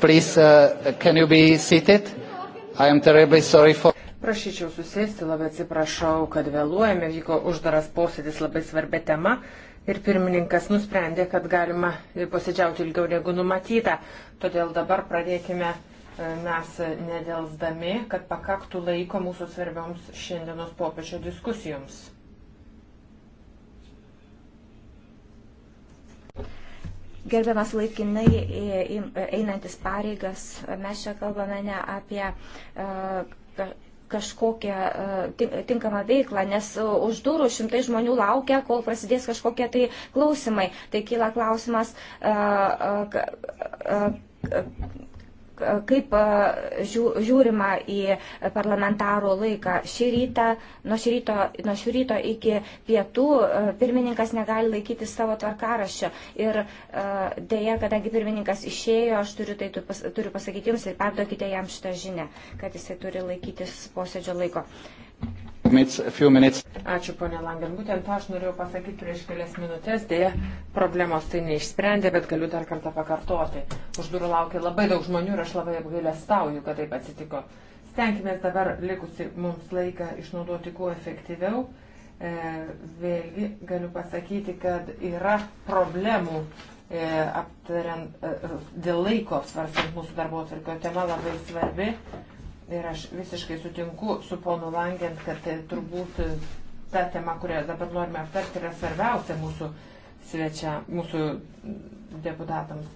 Please, uh, can you be seated? I am terribly sorry for. Prašyčiau susėsti, labai atsiprašau, kad vėluojame, vyko uždaras posėdis labai svarbia tema ir pirmininkas nusprendė, kad galima posėdžiauti ilgiau negu numatyta. Todėl dabar pradėkime e, mes nedelsdami, kad pakaktų laiko mūsų svarbioms šiandienos popiečio diskusijoms. Gerbiamas laikinai einantis pareigas, mes čia kalbame ne apie e, kažkokią e, tinkamą veiklą, nes už durų šimtai žmonių laukia, kol prasidės kažkokie tai klausimai. Tai kyla klausimas, e, kaip žiūrima į parlamentarų laiką. Šį rytą, nuo šį ryto, nuo šį ryto iki pietų pirmininkas negali laikyti savo tvarkaraščio. Ir dėja, kadangi pirmininkas išėjo, aš turiu tai turiu pasakyti jums ir perduokite jam šitą žinę, kad jisai turi laikytis posėdžio laiko. Ačiū, ponė Langen. Būtent aš norėjau pasakyti prieš kelias minutės, dėja, problemos tai neišsprendė, bet galiu dar kartą pakartoti. Už durų laukia labai daug žmonių ir aš labai apgailę stauju, kad taip atsitiko. Stenkime dabar likusi mums laiką išnaudoti kuo efektyviau. E, vėlgi galiu pasakyti, kad yra problemų e, aptariant, e, dėl laiko apsvarstant mūsų darbo atvarkio tema labai svarbi. Ir aš visiškai sutinku su ponu Langent, kad tai turbūt ta tema, kurią dabar norime aptarti, yra svarbiausia mūsų svečia, mūsų deputatams.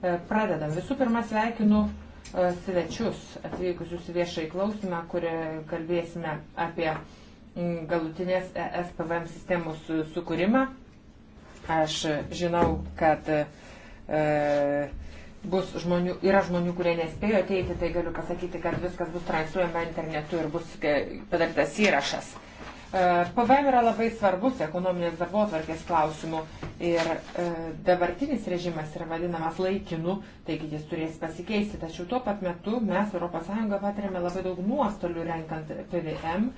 E, pradedam. Visų pirma, sveikinu e, svečius atvykusius į viešai klausimą, kurį kalbėsime apie mm, galutinės e SPVM sistemos sukūrimą. Aš žinau, kad e, bus žmonių, yra žmonių, kurie nespėjo ateiti, tai galiu pasakyti, kad viskas bus transliuojama internetu ir bus e, padarytas įrašas. E, PVM yra labai svarbus ekonominės darbo atvarkės klausimų ir e, dabartinis režimas yra vadinamas laikinu, taigi jis turės pasikeisti, tačiau tuo pat metu mes ES patiriame labai daug nuostolių renkant PVM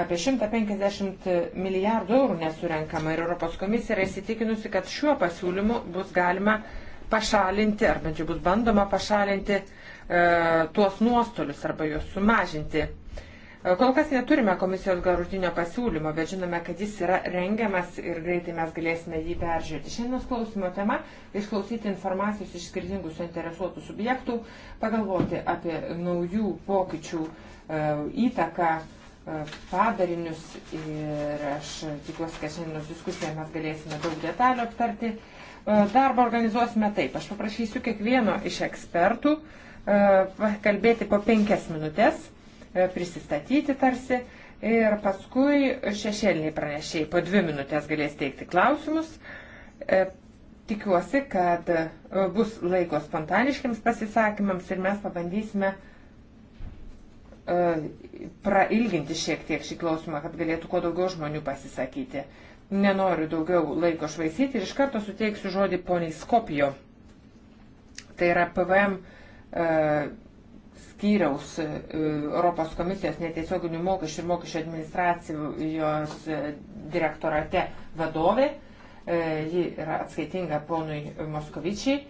apie 150 milijardų eurų nesurenkama ir Europos komisija yra įsitikinusi, kad šiuo pasiūlymu bus galima pašalinti, ar bent jau bus bandoma pašalinti e, tuos nuostolius arba juos sumažinti. E, kol kas neturime komisijos garutinio pasiūlymo, bet žinome, kad jis yra rengiamas ir greitai mes galėsime jį peržiūrėti. Šiandienos klausimo tema - išklausyti informacijos iš skirtingų suinteresuotų subjektų, pagalvoti apie naujų pokyčių e, įtaką, e, padarinius ir aš tikiuosi, kad šiandienos diskusiją mes galėsime daug detalių aptarti. E, darbą organizuosime taip. Aš paprašysiu kiekvieno iš ekspertų e, kalbėti po penkias minutės, e, prisistatyti tarsi ir paskui šešėliniai pranešėjai po dvi minutės galės teikti klausimus. Tikiuosi, kad bus laiko spontaniškiams pasisakymams ir mes pabandysime prailginti šiek tiek šį klausimą, kad galėtų kuo daugiau žmonių pasisakyti. Nenoriu daugiau laiko švaisyti ir iš karto suteiksiu žodį poniai Skopijo. Tai yra PVM e, skyriaus e, Europos komisijos netiesioginių mokesčių ir mokesčių administracijos e, direktorate vadovė. Ji yra atskaitinga ponui Moskovičiai,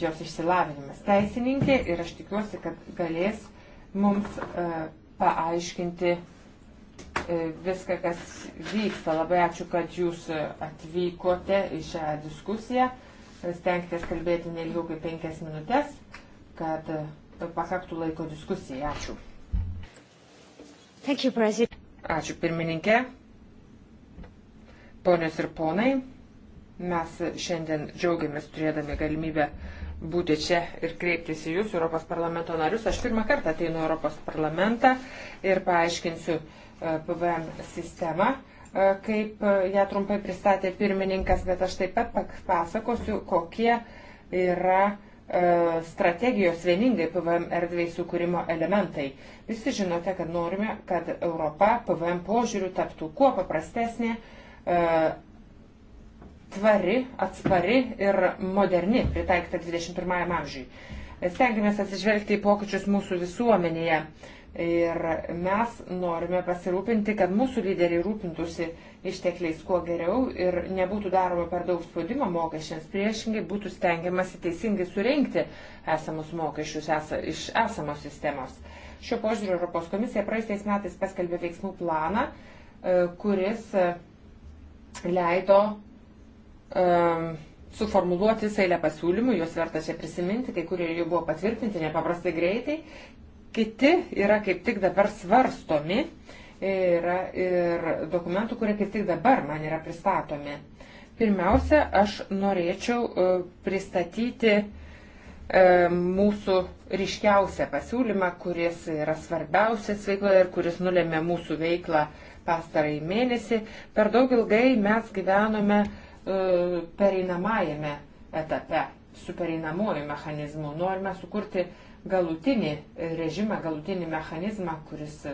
jos išsilavinimas teisininkė ir aš tikiuosi, kad galės mums paaiškinti E, viską, kas vyksta. Labai ačiū, kad jūs atvykote į šią diskusiją. Stengtės kalbėti neilgiau kaip penkias minutės, kad pakaktų laiko diskusijai. Ačiū. Thank you, President. Ačiū pirmininkė. Ponios ir ponai, mes šiandien džiaugiamės turėdami galimybę būti čia ir kreiptis į Jūs, Europos parlamento narius. Aš pirmą kartą ateinu Europos parlamentą ir paaiškinsiu, E, PVM sistemą, e, kaip e, ją trumpai pristatė pirmininkas, bet aš taip pat pasakosiu, kokie yra strategijos vieningai PVM erdvės sukūrimo elementai. Visi žinote, kad norime, kad Europa PVM požiūrių taptų kuo paprastesnė, tvari, atspari ir moderni, pritaikta 21 amžiui. Stengiamės atsižvelgti į pokyčius mūsų visuomenėje. Ir mes norime pasirūpinti, kad mūsų lyderiai rūpintųsi ištekliais kuo geriau ir nebūtų daroma per daug spaudimo mokesčiams. Priešingai būtų stengiamasi teisingai surinkti esamus mokesčius esa, iš esamos sistemos. Šiuo požiūriu Europos komisija praeisiais metais paskelbė veiksmų planą, e, kuris e, leido um, suformuluoti visą eilę pasiūlymų, juos verta čia prisiminti, kai kurie jų buvo patvirtinti nepaprastai greitai, kiti yra kaip tik dabar svarstomi, yra ir dokumentų, kurie kaip tik dabar man yra pristatomi. Pirmiausia, aš norėčiau e, pristatyti e, mūsų ryškiausią pasiūlymą, kuris yra svarbiausias veikloje ir kuris nulėmė mūsų veiklą pastarąjį mėnesį. Per daug ilgai mes gyvenome uh, E, pereinamajame etape, su pereinamuoju mechanizmu. Norime sukurti galutinį režimą, galutinį mechanizmą, kuris e,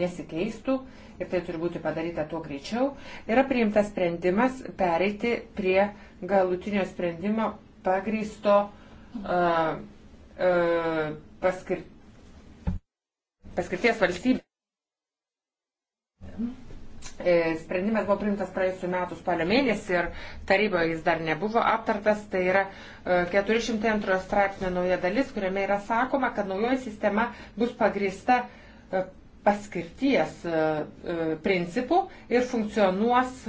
nesikeistų ir tai turi būti padaryta tuo greičiau. Yra priimtas sprendimas pereiti prie galutinio sprendimo pagrysto uh, uh, paskir... paskirties valstybės. E, sprendimas buvo priimtas praėjusiu metu spalio mėnesį ir taryboje jis dar nebuvo aptartas. Tai yra 402 e, straipsnio nauja dalis, kuriame yra sakoma, kad naujoji sistema bus pagrįsta e, paskirties principų ir funkcionuos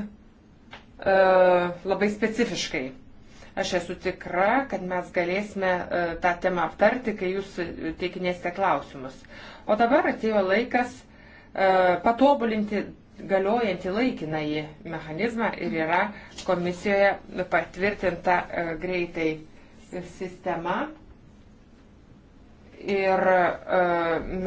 labai specifiškai. Aš esu tikra, kad mes galėsime tą temą aptarti, kai jūs teikinėsite klausimus. O dabar atėjo laikas patobulinti galiojantį laikinąjį mechanizmą ir yra komisijoje patvirtinta e, greitai sistema. Ir e,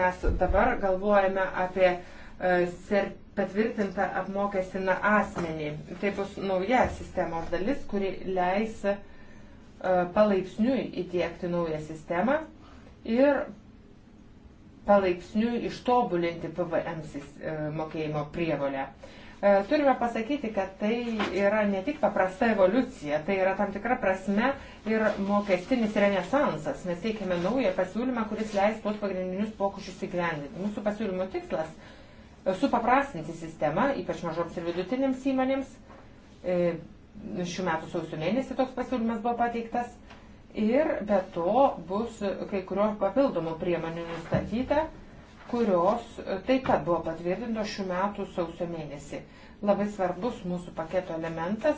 mes dabar galvojame apie e, patvirtintą apmokestiną asmenį. Tai bus nauja sistemos dalis, kuri leis palaipsniui įdėkti naują sistemą ir palaipsniui ištobulinti PVM e, mokėjimo prievolę. E, turime pasakyti, kad tai yra ne tik paprasta evoliucija, tai yra tam tikra prasme ir mokestinis renesansas. Mes teikiame naują pasiūlymą, kuris leis tuos pagrindinius pokušius įgyvendinti. Mūsų pasiūlymo tikslas - supaprastinti sistemą, ypač mažoms ir vidutinėms įmonėms. E, šių metų sausio mėnesį toks pasiūlymas buvo pateiktas ir be to bus kai kurios papildomų priemonių nustatyta, kurios taip pat buvo patvirtintos šių metų sausio mėnesį. Labai svarbus mūsų paketo elementas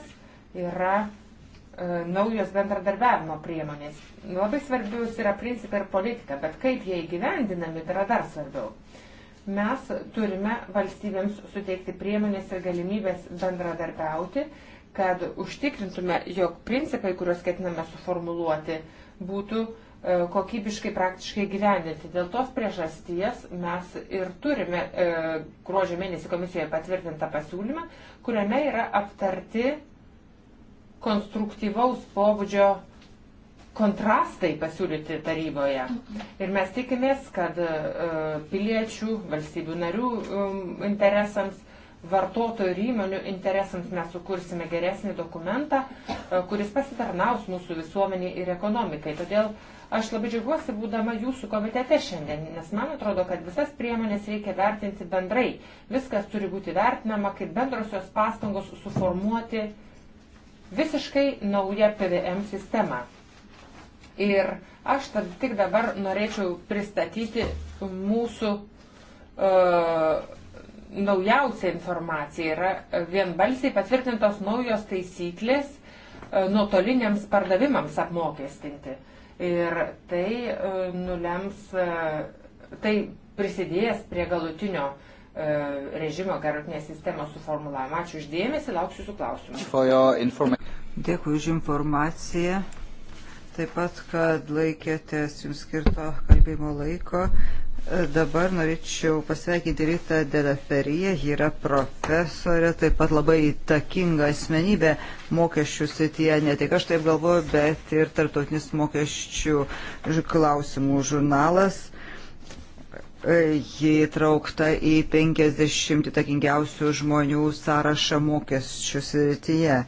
yra e, naujos bendradarbiavimo priemonės. Labai svarbius yra principai ir politika, bet kaip jie įgyvendinami tai yra dar svarbiau. Mes turime valstybėms suteikti priemonės ir galimybės bendradarbiauti kad užtikrintume, jog principai, kuriuos ketiname suformuluoti, būtų e, kokybiškai praktiškai gyvendinti. Dėl tos priežasties mes ir turime e, gruodžio mėnesį komisijoje patvirtintą pasiūlymą, kuriame yra aptarti konstruktyvaus pobūdžio kontrastai pasiūlyti taryboje. Ir mes tikimės, kad e, piliečių, valstybių narių um, interesams vartotojų ir įmonių interesams mes sukursime geresnį dokumentą, e, kuris pasitarnaus mūsų visuomeniai ir ekonomikai. Todėl aš labai džiaugiuosi būdama jūsų komitete šiandien, nes man atrodo, kad visas priemonės reikia vertinti bendrai. Viskas turi būti vertinama kaip bendrosios pastangos suformuoti visiškai naują PVM sistemą. Ir aš tad tik dabar norėčiau pristatyti mūsų uh, naujausia informacija yra e, vienbalsiai patvirtintos naujos taisyklės e, nuotoliniams pardavimams apmokestinti. Ir tai e, nulems, tai prisidės prie galutinio režimo garutinės sistemos suformulavimą. Ačiū uždėmesi, lauksiu su klausimu. Dėkui už informaciją. Taip pat, kad laikėtės jums skirto kalbėjimo laiko. Dabar norėčiau pasveikinti Rytą Dedaferiją, ji yra profesorė, taip pat labai įtakinga asmenybė mokesčių srityje, ne tik aš taip galvoju, bet ir tarptautinis mokesčių klausimų žurnalas. Ji įtraukta į 50 įtakingiausių žmonių sąrašą mokesčių srityje.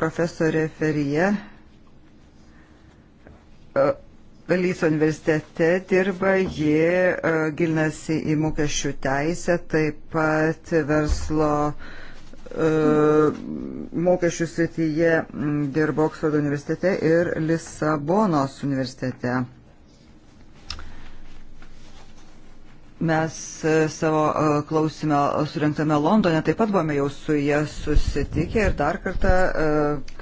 Profesorė Ferija Lyso universitete dirba, ji e, gilinasi į mokesčių teisę, taip pat verslo e, mokesčių srityje dirba Oksfordo universitete ir Lisabonos universitete. Mes e, savo klausime surinktame Londone taip pat buvome jau su jie susitikę ir dar kartą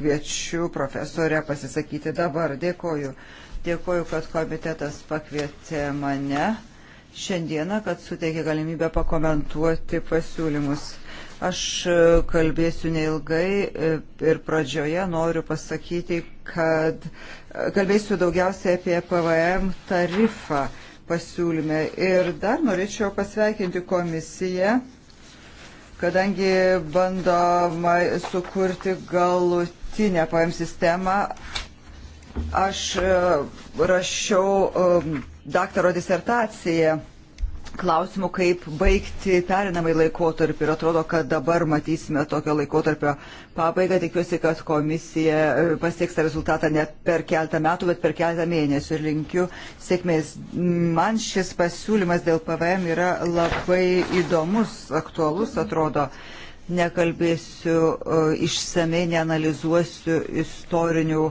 kviečiu profesorę pasisakyti dabar. Dėkoju. Uh, Dėkoju, kad komitetas pakvietė mane šiandieną, kad suteikė galimybę pakomentuoti pasiūlymus. Aš e, kalbėsiu neilgai e, ir pradžioje noriu pasakyti, kad e, kalbėsiu daugiausiai apie PVM tarifą pasiūlyme. Ir dar norėčiau pasveikinti komisiją, kadangi bandoma sukurti galutinę PVM sistemą Aš e, rašiau e, daktaro disertaciją klausimų, kaip baigti perinamai laikotarpį ir atrodo, kad dabar matysime tokio laikotarpio pabaigą. Tikiuosi, kad komisija e, pasieks tą rezultatą ne per keltą metų, bet per keltą mėnesių ir linkiu sėkmės. Man šis pasiūlymas dėl PVM yra labai įdomus, aktualus atrodo. Nekalbėsiu išsamei, neanalizuosiu istorinių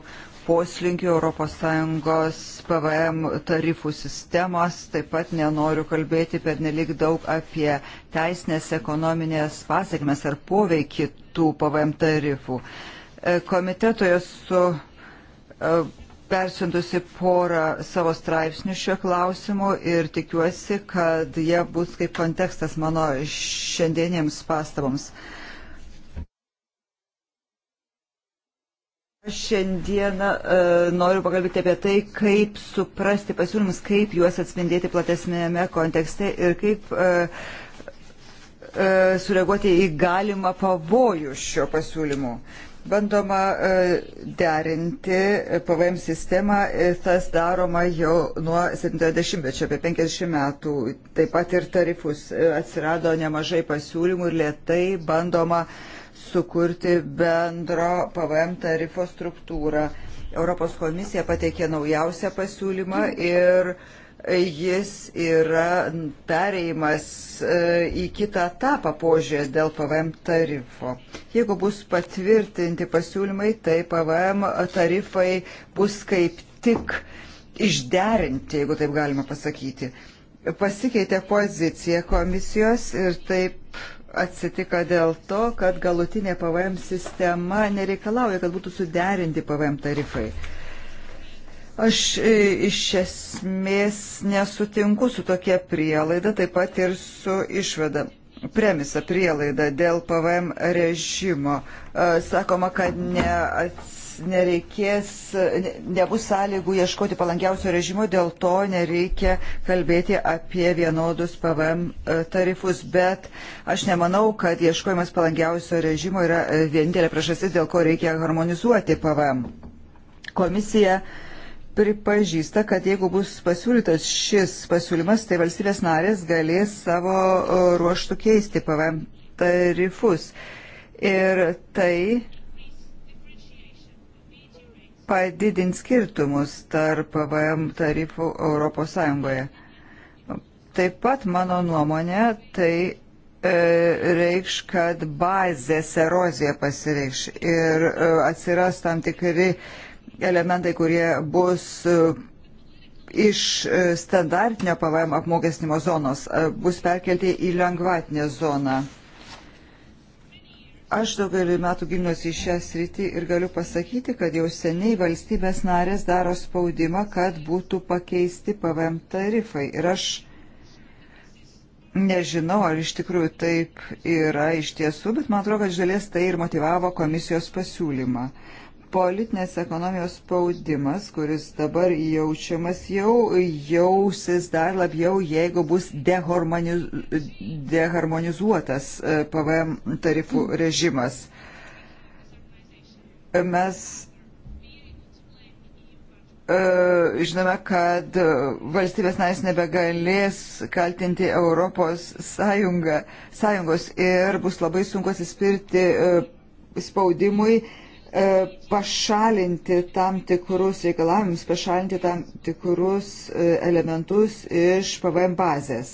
poslinkių ES PVM tarifų sistemos. Taip pat nenoriu kalbėti per nelik daug apie teisinės ekonominės pasiekmes ar poveikį tų PVM tarifų. E, Komitetoje su e, persintusi porą savo straipsnių šiuo klausimu ir tikiuosi, kad jie bus kaip kontekstas mano šiandieniems pastaboms. Uh, Aš šiandieną e, noriu pakalbėti apie tai, kaip suprasti pasiūlymus, kaip juos atspindėti platesnėme kontekste ir kaip e, e, sureaguoti į galimą pavojų šio pasiūlymu. Bandoma e, derinti PVM sistemą, tas daroma jau nuo 70-mečio, apie 50 metų. Taip pat ir tarifus e, atsirado nemažai pasiūlymų ir lietai bandoma e, sukurti bendro PVM tarifo struktūrą. Europos komisija pateikė naujausią pasiūlymą ir jis yra pereimas e, į kitą etapą požiūrės dėl PVM tarifo. Jeigu bus patvirtinti pasiūlymai, tai PVM tarifai bus kaip tik išderinti, jeigu taip galima pasakyti. Pasikeitė pozicija komisijos ir taip atsitiko dėl to, kad galutinė PVM sistema nereikalauja, kad būtų suderinti PVM tarifai. Aš e, iš esmės nesutinku su tokia prielaida, taip pat ir su išvada. Premisa prielaida dėl PVM režimo. E, sakoma, kad neatsitiko nereikės, ne, nebus sąlygų ieškoti palankiausio režimo, dėl to nereikia kalbėti apie vienodus PVM e, tarifus, bet aš nemanau, kad ieškojimas palankiausio režimo yra e, vienintelė priežastis, dėl ko reikia harmonizuoti PVM. Komisija pripažįsta, kad jeigu bus pasiūlytas šis pasiūlymas, tai valstybės narės galės savo e, ruoštų keisti PVM tarifus. Ir tai padidins skirtumus tarp PVM tarifų ES. Taip pat, mano nuomonė, tai e, reikš, kad bazės erozija pasireikš ir e, atsiras tam tikri elementai, kurie bus e, iš standartinio PVM apmokestinimo zonos, bus perkelti į lengvatinę zoną. Aš daugelį metų gilinuosi į šią sritį ir galiu pasakyti, kad jau seniai valstybės narės daro spaudimą, kad būtų pakeisti PVM tarifai. Ir aš nežinau, ar iš tikrųjų taip yra iš tiesų, bet man atrodo, kad žalės tai ir motivavo komisijos pasiūlymą. Uh, politinės ekonomijos spaudimas, kuris dabar jaučiamas, jau jausis dar labiau, jeigu bus deharmonizuotas e, PVM tarifų režimas. Mes e, žinome, kad valstybės narės nebegalės kaltinti Europos sąjungą, sąjungos ir bus labai sunku atsispirti e, spaudimui E, pašalinti tam tikrus reikalavimus, pašalinti tam tikrus e, elementus iš PVM bazės.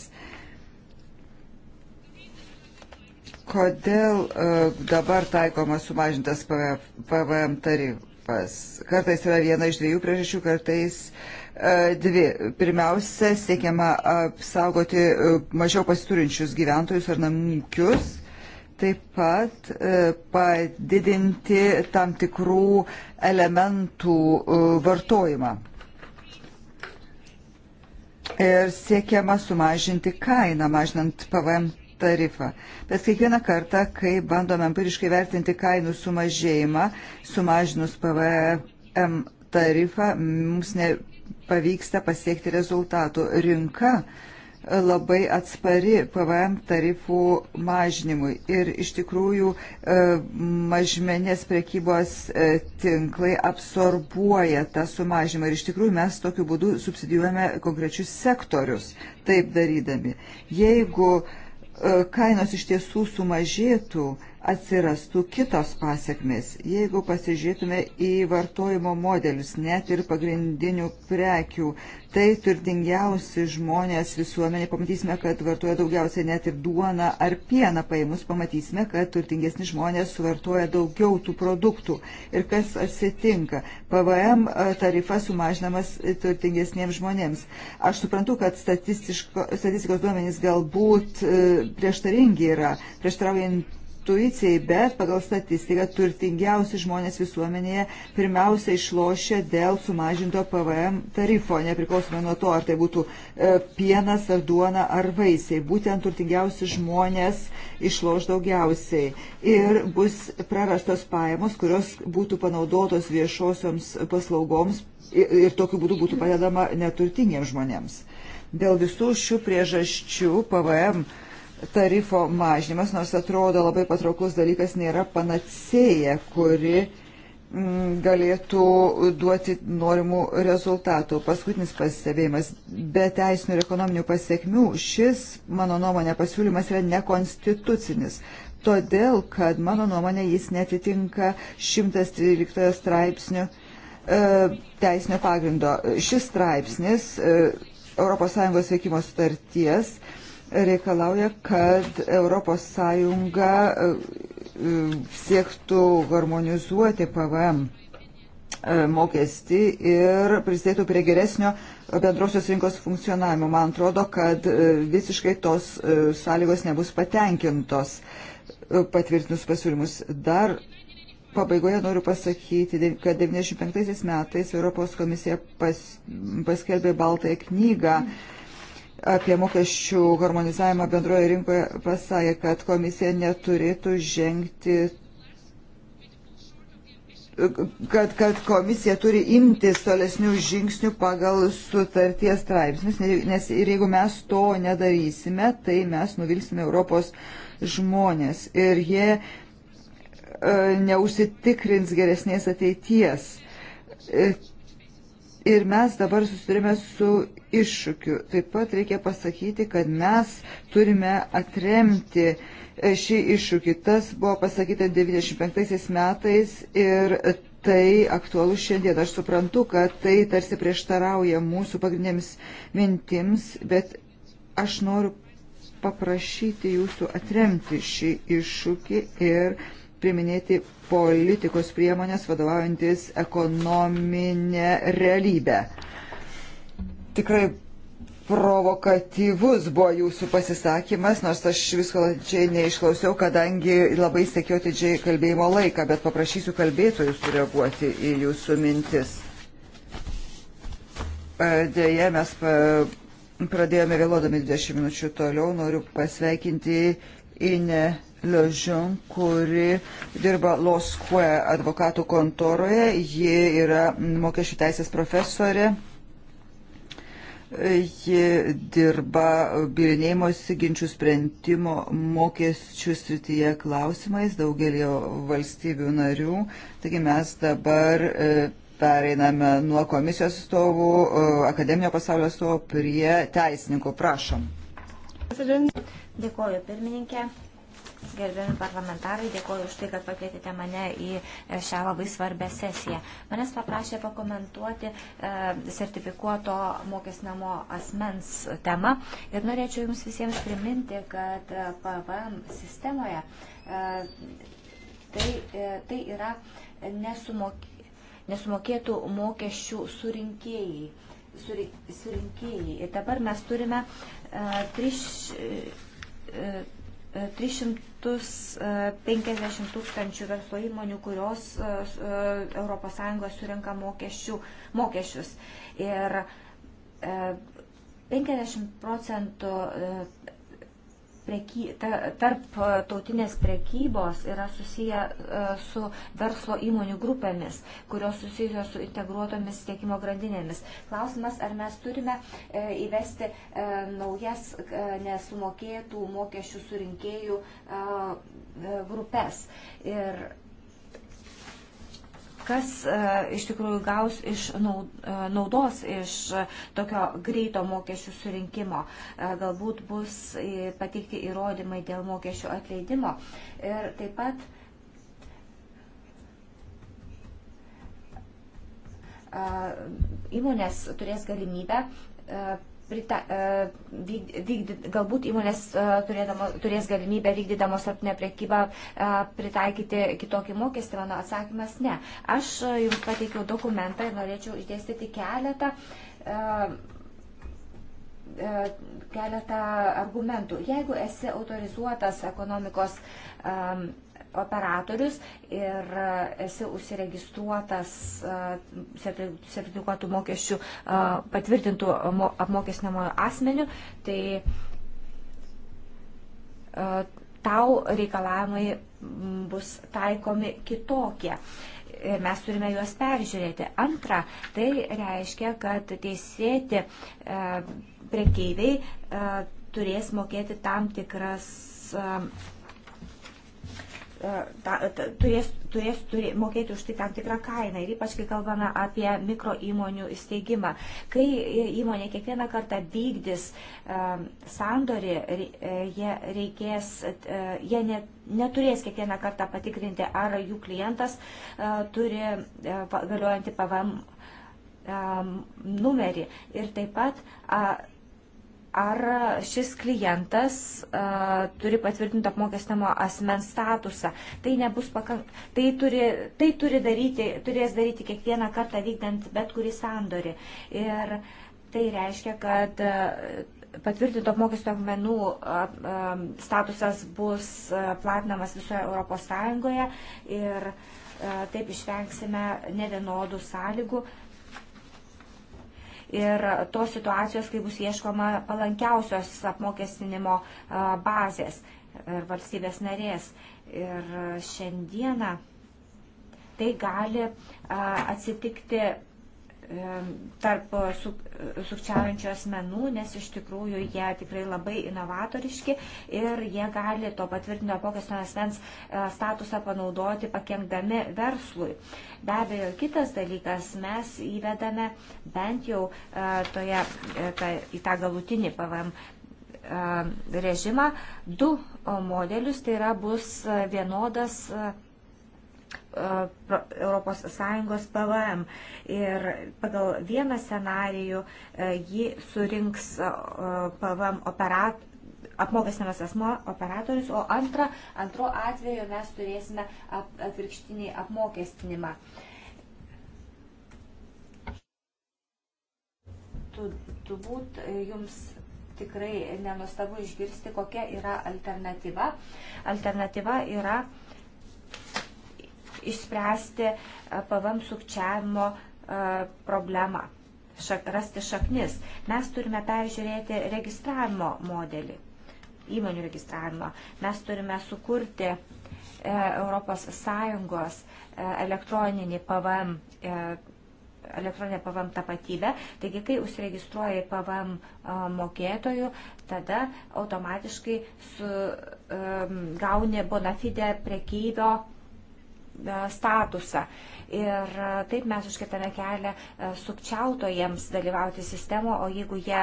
Kodėl e, dabar taikomas sumažintas PVM tarifas? Kartais yra viena iš dviejų priežasčių, kartais dvi. Pirmiausia, siekiama apsaugoti mažiau pasiturinčius gyventojus ar namkius taip pat e, padidinti tam tikrų elementų e, vartojimą. Ir siekiama sumažinti kainą, mažinant PVM tarifą. Bet kiekvieną kartą, kai bandome empiriškai vertinti kainų sumažėjimą, sumažinus PVM tarifą, mums nepavyksta pasiekti rezultatų. Rinka uh, labai atspari PVM tarifų mažinimui. Ir iš tikrųjų e, mažmenės prekybos e, tinklai absorbuoja tą sumažimą. Ir iš tikrųjų mes tokiu būdu subsidijuojame konkrečius sektorius taip darydami. Jeigu e, kainos iš tiesų sumažėtų, atsirastų kitos pasiekmes. Jeigu pasižiūrėtume į vartojimo modelius, net ir pagrindinių prekių, tai turtingiausi žmonės visuomenė, pamatysime, kad vartoja daugiausiai net ir duoną ar pieną paėmus, pamatysime, kad turtingesni žmonės suvartoja daugiau tų produktų. Ir kas atsitinka? PVM e, tarifas sumažinamas turtingesniems žmonėms. Aš suprantu, kad statistikos duomenys galbūt e, prieštaringi yra, prieštaraujant intuicijai, bet pagal statistiką turtingiausi žmonės visuomenėje pirmiausia išlošia dėl sumažinto PVM tarifo, nepriklausomai nuo to, ar tai būtų e, pienas ar duona ar vaisiai. Būtent turtingiausi žmonės išloš daugiausiai ir bus prarastos pajamos, kurios būtų panaudotos viešosioms paslaugoms ir tokiu būdu būtų padedama neturtingiems žmonėms. Dėl visų šių priežasčių PVM uh, tarifo mažinimas, nors atrodo labai patrauklus dalykas, nėra panacėja, kuri mm, galėtų duoti norimų rezultatų. Paskutinis pasisebėjimas. Be teisinių ir ekonominių pasiekmių šis, mano nuomonė, pasiūlymas yra nekonstitucinis. Todėl, kad mano nuomonė jis netitinka 113 straipsnių e, teisinio pagrindo. Šis straipsnis e, ES veikimo sutarties e, reikalauja, kad ES e, siektų harmonizuoti PVM e, mokestį ir prisidėtų prie geresnio bendrosios rinkos funkcionavimo. Man atrodo, kad e, visiškai tos sąlygos nebus patenkintos patvirtinus pasiūlymus. Dar pabaigoje noriu pasakyti, kad 95 metais Europos komisija pas, paskelbė Baltąją knygą. Mm apie mokesčių harmonizavimą bendroje rinkoje pasakė, kad komisija neturėtų žengti, kad, kad komisija turi imtis tolesnių žingsnių pagal sutarties straipsnius, nes ir jeigu mes to nedarysime, tai mes nuvilsime Europos žmonės ir jie e, neužsitikrins geresnės ateities. E, Ir mes dabar susidurime su iššūkių. Taip pat reikia pasakyti, kad mes turime atremti e, šį iššūkį. Tas buvo pasakyta 95 metais ir tai aktualu šiandien. Aš suprantu, kad tai tarsi prieštarauja mūsų pagrindiniams mintims, bet aš noriu paprašyti jūsų atremti šį iššūkį ir priminėti politikos priemonės vadovaujantis ekonominę realybę. Tikrai provokatyvus buvo jūsų pasisakymas, nors aš visko čia neišklausiau, kadangi labai sekiau didžiai kalbėjimo laiką, bet paprašysiu kalbėtojus sureaguoti į jūsų mintis. E, Dėje mes e, pradėjome vėlodami 20 minučių toliau. Noriu pasveikinti Ine Ležun, kuri dirba Loskue advokatų kontoroje. Ji yra mokesčių teisės profesorė Ji dirba bilinėjimosi ginčių sprendimo mokesčių srityje klausimais daugelio valstybių narių. Taigi mes dabar e, pereiname nuo komisijos atstovų, e, akademinio pasaulio atstovų prie teisininkų. Prašom. Dėkuoju pirmininkė. Gerbiami parlamentarai, dėkuoju už tai, kad pakvietėte mane į e, šią labai svarbę sesiją. Manęs paprašė pakomentuoti e, sertifikuoto mokesnamo asmens temą ir norėčiau Jums visiems priminti, kad e, PVM sistemoje e, tai, e, tai yra nesumokė, nesumokėtų mokesčių surinkėjai. Surinkėjai. Ir dabar mes turime e, 3. E, 350 e, tūkstančių verslo įmonių, kurios ES e, surinka mokesčių, mokesčius. Ir 50 e, procentų preky, ta, tarp e, tautinės prekybos yra susiję e, su verslo įmonių grupėmis, kurios susijusios su integruotomis tiekimo grandinėmis. Klausimas, ar mes turime e, įvesti naujas nesumokėtų mokesčių surinkėjų grupės. Ir kas e, iš tikrųjų gaus iš e, naudos iš e, tokio greito mokesčių surinkimo. Galbūt bus pateikti įrodymai dėl mokesčių atleidimo. Ir taip pat įmonės turės galimybę prita, e, vyk, vyk, galbūt įmonės e, turėdamo, turės galimybę vykdydamos tarptinę priekybą e, pritaikyti kitokį mokestį? Mano atsakymas ne. Aš jums pateikiau dokumentą ir norėčiau išdėstyti keletą keletą argumentų. Jeigu esi autorizuotas ekonomikos um, operatorius ir e, esi užsiregistruotas e, sertifikuotų mokesčių e, patvirtintų apmokestinamojo asmeniu, tai tau reikalavimai bus taikomi kitokie ir mes turime juos peržiūrėti. Antra, tai reiškia, kad teisėti e, prekeiviai e, turės mokėti tam tikras e, E, ta, ta, turės, turės turė, mokėti už tai tam tikrą kainą. Ir ypač, kai kalbame apie mikro įmonių įsteigimą. Kai įmonė kiekvieną kartą vykdys um, sandorį, e, jie, reikės, uh, jie net, neturės kiekvieną kartą patikrinti, ar jų klientas uh, turi uh, galiojantį PVM um, numerį. Ir taip pat. Uh, ar šis klientas uh, turi patvirtinti apmokestinamo asmens statusą. Tai, pakank... tai, turi, tai turi daryti, turės daryti kiekvieną kartą vykdant bet kurį sandorį. Ir tai reiškia, kad uh, patvirtinto apmokestinio akmenų uh, um, statusas bus uh, platinamas visoje Europos Sąjungoje ir uh, taip išvengsime nevienodų sąlygų. Uh, ir tos situacijos, kai bus ieškoma palankiausios apmokestinimo bazės ir e, valstybės narės. Ir e, šiandieną tai gali atsitikti E, tarp e, e, sukčiaujančių asmenų, nes iš tikrųjų jie tikrai labai inovatoriški ir jie gali to patvirtinio apokesnio asmens statusą panaudoti pakengdami verslui. Be abejo, kitas dalykas, mes įvedame bent jau toje, ta, į tą galutinį PVM režimą du modelius, tai yra bus vienodas ES PVM. Ir pagal vieną scenarijų jį surinks PVM operatorių apmokestinamas asmo operatorius, o antra, antro atveju mes turėsime atvirkštinį apmokestinimą. Turbūt e, jums tikrai nenustabu išgirsti, kokia yra alternatyva. Alternatyva yra išspręsti e, PVM sukčiavimo e, problemą, šak, rasti šaknis. Mes turime peržiūrėti registravimo modelį, įmonių registravimo. Mes turime sukurti ES e, elektroninį PVM elektroninę PVM tapatybę. Taigi, kai užsiregistruoji PVM mokėtojų, tada automatiškai su, um, gauni bonafide prekyvio E, statusą. Ir e, taip mes užkirtame kelią e, sukčiautojams dalyvauti sistemo, o jeigu jie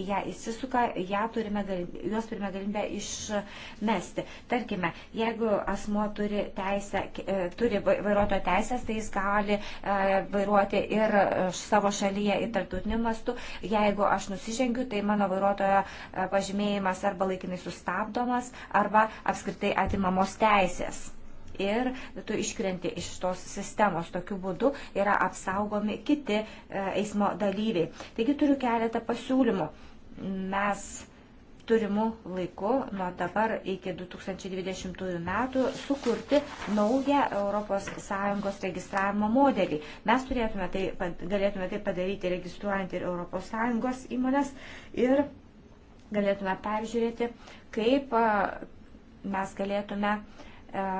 į ją įsisuka, ją turime, juos turime galimybę išmesti. Tarkime, jeigu asmo turi, teisę, turi vairuoto teisės, tai jis gali vairuoti ir savo šalyje ir tarptautiniu mastu. Jeigu aš nusižengiu, tai mano vairuotojo pažymėjimas arba laikinai sustabdomas, arba apskritai atimamos teisės ir tu iškrenti iš tos sistemos. Tokiu būdu yra apsaugomi kiti e, eismo dalyviai. Taigi turiu keletą pasiūlymų. Mes turimų laikų nuo dabar iki 2020 metų sukurti naują ES registravimo modelį. Mes turėtume tai, galėtume tai padaryti registruojant ir ES įmonės ir galėtume peržiūrėti, kaip e, mes galėtume e,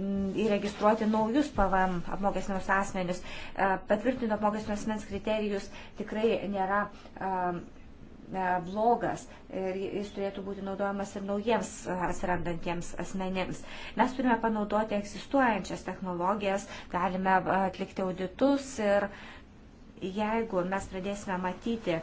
įregistruoti naujus PVM apmokestinius asmenius. E, Patvirtinti apmokestinius asmens kriterijus tikrai nėra e, e, blogas ir jis turėtų būti naudojamas ir naujiems atsirandantiems asmenims. Mes turime panaudoti egzistuojančias technologijas, galime atlikti auditus ir jeigu mes pradėsime matyti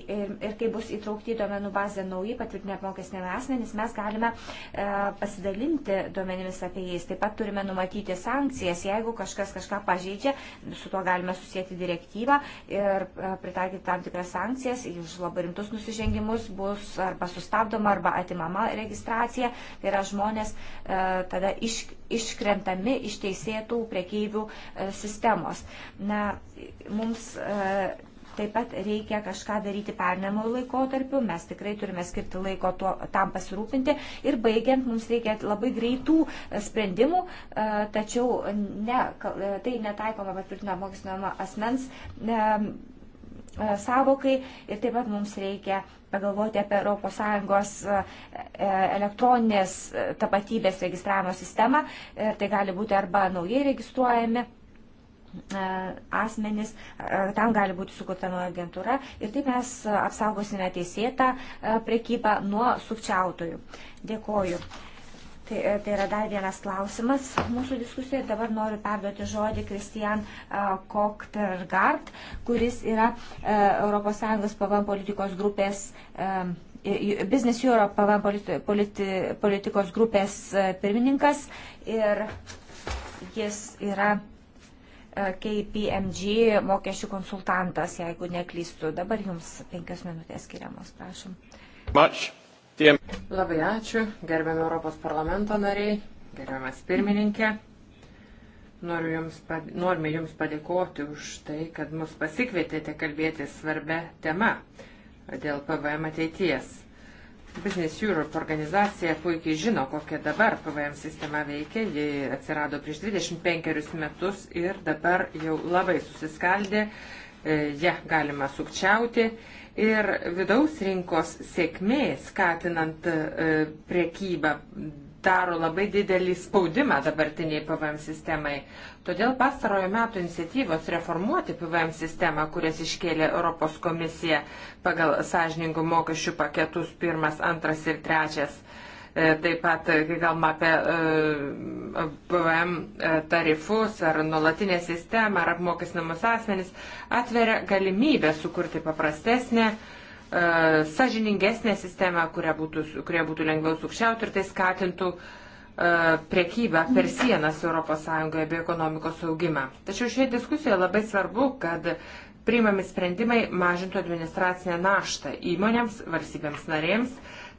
ir, ir kai bus įtraukti į duomenų bazę nauji patvirtinę apmokestinami asmenys, mes galime e, pasidalinti duomenimis apie jais. Taip pat turime numatyti sankcijas, jeigu kažkas kažką pažeidžia, su tuo galime susijęti direktyvą ir e, pritaikyti tam tikras sankcijas, už labai rimtus nusižengimus bus arba sustabdoma, arba atimama registracija. Tai yra žmonės e, tada iš, iškrentami iš teisėtų priekeivių e, sistemos. Na, mums, e, Taip pat reikia kažką daryti pernamojų laikotarpiu, mes tikrai turime skirti laiko tuo, tam pasirūpinti ir baigiant mums reikia labai greitų e, sprendimų, e, tačiau ne, e, tai netaikoma patvirtinama mokslinama asmens savokai ir taip pat mums reikia pagalvoti apie ES elektroninės tapatybės registravimo sistemą. Tai gali būti arba naujai registruojami E, asmenis, e, tam gali būti sukurta nuo agentūra ir taip mes apsaugosime teisėtą e, prekybą nuo sukčiautojų. Dėkoju. Tai, tai yra dar vienas klausimas mūsų diskusijoje. Dabar noriu perduoti žodį Kristijan Kokpergard, kuris yra ES PVM politikos grupės. Business Europe PVM politi, politi, politikos grupės pirmininkas ir jis yra E, KPMG mokesčių konsultantas, jeigu neklystu. Dabar jums penkios minutės skiriamos, prašom. Much. Diem. Labai ačiū, gerbiami Europos parlamento nariai, gerbiamas pirmininkė. Noriu jums, norime Jums padėkoti už tai, kad mus pasikvietėte kalbėti svarbę temą dėl PVM ateities. Business Europe organizacija puikiai žino, kokia dabar PVM sistema veikia. Ji atsirado prieš 25 metus ir dabar jau labai susiskaldė. E, ja galima sukčiauti. Ir vidaus rinkos sėkmė, skatinant e, priekybą daro labai didelį spaudimą dabartiniai PVM sistemai. Todėl pastarojo metų iniciatyvos reformuoti PVM sistemą, kurias iškėlė Europos komisija pagal sąžiningų mokesčių paketus pirmas, antras ir trečias, e, taip pat, e, kai kalbame apie e, PVM tarifus ar nuolatinę sistemą ar apmokestinamus asmenis, atveria galimybę sukurti paprastesnę E, sažiningesnę sistemą, kurie būtų, kurie būtų lengviau sukčiauti ir tai skatintų e, priekybą per sienas ES bei ekonomikos augimą. Tačiau šioje diskusijoje labai svarbu, kad priimami sprendimai mažintų administracinę naštą įmonėms, valstybėms narėms.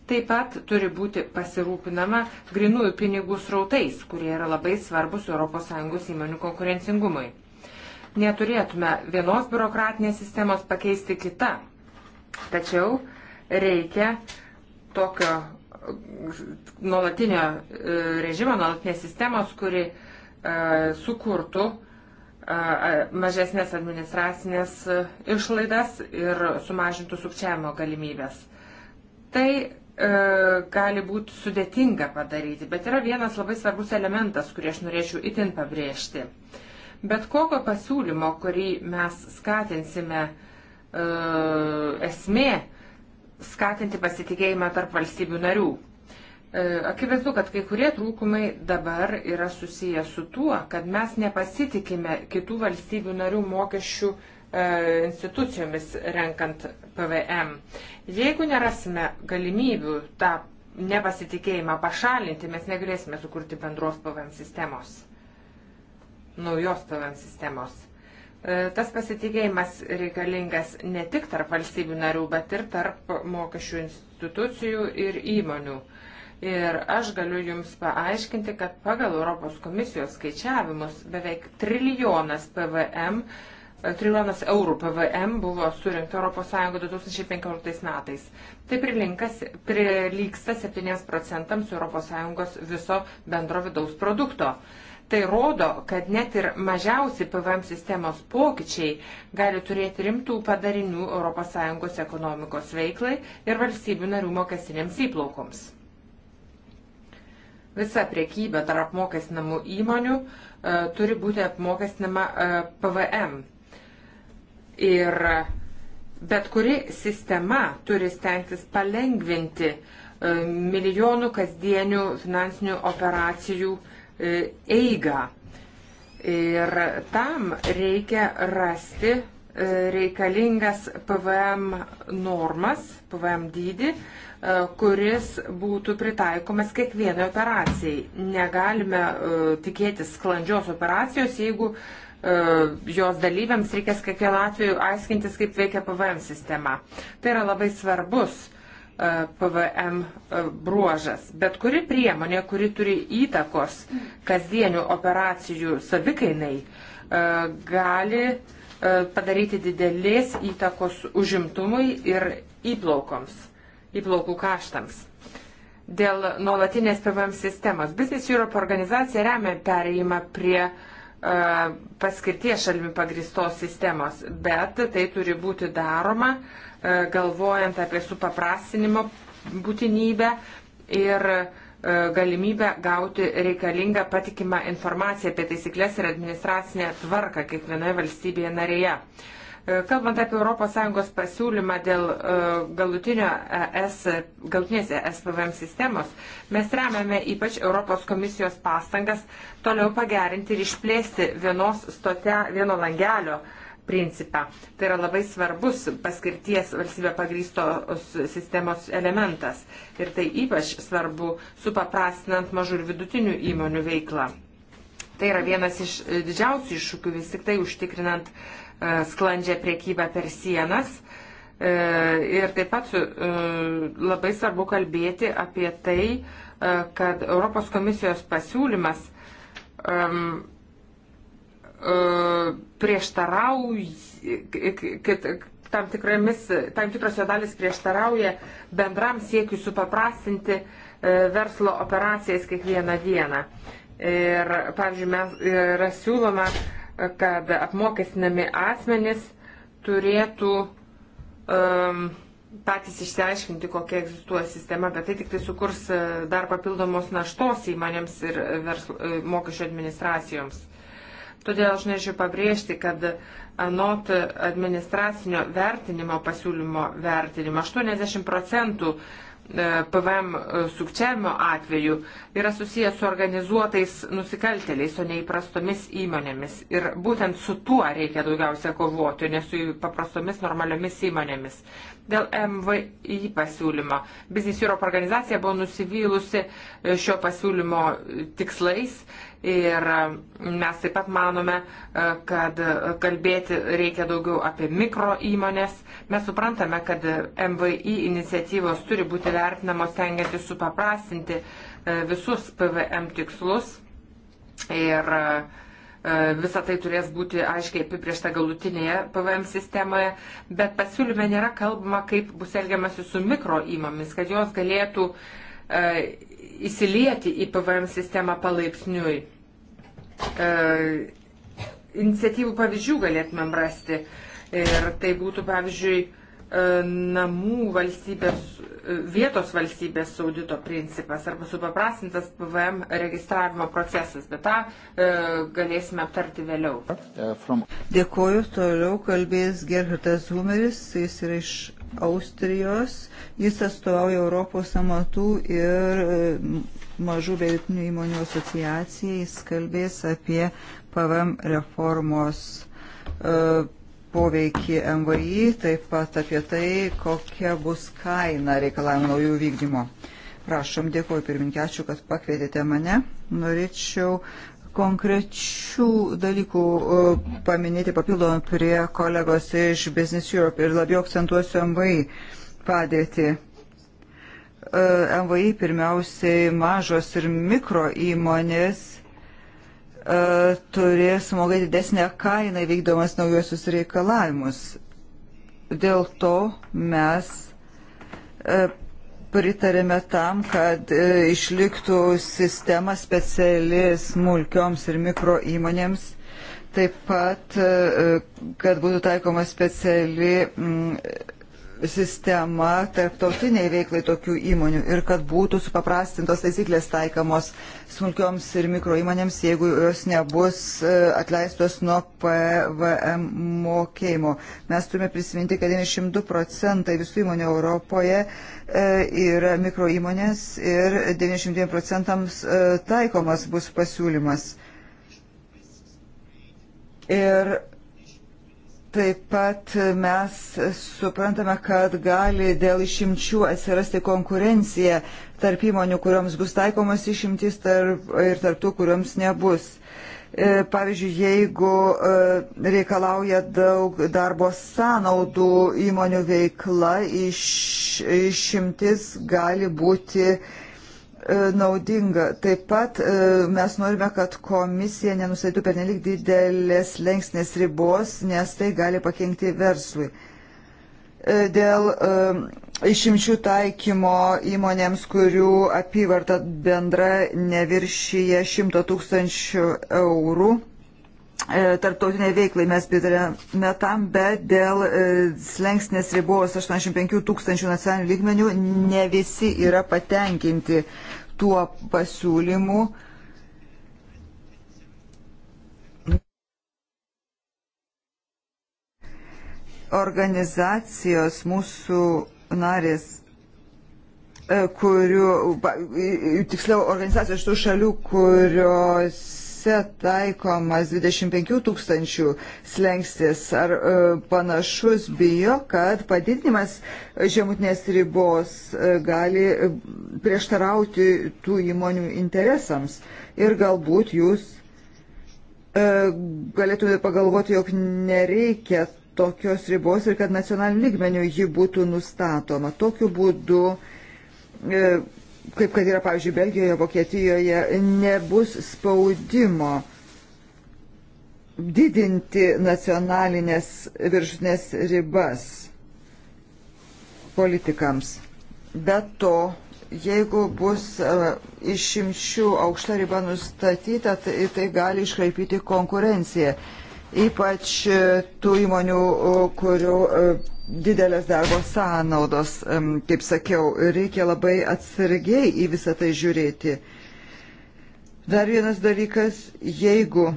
Taip pat turi būti pasirūpinama grinųjų pinigų srautais, kurie yra labai svarbus ES įmonių konkurencingumui. Neturėtume vienos biurokratinės sistemos pakeisti kitą. Tačiau reikia tokio nuolatinio e, režimo, nuolatinės sistemos, kuri e, sukurtų e, mažesnės administracinės išlaidas ir sumažintų sukčiavimo galimybės. Tai e, gali būti sudėtinga padaryti, bet yra vienas labai svarbus elementas, kurį aš norėčiau itin pabrėžti. Bet kokio pasiūlymo, kurį mes skatinsime e, E, esmė skatinti pasitikėjimą tarp valstybių narių. E, akivaizdu, kad kai kurie trūkumai dabar yra susiję su tuo, kad mes nepasitikime kitų valstybių narių mokesčių e, institucijomis renkant PVM. Jeigu nerasime galimybių tą nepasitikėjimą pašalinti, mes negalėsime sukurti bendros PVM sistemos, naujos PVM sistemos. E, tas pasitikėjimas reikalingas ne tik tarp valstybių narių, bet ir tarp mokesčių institucijų ir įmonių. Ir aš galiu Jums paaiškinti, kad pagal Europos komisijos skaičiavimus beveik trilijonas PVM, e, trilijonas eurų PVM buvo surinkta ES 2015 metais. Tai prilinkas, prilyksta 7 procentams ES viso bendro vidaus produkto. Tai rodo, kad net ir mažiausi PVM sistemos pokyčiai gali turėti rimtų padarinių ES ekonomikos veiklai ir valstybių narių mokestinėms įplaukoms. Visa priekyba tarp apmokestinamų įmonių e, turi būti apmokestinama e, PVM. Ir bet kuri sistema turi stengtis palengvinti e, milijonų kasdienių finansinių operacijų e, E, eigą. Ir tam reikia rasti e, reikalingas PVM normas, PVM dydį, e, kuris būtų pritaikomas kiekvienai operacijai. Negalime tikėtis sklandžios operacijos, jeigu jos dalyviams reikės kiekvienu atveju aiškintis, kaip veikia PVM sistema. Tai yra labai svarbus E, PVM e, bruožas. Bet kuri priemonė, kuri turi įtakos kasdienių operacijų savikainai, e, gali padaryti didelės įtakos užimtumui ir įplaukoms, įplaukų kaštams. Dėl nuolatinės PVM sistemos. Business Europe organizacija remia perėjimą prie paskirties šalmi pagristos sistemos, bet tai turi būti daroma E, galvojant apie supaprastinimo būtinybę ir e, galimybę gauti reikalingą patikimą informaciją apie taisyklės ir administracinę tvarką kiekvienoje valstybėje narėje. E, kalbant apie ES pasiūlymą dėl ES, galutinės ES PVM sistemos, mes remiame ypač Europos komisijos pastangas toliau pagerinti ir išplėsti vienos stote, vieno langelio uh, principą. Tai yra labai svarbus paskirties valstybė pagrystos sistemos elementas. Ir tai ypač svarbu supaprastinant mažų ir vidutinių įmonių veiklą. Tai yra vienas iš e, didžiausių iššūkių vis tik tai užtikrinant e, sklandžią priekybą per sienas. E, ir taip pat labai svarbu kalbėti apie tai, kad Europos komisijos pasiūlymas um, E, prieštarauja, kad tam, tikramis, tam tikros jo dalis prieštarauja bendram siekiu supaprastinti e, verslo operacijas kiekvieną dieną. Ir, pavyzdžiui, mes yra siūloma, kad apmokestinami asmenys turėtų um, patys išsiaiškinti, kokia egzistuoja sistema, bet tai tik tai sukurs e, dar papildomos naštos įmonėms ir verslo, mokesčio administracijoms. Todėl aš norėčiau pabrėžti, kad anot administracinio vertinimo pasiūlymo vertinimo 80 procentų e, PVM e, sukčiavimo atveju yra susijęs su organizuotais nusikalteliais, o neįprastomis įmonėmis. Ir būtent su tuo reikia daugiausia kovoti, ne su paprastomis normaliomis įmonėmis. Dėl MVI pasiūlymo. Business Europe organizacija buvo nusivylusi e, šio pasiūlymo tikslais Ir e, mes taip pat manome, e, kad kalbėti reikia daugiau apie mikro įmonės. Mes suprantame, kad MVI iniciatyvos turi būti vertinamos tengiantis supaprastinti e, visus PVM tikslus. Ir visa tai turės būti aiškiai apibriešta galutinėje PVM sistemoje, bet pasiūlyme nėra kalbama, kaip bus elgiamasi su mikro įmomis, kad jos galėtų įsilieti į PVM sistemą palaipsniui e, iniciatyvų pavyzdžių galėtumėm rasti. Ir tai būtų, pavyzdžiui, e, namų valstybės, e, vietos valstybės audito principas arba supaprastintas PVM registravimo procesas, bet tą e, galėsime aptarti vėliau. Uh, Dėkoju, toliau kalbės Gerhardas Humeris, jis yra iš Austrijos. Jis atstovauja Europos amatų ir e, mažų vėlitinių įmonių asociacijai. Jis kalbės apie PVM reformos e, poveikį MVI, taip pat apie tai, kokia bus kaina reikalavimo naujų vykdymo. Prašom, dėkuoju pirmininkė, ačiū, kad pakvietėte mane. Norėčiau konkrečių dalykų paminėti papildomai prie kolegos iš Business Europe ir labiau akcentuosiu MVI padėtį. E, MVI pirmiausiai mažos ir mikro įmonės e, turės mokėti didesnę kainą vykdomas naujosius reikalavimus. Dėl to mes e, pritarėme tam, kad e, išliktų sistema speciali smulkioms ir mikro įmonėms, taip pat, e, e, kad būtų taikoma speciali sistema tarptautiniai veiklai tokių įmonių ir kad būtų supaprastintos taisyklės taikamos smulkioms ir mikro įmonėms, jeigu jos nebus e, atleistos nuo PVM mokėjimo. Mes turime prisiminti, kad 92 procentai visų įmonių Europoje e, yra mikro įmonės ir 92 procentams e, taikomas bus pasiūlymas. Ir Taip pat mes suprantame, kad gali dėl išimčių atsirasti konkurencija tarp įmonių, kuriuoms bus taikomas išimtis tarp, ir tarp tų, kuriuoms nebus. E, pavyzdžiui, jeigu e, reikalauja daug darbo sąnaudų įmonių veikla, iš, išimtis gali būti uh, E, naudinga. Taip pat e, mes norime, kad komisija nenusatytų pernelik didelės lengsnės ribos, nes tai gali pakengti verslui. E, dėl išimčių taikymo įmonėms, kurių apyvarta bendra neviršyje 100 tūkstančių eurų E, tarptautiniai veiklai mes pritarėme tam, bet dėl e, slengsnės ribos 85 tūkstančių nacionalinių lygmenių ne visi yra patenkinti tuo pasiūlymu. Organizacijos mūsų narės e, kurių, tiksliau, organizacijos iš tų šalių, kurios narėse taikomas 25 tūkstančių slengstis. Ar e, panašus bijo, kad padidinimas žemutinės ribos e, gali e, prieštarauti tų įmonių interesams? Ir galbūt jūs e, galėtumėte pagalvoti, jog nereikia tokios ribos ir kad nacionaliniu lygmeniu ji būtų nustatoma. Tokiu būdu e, kaip kad yra, pavyzdžiui, Belgijoje, Vokietijoje, nebus spaudimo didinti nacionalinės viršutinės ribas politikams. Be to, jeigu bus e, išimčių aukšta riba nustatyta, tai, tai gali iškraipyti konkurenciją ypač e, tų įmonių, kurių e, didelės darbo sąnaudos, kaip sakiau, reikia labai atsargiai į visą tai žiūrėti. Dar vienas dalykas, jeigu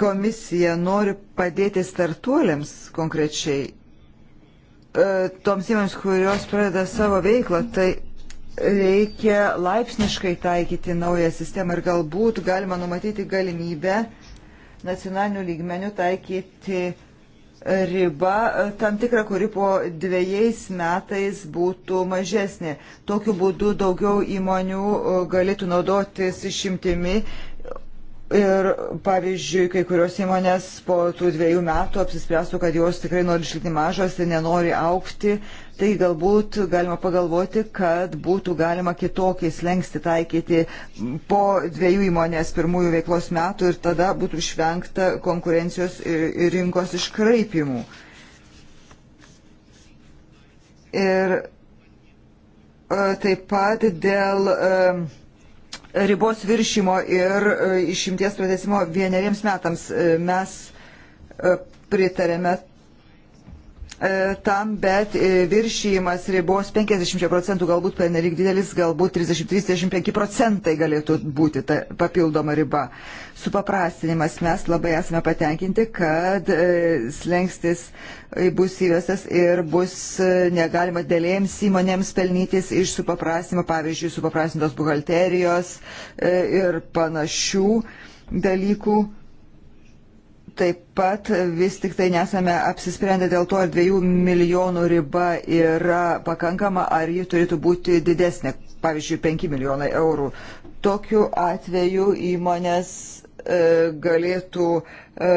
komisija nori padėti startuoliams konkrečiai, e, toms įmonėms, kurios pradeda savo veiklą, tai reikia laipsniškai taikyti naują sistemą ir galbūt galima numatyti galimybę uh, nacionalinių lygmenių taikyti ribą e, tam tikrą, kuri po dviejais metais būtų mažesnė. Tokiu būdu daugiau įmonių e, galėtų naudotis išimtimi Ir pavyzdžiui, kai kurios įmonės po tų dviejų metų apsispręstų, kad jos tikrai nori išlikti mažos ir nenori aukti, tai galbūt galima pagalvoti, kad būtų galima kitokiais lengsti taikyti po dviejų įmonės pirmųjų veiklos metų ir tada būtų išvengta konkurencijos ir rinkos iškraipimų. Ir e, taip pat dėl e, ribos viršimo ir e, išimties pratesimo vieneriems metams mes pritarėme E, tam, bet e, viršyjimas ribos 50 procentų galbūt pernelyg didelis, galbūt 30-35 procentai galėtų būti ta papildoma riba. Supaprastinimas mes labai esame patenkinti, kad e, slengstis bus įvestas ir bus negalima dėlėjams įmonėms pelnytis iš supaprastinimo, pavyzdžiui, supaprastintos buhalterijos ir panašių dalykų Taip pat vis tik tai nesame apsisprendę dėl to, ar dviejų milijonų riba yra pakankama, ar ji turėtų būti didesnė, pavyzdžiui, 5 milijonai eurų. Tokiu atveju įmonės e, galėtų e,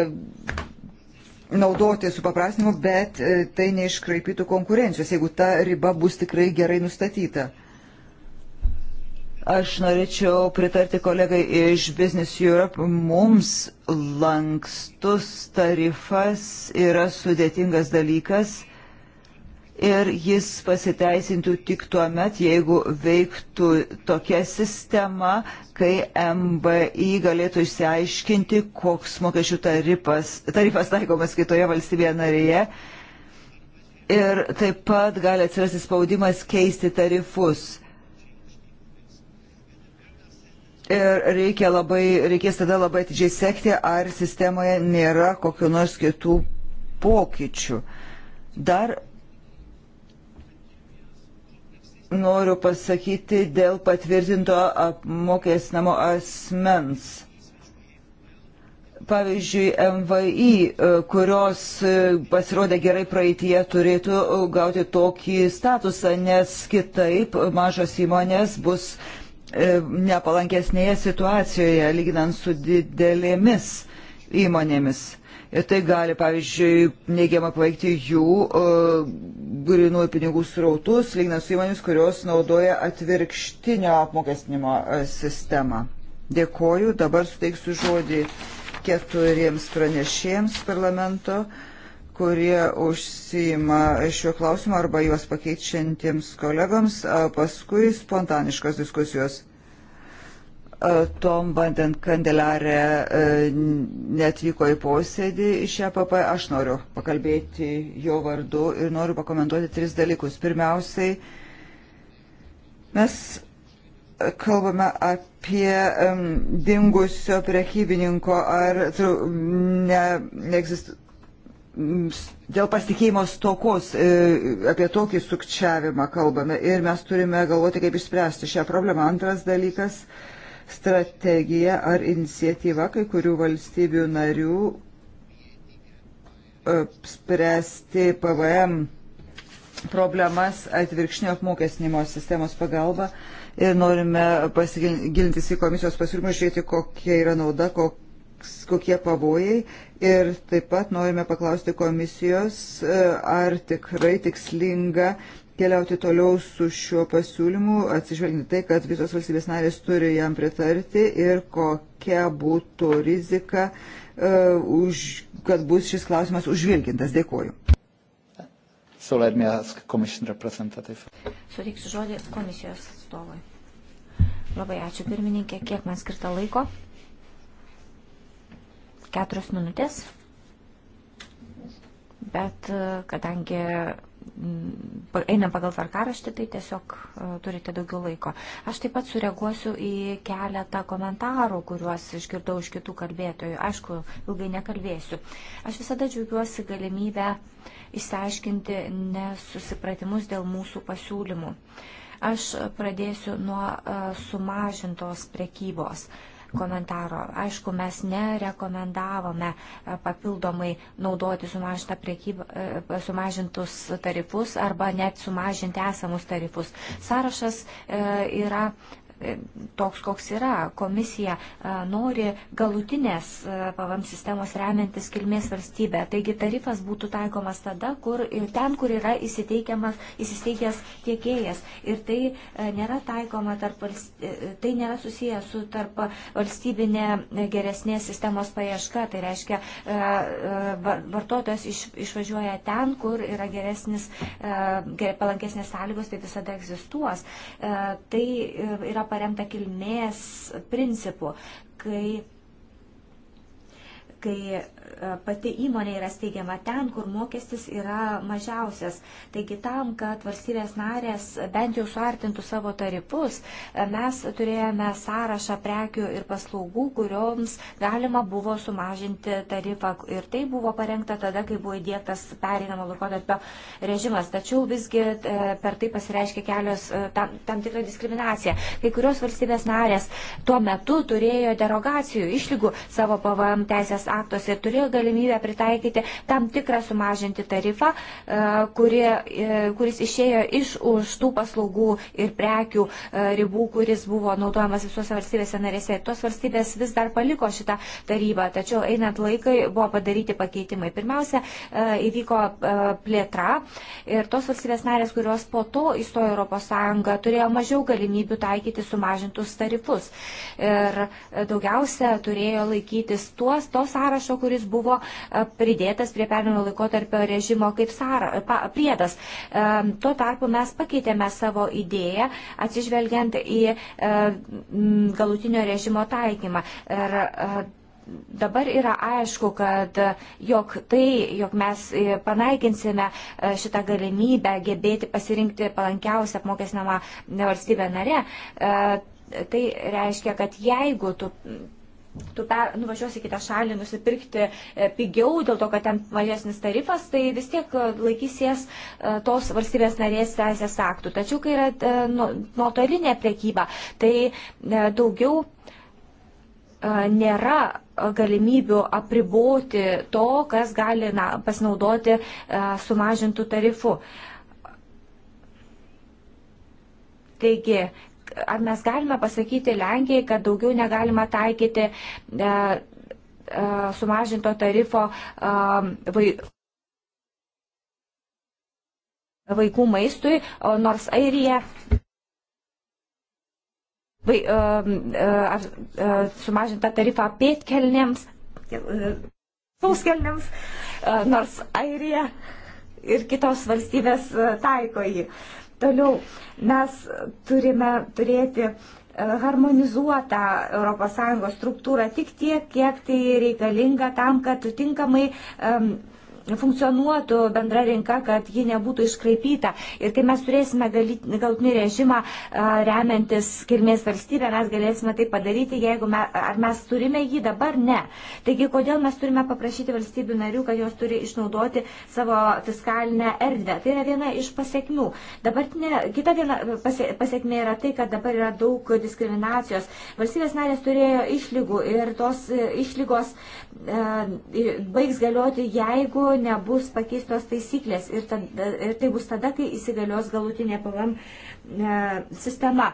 naudoti supaprastinimu, bet e, tai neiškraipytų konkurencijos, jeigu ta riba bus tikrai gerai nustatyta. E, Aš norėčiau pritarti kolegai iš Business Europe. Mums lankstus tarifas yra sudėtingas dalykas ir jis pasiteisintų tik tuo met, jeigu veiktų tokia sistema, kai MBI galėtų išsiaiškinti, koks mokesčių tarifas, tarifas taikomas kitoje valstybėje narėje. Ir taip pat gali atsirasti spaudimas keisti tarifus. Ir reikia labai, reikės tada labai atidžiai sekti, ar sistemoje nėra kokiu nors kitų pokyčių. Dar noriu pasakyti dėl patvirtinto apmokestinamo asmens. Pavyzdžiui, MVI, e, kurios e, pasirodė gerai praeitie, turėtų gauti tokį statusą, nes kitaip mažos įmonės bus E, nepalankesnėje situacijoje, lyginant su didelėmis įmonėmis. Ir tai gali, pavyzdžiui, neigiamą paveikti jų uh, grinųjų pinigų srautus, lyginant su įmonėmis, kurios naudoja atvirkštinio apmokestinimo uh, sistemą. Dėkoju, dabar suteiksiu žodį keturiems pranešėjams parlamento. Uh, kurie užsima šiuo klausimu arba juos pakeičiantiems kolegams, paskui spontaniškos diskusijos. Tom bandant kandelarę e, netvyko į posėdį iš EPP, aš noriu pakalbėti jo vardu ir noriu pakomentuoti tris dalykus. Pirmiausiai, mes kalbame apie um, dingusio prekybininko ar tru, ne, neegzist, Mm, dėl pasitikėjimo stokos e, apie tokį sukčiavimą kalbame ir mes turime galvoti, kaip išspręsti šią problemą. Antras dalykas - strategija ar iniciatyva kai kurių valstybių narių e, spręsti PVM problemas atvirkšnio apmokestinimo sistemos pagalba ir norime pasigilintis į komisijos pasiūlymą, žiūrėti, kokia yra nauda, kokia koks, kokie pavojai ir taip pat norime paklausti komisijos, e, ar tikrai tikslinga keliauti toliau su šiuo pasiūlymu, atsižvelginti tai, kad visos valstybės narės turi jam pritarti ir kokia būtų rizika, uh, už, kad bus šis klausimas užvilgintas. Dėkuoju. So Suteiksiu žodį komisijos atstovui. Labai ačiū pirmininkė, kiek man skirta laiko keturios minutės, bet e, kadangi mm, einam pagal tvarkaraštį, tai tiesiog e, turite daugiau laiko. Aš taip pat sureaguosiu į keletą komentarų, kuriuos išgirdau iš kitų kalbėtojų. Aišku, ilgai nekalbėsiu. Aš visada džiaugiuosi galimybę išsiaiškinti nesusipratimus dėl mūsų pasiūlymų. Aš pradėsiu nuo e, sumažintos prekybos komentaro. Aišku, mes nerekomendavome e, papildomai naudoti prekybą, e, e, sumažintus tarifus arba net sumažinti esamus tarifus. Sąrašas yra E, toks, koks yra. Komisija e, nori galutinės e, PVM sistemos remiantis kilmės valstybę. Taigi tarifas būtų taikomas tada, kur, ten, kur yra įsisteigęs tiekėjas. Ir tai nėra taikoma tarp tai nėra susiję su tarp valstybinė geresnės sistemos paieška. Tai reiškia, vartotojas iš, išvažiuoja ten, kur yra geresnis, palankesnės sąlygos, tai visada egzistuos. Tai yra paremta kilmės principu, kai kai e, pati įmonė yra steigiama ten, kur mokestis yra mažiausias. Taigi tam, kad valstybės narės bent jau suartintų savo tarifus, e, mes turėjome sąrašą prekių ir paslaugų, kurioms galima buvo sumažinti tarifą. Ir tai buvo parengta tada, kai buvo įdėktas pereinamo laikotarpio režimas. Tačiau visgi e, per tai pasireiškia kelios tam, tam tikra diskriminacija. Kai kurios valstybės narės tuo metu turėjo derogacijų išlygų savo PVM teisės aktuose turėjo galimybę pritaikyti tam tikrą sumažinti tarifą, e, kuri, e, kuris išėjo iš už tų paslaugų ir prekių e, ribų, kuris buvo naudojamas visose valstybėse narėse. Tos valstybės vis dar paliko šitą tarybą, tačiau einant laikai buvo padaryti pakeitimai. Pirmiausia, įvyko plėtra ir tos valstybės narės, kurios po to įstojo Europos Sąjungą, turėjo mažiau galimybių taikyti sumažintus tarifus. Ir daugiausia turėjo laikytis tuos, tos sąrašo, kuris buvo e, pridėtas prie pernimo laikotarpio režimo kaip sąra, pa, priedas. E, tuo tarpu mes pakeitėme savo idėją, atsižvelgiant į e, galutinio režimo taikymą. Ir, dabar yra aišku, kad jog tai, jog mes panaikinsime šitą galimybę gebėti pasirinkti palankiausią apmokestinamą valstybę narę, tai reiškia, kad jeigu tu tu per, nuvažiuosi į kitą šalį nusipirkti e, pigiau, dėl to, kad ten mažesnis tarifas, tai vis tiek e, laikysies e, tos valstybės narės teisės aktų. Tačiau, kai yra nu, nuotolinė prekyba, tai daugiau nėra galimybių apriboti to, kas gali na, pasinaudoti sumažintų tarifų. Taigi, ar mes galime pasakyti Lenkijai, kad daugiau negalima taikyti e, e, sumažinto tarifo e, vaikų maistui, nors Airija vai, sumažinta tarifa pėtkelnėms, sauskelnėms, nors Airija ir kitos valstybės taiko jį. Toliau mes turime turėti e, harmonizuotą ES struktūrą tik tiek, kiek tai reikalinga tam, kad tinkamai um, funkcionuotų bendra rinka, kad ji nebūtų iškraipyta. Ir kai mes turėsime galutinį režimą remiantis kilmės valstybę, mes galėsime tai padaryti, jeigu me, ar mes turime jį dabar, ne. Taigi, kodėl mes turime paprašyti valstybių narių, kad jos turi išnaudoti savo fiskalinę erdvę. Tai yra viena iš pasiekmių. Dabartinė, kita viena pasiekmė yra tai, kad dabar yra daug diskriminacijos. Valstybės narės turėjo išlygų ir tos e, išlygos e, baigs galioti, jeigu nebus pakeistos taisyklės ir, tada, ir tai bus tada, kai įsigalios galutinė PVM e, sistema.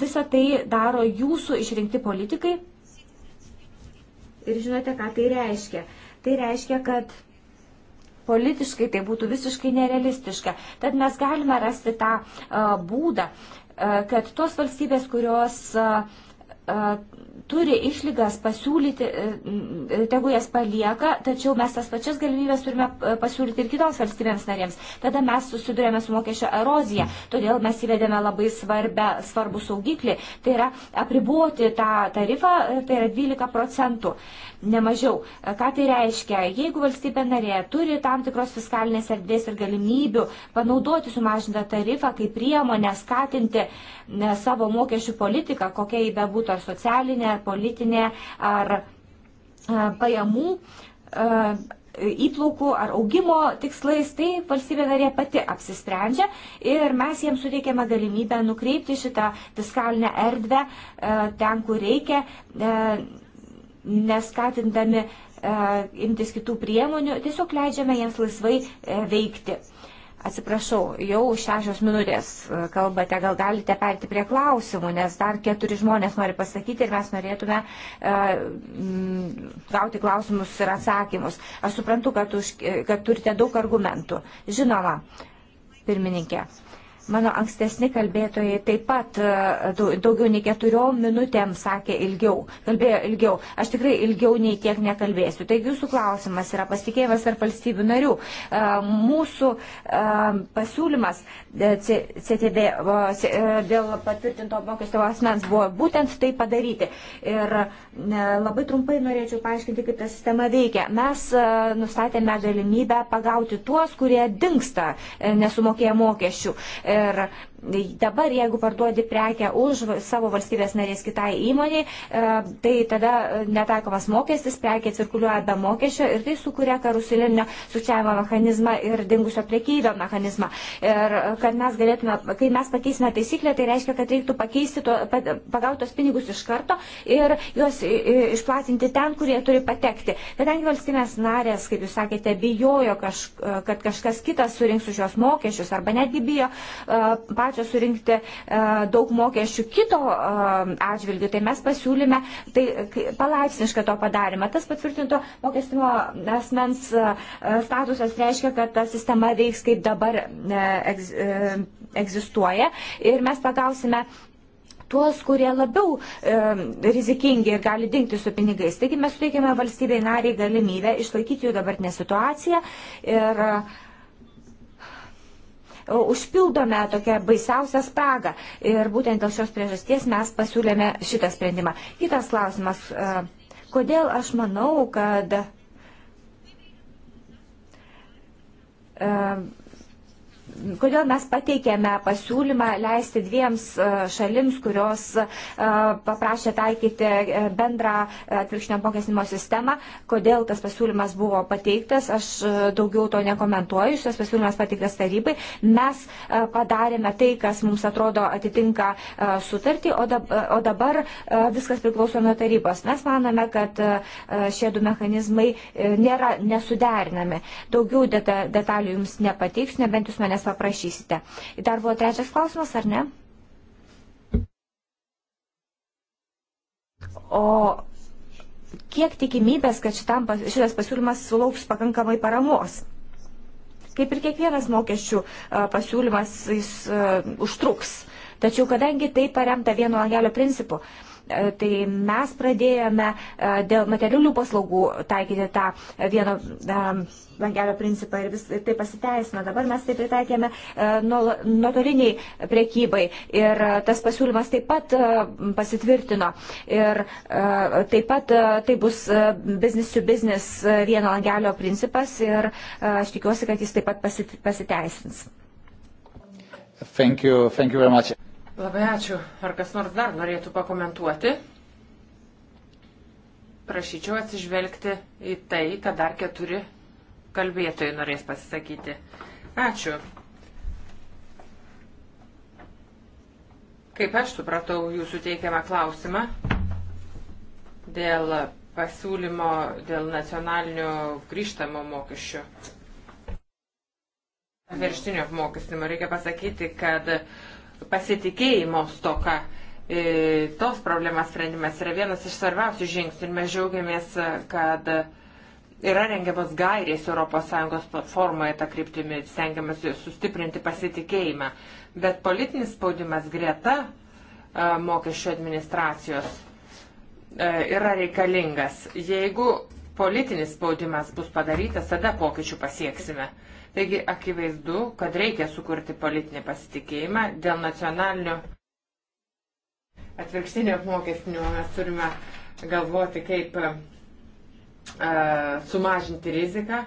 Visą tai daro jūsų išrinkti politikai ir žinote, ką tai reiškia. Tai reiškia, kad politiškai tai būtų visiškai nerealistiška. Tad mes galime rasti tą e, būdą, e, kad tos valstybės, kurios turi išlygas pasiūlyti, e, e, tegu jas palieka, tačiau mes tas pačias galimybės turime e, pasiūlyti ir kitoms valstybėms narėms. Tada mes susidurėme su mokesčio erozija, todėl mes įvedėme labai svarbę, svarbų saugiklį, tai yra apriboti tą tarifą, tai yra 12 procentų nemažiau. Ką tai reiškia? Jeigu valstybė narė turi tam tikros fiskalinės erdvės ir galimybių panaudoti sumažintą tarifą kaip priemonę skatinti savo mokesčių politiką, kokia jį bebūtų ar socialinė, ar politinė, ar e, pajamų e, įplaukų ar augimo tikslais, tai valstybė narė pati apsisprendžia ir mes jiems suteikiame galimybę nukreipti šitą fiskalinę erdvę e, ten, kur reikia, neskatindami imtis kitų priemonių, tiesiog leidžiame jiems laisvai veikti. Atsiprašau, jau šešios minutės e, kalbate, gal galite perti prie klausimų, nes dar keturi žmonės nori pasakyti ir mes norėtume uh, gauti klausimus ir atsakymus. Aš suprantu, kad, už, e, kad turite daug argumentų. Žinoma, pirmininkė. Mano ankstesni kalbėtojai taip pat e, daugiau nei keturiom minutėm sakė ilgiau, kalbėjo ilgiau. Aš tikrai ilgiau nei tiek nekalbėsiu. Taigi jūsų klausimas yra pasitikėjimas ar valstybių narių. E, mūsų e, pasiūlymas CTB dėl patvirtinto apmokestio asmens buvo būtent tai padaryti. Ir labai trumpai norėčiau paaiškinti, kaip ta sistema veikia. Mes nustatėme galimybę pagauti tuos, kurie dinksta nesumokėję mokesčių ir Tai dabar, jeigu parduodi prekę už savo valstybės narės kitai įmoniai, e, tai tada e, netaikomas mokestis, prekė cirkuliuoja be mokesčio ir tai sukuria karuselinio sučiavimo mechanizmą ir dingusio priekybio mechanizmą. Ir e, kad mes galėtume, kai mes pakeisime taisyklę, tai reiškia, kad reiktų pakeisti to, pagautos pinigus iš karto ir juos išplatinti ten, kur jie turi patekti. Kadangi valstybės narės, kaip jūs sakėte, bijojo, kaž, kad kažkas kitas surinks už jos mokesčius arba netgi bijo, uh, pačios surinkti e, daug mokesčių kito e, atžvilgių, tai mes pasiūlyme tai palaipsnišką to padarimą. Tas patvirtinto mokestimo asmens e, statusas reiškia, kad ta sistema veiks kaip dabar egz, egzistuoja ir mes pagausime tuos, kurie labiau e, rizikingi ir gali dinkti su pinigais. Taigi mes suteikėme valstybei nariai galimybę išlaikyti jų dabartinę situaciją ir e, užpildome tokią baisiausią spragą. Ir būtent dėl šios priežasties mes pasiūlėme šitą sprendimą. Kitas klausimas. E, kodėl aš manau, kad e, kodėl mes pateikėme pasiūlymą leisti dviems e, šalims, kurios e, paprašė taikyti e, bendrą atvirkštinio apmokestinimo sistemą, kodėl tas pasiūlymas buvo pateiktas, aš daugiau to nekomentuoju, šis pasiūlymas pateiktas tarybai, mes padarėme tai, kas mums atrodo atitinka sutartį, o dabar viskas priklauso nuo tarybos. Mes manome, kad šie du mechanizmai nėra nesuderinami. Daugiau detalių jums nepateiksiu, nebent jūs manęs paprašysite. Dar buvo trečias klausimas, ar ne? O kiek tikimybės, kad šitam, šitas pasiūlymas sulauks pakankamai paramos? Kaip ir kiekvienas mokesčių pasiūlymas, jis uh, užtruks. Tačiau kadangi tai paremta vieno angelio principu, uh, E, tai mes pradėjome e, dėl materialių paslaugų taikyti tą vieno e, langelio principą ir vis tai pasiteisino. Dabar mes tai pritaikėme nuotoliniai priekybai ir tas pasiūlymas taip pat pasitvirtino. Ir taip pat tai bus business to business vieno langelio principas ir aš tikiuosi, kad jis taip pat pasiteisins. Thank you, thank you very much. Labai ačiū. Ar kas nors dar norėtų pakomentuoti? Prašyčiau atsižvelgti į tai, kad dar keturi kalbėtojai norės pasisakyti. Ačiū. Kaip aš supratau jūsų teikiamą klausimą dėl pasiūlymo dėl nacionalinio grįžtamo mokesčio. Virštinio apmokestimo reikia pasakyti, kad uh, pasitikėjimo stoka. E, tos problemas sprendimas yra vienas iš svarbiausių žingsnių ir mes džiaugiamės, kad yra rengiamas gairės ES platformoje tą kryptimį, stengiamas sustiprinti pasitikėjimą. Bet politinis spaudimas greta e, mokesčių administracijos e, yra reikalingas. Jeigu politinis spaudimas bus padarytas, tada pokyčių pasieksime. Taigi akivaizdu, kad reikia sukurti politinį pasitikėjimą dėl nacionalinių atvirkštinio apmokestinimo. Mes turime galvoti, kaip e, sumažinti riziką.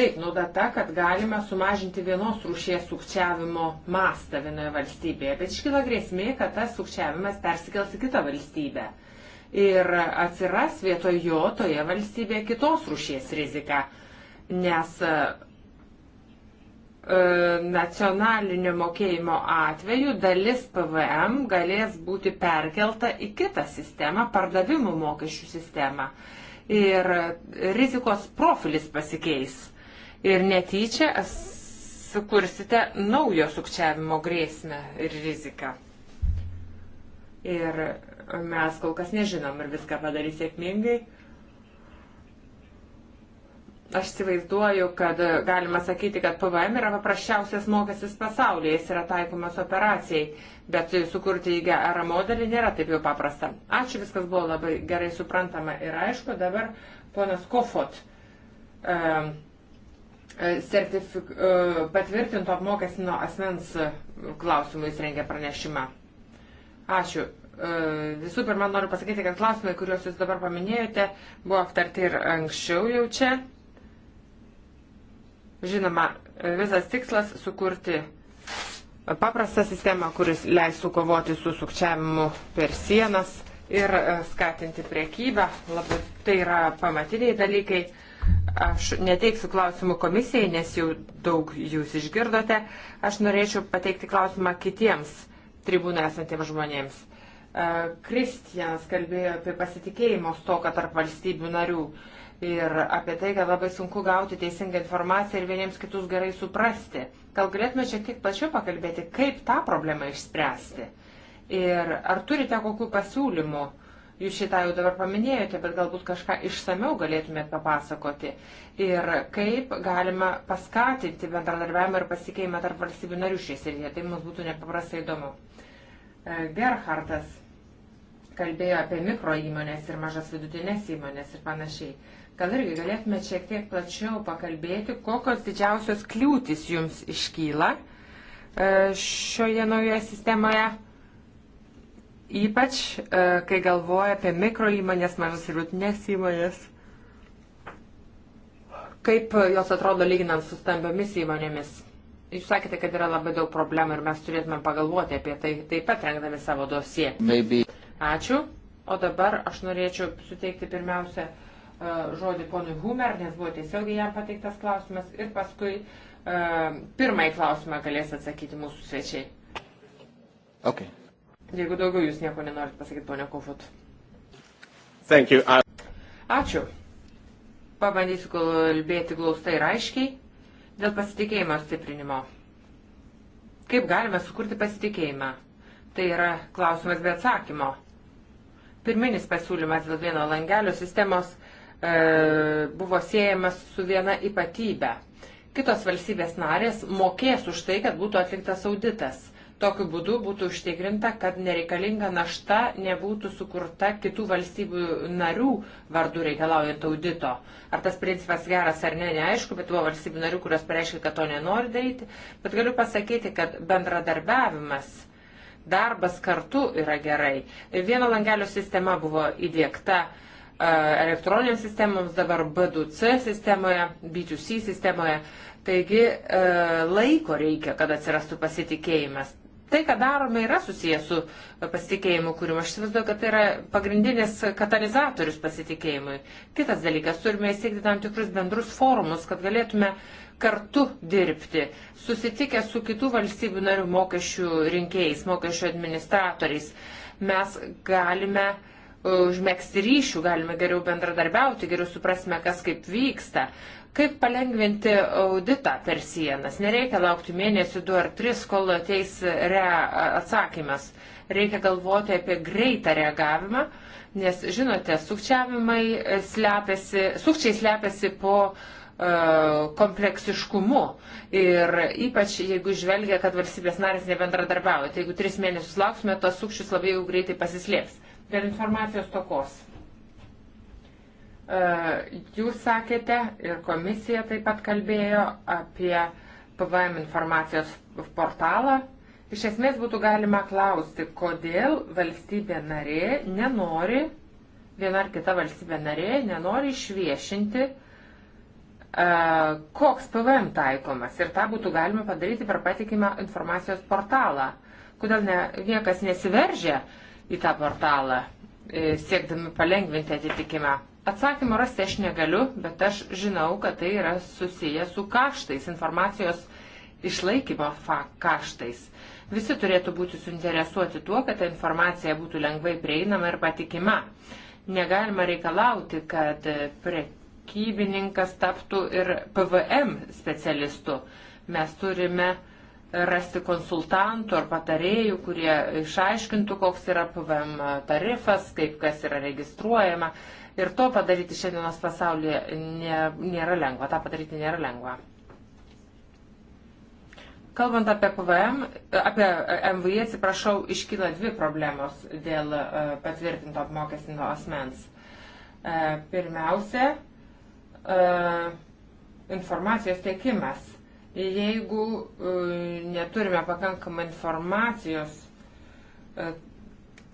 Taip, nauda ta, kad galime sumažinti vienos rūšies sukčiavimo mastą vienoje valstybėje, bet iškyla grėsmė, kad tas sukčiavimas persikels į kitą valstybę. Ir atsiras vietoj jo toje valstybėje kitos rūšies rizika, nes e, E, nacionalinio mokėjimo atveju dalis PVM galės būti perkelta į kitą sistemą, pardavimų mokesčių sistemą. Ir rizikos profilis pasikeis. Ir netyčia sukursite naujo sukčiavimo grėsmę ir riziką. Ir mes kol kas nežinom, ar viską padarys sėkmingai Aš įsivaizduoju, kad e, galima sakyti, kad PVM yra paprasčiausias mokestis pasaulyje, jis yra taikomas operacijai, bet sukurti į gerą modelį nėra taip jau paprasta. Ačiū, viskas buvo labai gerai suprantama ir aišku, dabar ponas Kofot uh, sertifik, uh, patvirtinto apmokestino asmens klausimų jis rengia pranešimą. Ačiū. Visų pirma, noriu pasakyti, kad klausimai, kuriuos jūs dabar paminėjote, buvo aptarti ir anksčiau jau čia. Žinoma, visas tikslas sukurti paprastą sistemą, kuris leistų kovoti su sukčiavimu per sienas ir e, skatinti priekybą. Labai, tai yra pamatiniai dalykai. Aš neteiksiu klausimų komisijai, nes jau daug jūs išgirdote. Aš norėčiau pateikti klausimą kitiems tribūnai esantiems žmonėms. E, Kristianas kalbėjo apie pasitikėjimo stoką tarp valstybių narių. Uh, ir apie tai, kad labai sunku gauti teisingą informaciją ir vieniems kitus gerai suprasti. Gal galėtume šiek tiek plačiau pakalbėti, kaip tą problemą išspręsti? Ir ar turite kokių pasiūlymų? Jūs šitą jau dabar paminėjote, bet galbūt kažką išsameu galėtumėt papasakoti. Ir kaip galima paskatinti bendradarbiavimą ir pasikeimą tarp valstybių narių šiais ir jie. Tai mums būtų nepaprastai įdomu. E, Gerhardas kalbėjo apie mikro įmonės ir mažas vidutinės įmonės ir panašiai. Gal irgi galėtume šiek tiek plačiau pakalbėti, kokios didžiausios kliūtis jums iškyla e, šioje naujoje sistemoje, ypač e, kai galvoja apie mikro įmonės, mažas ir rutinės įmonės. Kaip jos atrodo lyginant su stambiomis įmonėmis? Jūs sakėte, kad yra labai daug problemų ir mes turėtume pagalvoti apie tai, taip pat rengdami savo dosiją. Maybe. Ačiū. O dabar aš norėčiau suteikti pirmiausia E, žodį ponui Humer, nes buvo tiesiogiai jam pateiktas klausimas ir paskui e, pirmąjį klausimą galės atsakyti mūsų svečiai. Okay. Jeigu daugiau jūs nieko nenorit pasakyti, ponio Kofut. I... Ačiū. Pabandysiu kalbėti glaustai ir aiškiai dėl pasitikėjimo stiprinimo. Kaip galime sukurti pasitikėjimą? Tai yra klausimas be atsakymo. Pirminis pasiūlymas dėl vieno langelio sistemos E, buvo siejamas su viena ypatybė. Kitos valstybės narės mokės už tai, kad būtų atliktas auditas. Tokiu būdu būtų užtikrinta, kad nereikalinga našta nebūtų sukurta kitų valstybių narių vardų reikalaujant audito. Ar tas principas geras ar ne, neaišku, bet buvo valstybių narių, kurios pareiškia, kad to nenori daryti. Bet galiu pasakyti, kad bendradarbiavimas, darbas kartu yra gerai. Vieno langelio sistema buvo įdėkta E, elektroniniams sistemoms, dabar B2C sistemoje, B2C sistemoje. Taigi e, laiko reikia, kad atsirastų pasitikėjimas. Tai, ką darome, yra susijęs su pasitikėjimu kūrimu. Aš įsivaizduoju, kad tai yra pagrindinis katalizatorius pasitikėjimui. Kitas dalykas, turime įsteigti tam tikrus bendrus forumus, kad galėtume kartu dirbti, susitikę su kitų valstybių narių mokesčių rinkėjais, mokesčių administratoriais, mes galime uh, užmėgsti ryšių, galime geriau bendradarbiauti, geriau suprasme, kas kaip vyksta. Kaip palengventi auditą per sienas? Nereikia laukti mėnesį, du ar tris, kol ateis re atsakymas. Reikia galvoti apie greitą reagavimą, nes, žinote, sukčiavimai slepiasi, sukčiai slepiasi po e, kompleksiškumu ir ypač jeigu žvelgia, kad valstybės narės nebendradarbiavo. Tai jeigu tris mėnesius lauksime, tos sukčius labai jau greitai pasislėps. Dėl informacijos tokos. E, jūs sakėte ir komisija taip pat kalbėjo apie PVM informacijos portalą. Iš esmės būtų galima klausti, kodėl valstybė narė nenori, viena ar kita valstybė narė nenori išviešinti, e, koks PVM taikomas. Ir tą būtų galima padaryti per patikimą informacijos portalą. Kodėl ne, niekas nesiveržia į tą portalą, e, siekdami palengvinti atitikimą. Atsakymą rasti aš negaliu, bet aš žinau, kad tai yra susiję su kaštais, informacijos išlaikymo kaštais. Visi turėtų būti suinteresuoti tuo, kad ta informacija būtų lengvai prieinama ir patikima. Negalima reikalauti, kad e, prekybininkas taptų ir PVM specialistu. Mes turime uh, rasti konsultantų ar patarėjų, kurie išaiškintų, koks yra PVM tarifas, kaip kas yra registruojama. Ir to padaryti šiandienos pasaulyje nė, nėra lengva, tą padaryti nėra lengva. Kalbant apie PVM, apie MVI, atsiprašau, iškyla dvi problemos dėl e, patvirtinto apmokestinto asmens. E, pirmiausia, e, informacijos tiekimas Jeigu e, neturime pakankamą informacijos, e,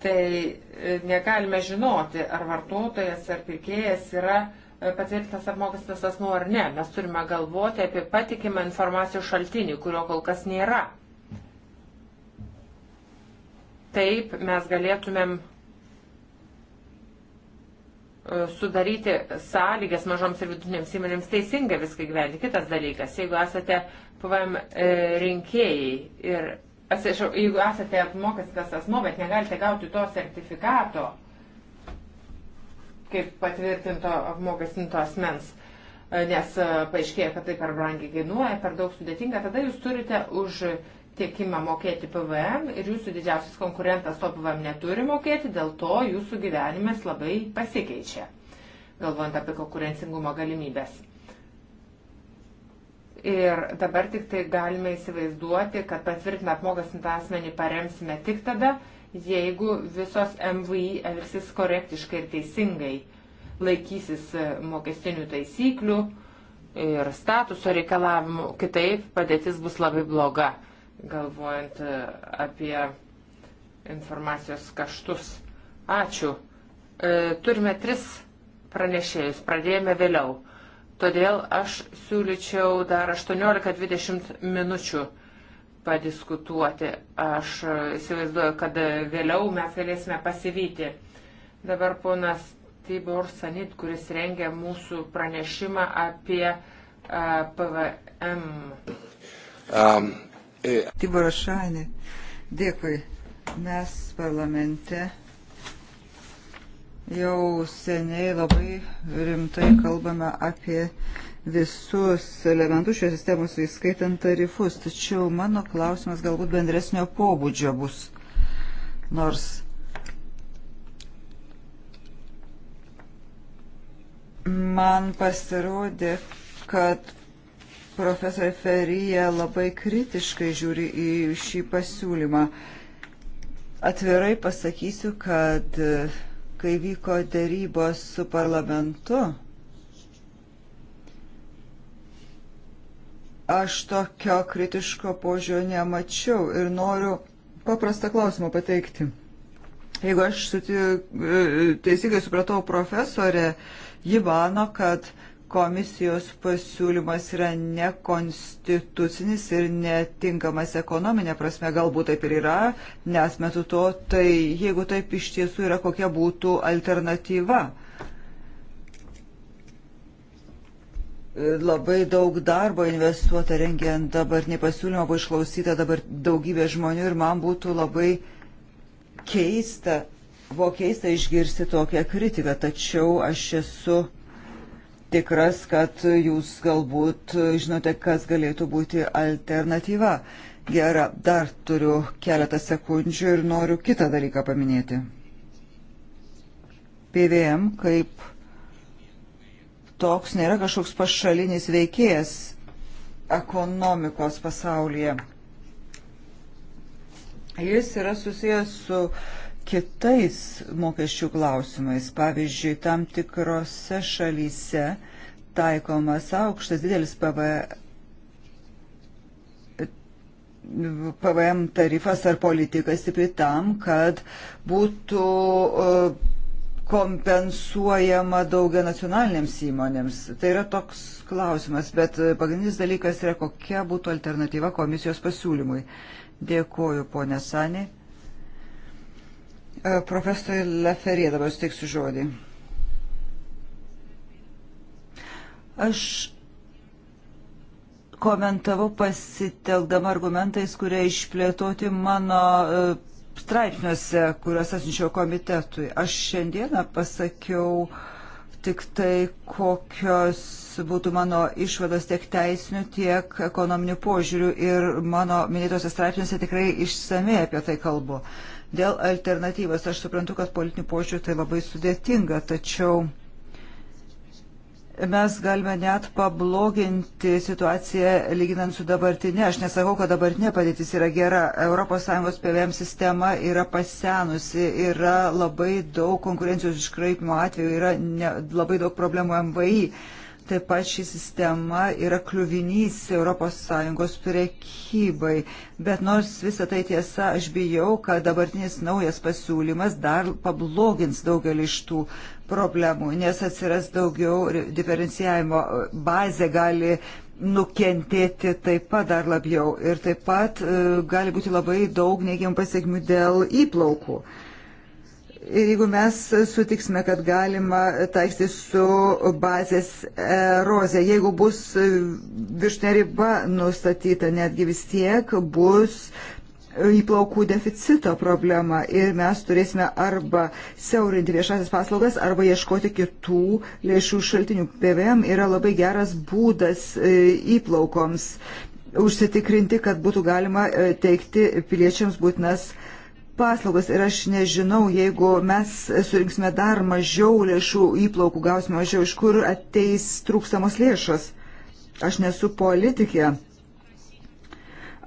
tai e, negalime žinoti, ar vartotojas ar pirkėjas yra patvirtintas apmokestas asmuo ar ne. Mes turime galvoti apie patikimą informacijos šaltinį, kurio kol kas nėra. Taip mes galėtumėm E, sudaryti sąlygas mažoms ir vidutinėms įmonėms teisingai viską gyventi. Kitas dalykas, jeigu esate PVM e, rinkėjai ir atsiprašau, jeigu esate apmokestas asmo, bet negalite gauti to sertifikato kaip patvirtinto apmokestinto asmens, e, nes paaiškėja, kad tai per brangiai kainuoja, per daug sudėtinga, tada jūs turite už tiekimą mokėti PVM ir jūsų didžiausias konkurentas to PVM neturi mokėti, dėl to jūsų gyvenimas labai pasikeičia, galvojant apie konkurencingumo galimybės. Ir dabar tik tai galime įsivaizduoti, kad patvirtinę apmokestintą asmenį paremsime tik tada, jeigu visos MVI elgsis korektiškai ir teisingai, laikysis e, mokestinių taisyklių ir statuso reikalavimų, kitaip padėtis bus labai bloga galvojant e, apie informacijos kaštus. Ačiū. E, turime tris pranešėjus, pradėjome vėliau. Todėl aš siūlyčiau dar 18-20 minučių padiskutuoti. Aš įsivaizduoju, kad vėliau mes galėsime pasivyti. Dabar ponas Tibor Sanit, kuris rengia mūsų pranešimą apie uh, e, PVM. Um, Tiboro Šanė, dėkui. Mes parlamente jau seniai labai rimtai kalbame apie visus elementus šios sistemos, įskaitant tarifus. Tačiau mano klausimas galbūt bendresnio pobūdžio bus. Nors man pasirodė, kad profesorė Ferija labai kritiškai žiūri į šį pasiūlymą. Atvirai pasakysiu, kad e, kai vyko dėrybos su parlamentu, aš tokio kritiško požiūrio nemačiau ir noriu paprastą klausimą pateikti. Jeigu aš e, e, teisingai supratau profesorę, ji mano, kad uh, komisijos pasiūlymas yra nekonstitucinis ir netinkamas ekonominė prasme, galbūt taip ir yra, nes metu to, tai jeigu taip iš tiesų yra, kokia būtų alternatyva. Labai daug darbo investuota rengiant dabartinį pasiūlymą, buvo išklausyta dabar daugybė žmonių ir man būtų labai keista, buvo keista išgirsti tokią kritiką, tačiau aš esu tikras, kad jūs galbūt žinote, kas galėtų būti alternatyva. Gera, dar turiu keletą sekundžių ir noriu kitą dalyką paminėti. PVM kaip toks nėra kažkoks pašalinis veikėjas ekonomikos pasaulyje. Jis yra susijęs su uh, kitais mokesčių klausimais. Pavyzdžiui, tam tikrose šalyse taikomas aukštas didelis PVM e, PVM tarifas ar politika stipri tam, kad būtų e, kompensuojama daugia nacionalinėms įmonėms. Tai yra toks klausimas, bet pagrindinis dalykas yra, kokia būtų alternatyva komisijos pasiūlymui. Dėkuoju, ponė Sanė. E, Profesoriui Leferė dabar suteiksiu žodį. Aš komentavau pasiteldama argumentais, kurie išplėtoti mano e, straipsniuose, kuriuos atsiunčiau komitetui. Aš šiandieną pasakiau tik tai, kokios būtų mano išvados tiek teisinių, tiek ekonominių požiūrių ir mano minėtose straipsniuose tikrai išsamei apie tai kalbu. Dėl alternatyvas, aš suprantu, kad politinių požiūrių tai labai sudėtinga, tačiau mes galime net pabloginti situaciją lyginant su dabartinė. Aš nesakau, kad dabartinė padėtis yra gera. ES PVM sistema yra pasenusi, yra labai daug konkurencijos iškraipimo atveju, yra ne, labai daug problemų MVI. Taip pat ši sistema yra kliuvinys ES prekybai. Bet nors visą tai tiesa, aš bijau, kad dabartinis naujas pasiūlymas dar pablogins daugelį iš tų problemų, nes atsiras daugiau diferencijavimo bazė gali nukentėti taip pat dar labiau ir taip pat e, gali būti labai daug neigiamų pasiekmių dėl įplaukų. E, Ir jeigu mes sutiksime, kad galima taiksti su bazės erozija, jeigu bus viršinė riba nustatyta, netgi vis tiek bus įplaukų deficito problema ir mes turėsime arba siaurinti viešasis paslaugas, arba ieškoti kitų lėšų šaltinių. PVM yra labai geras būdas e, įplaukoms užsitikrinti, kad būtų galima e, teikti piliečiams būtinas paslaugas. Ir aš nežinau, jeigu mes surinksime dar mažiau lėšų įplaukų, gausime mažiau, iš kur ateis trūkstamos lėšos. Aš nesu politikė.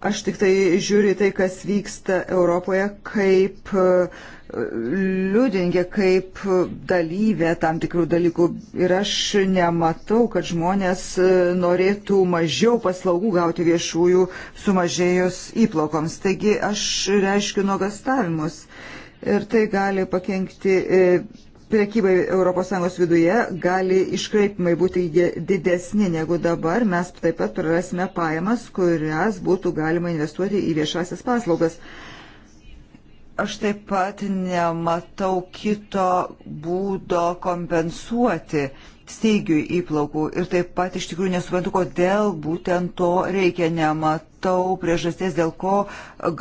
Aš tik tai žiūriu tai, kas vyksta Europoje, kaip uh, liudininkė kaip dalyvė tam tikrų dalykų ir aš nematau, kad žmonės e, norėtų mažiau paslaugų gauti viešųjų sumažėjus įplokoms. Taigi aš reiškiu nuogastavimus ir tai gali pakengti e, priekybai ES viduje, gali iškraipimai būti didesni negu dabar, mes taip pat prarasime pajamas, kurias būtų galima investuoti į viešasias paslaugas. Aš taip pat nematau kito būdo kompensuoti steigiui įplaukų ir taip pat iš tikrųjų nesuprantu, kodėl būtent to reikia, nematau priežasties, dėl ko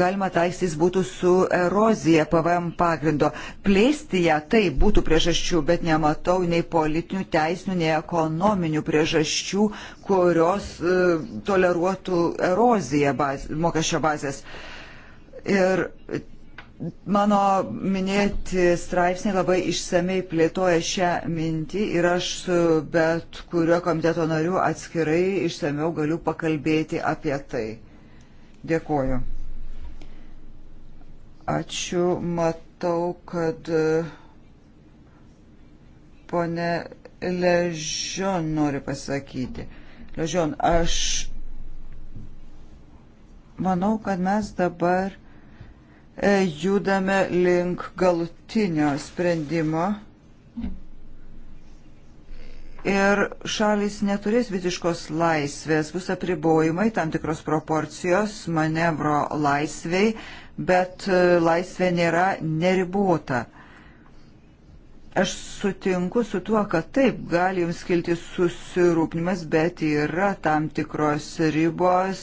galima taisys būtų su erozija PVM pagrindo. Plėsti ją tai būtų priežasčių, bet nematau nei politinių, teisinių, nei ekonominių priežasčių, kurios e, toleruotų eroziją baz, mokesčio bazės. Ir Mano minėti straipsniai labai išsamei plėtoja šią mintį ir aš su bet kuriuo komiteto nariu atskirai išsameu galiu pakalbėti apie tai. Dėkoju. Ačiū. Matau, kad e, ponė Ležion nori pasakyti. Ležion, aš manau, kad mes dabar E, judame link galutinio sprendimo ir šalis neturės visiškos laisvės, bus apribojimai, tam tikros proporcijos, manevro laisviai, bet e, laisvė nėra neribota. Aš sutinku su tuo, kad taip, gali jums kilti susirūpinimas, bet yra tam tikros ribos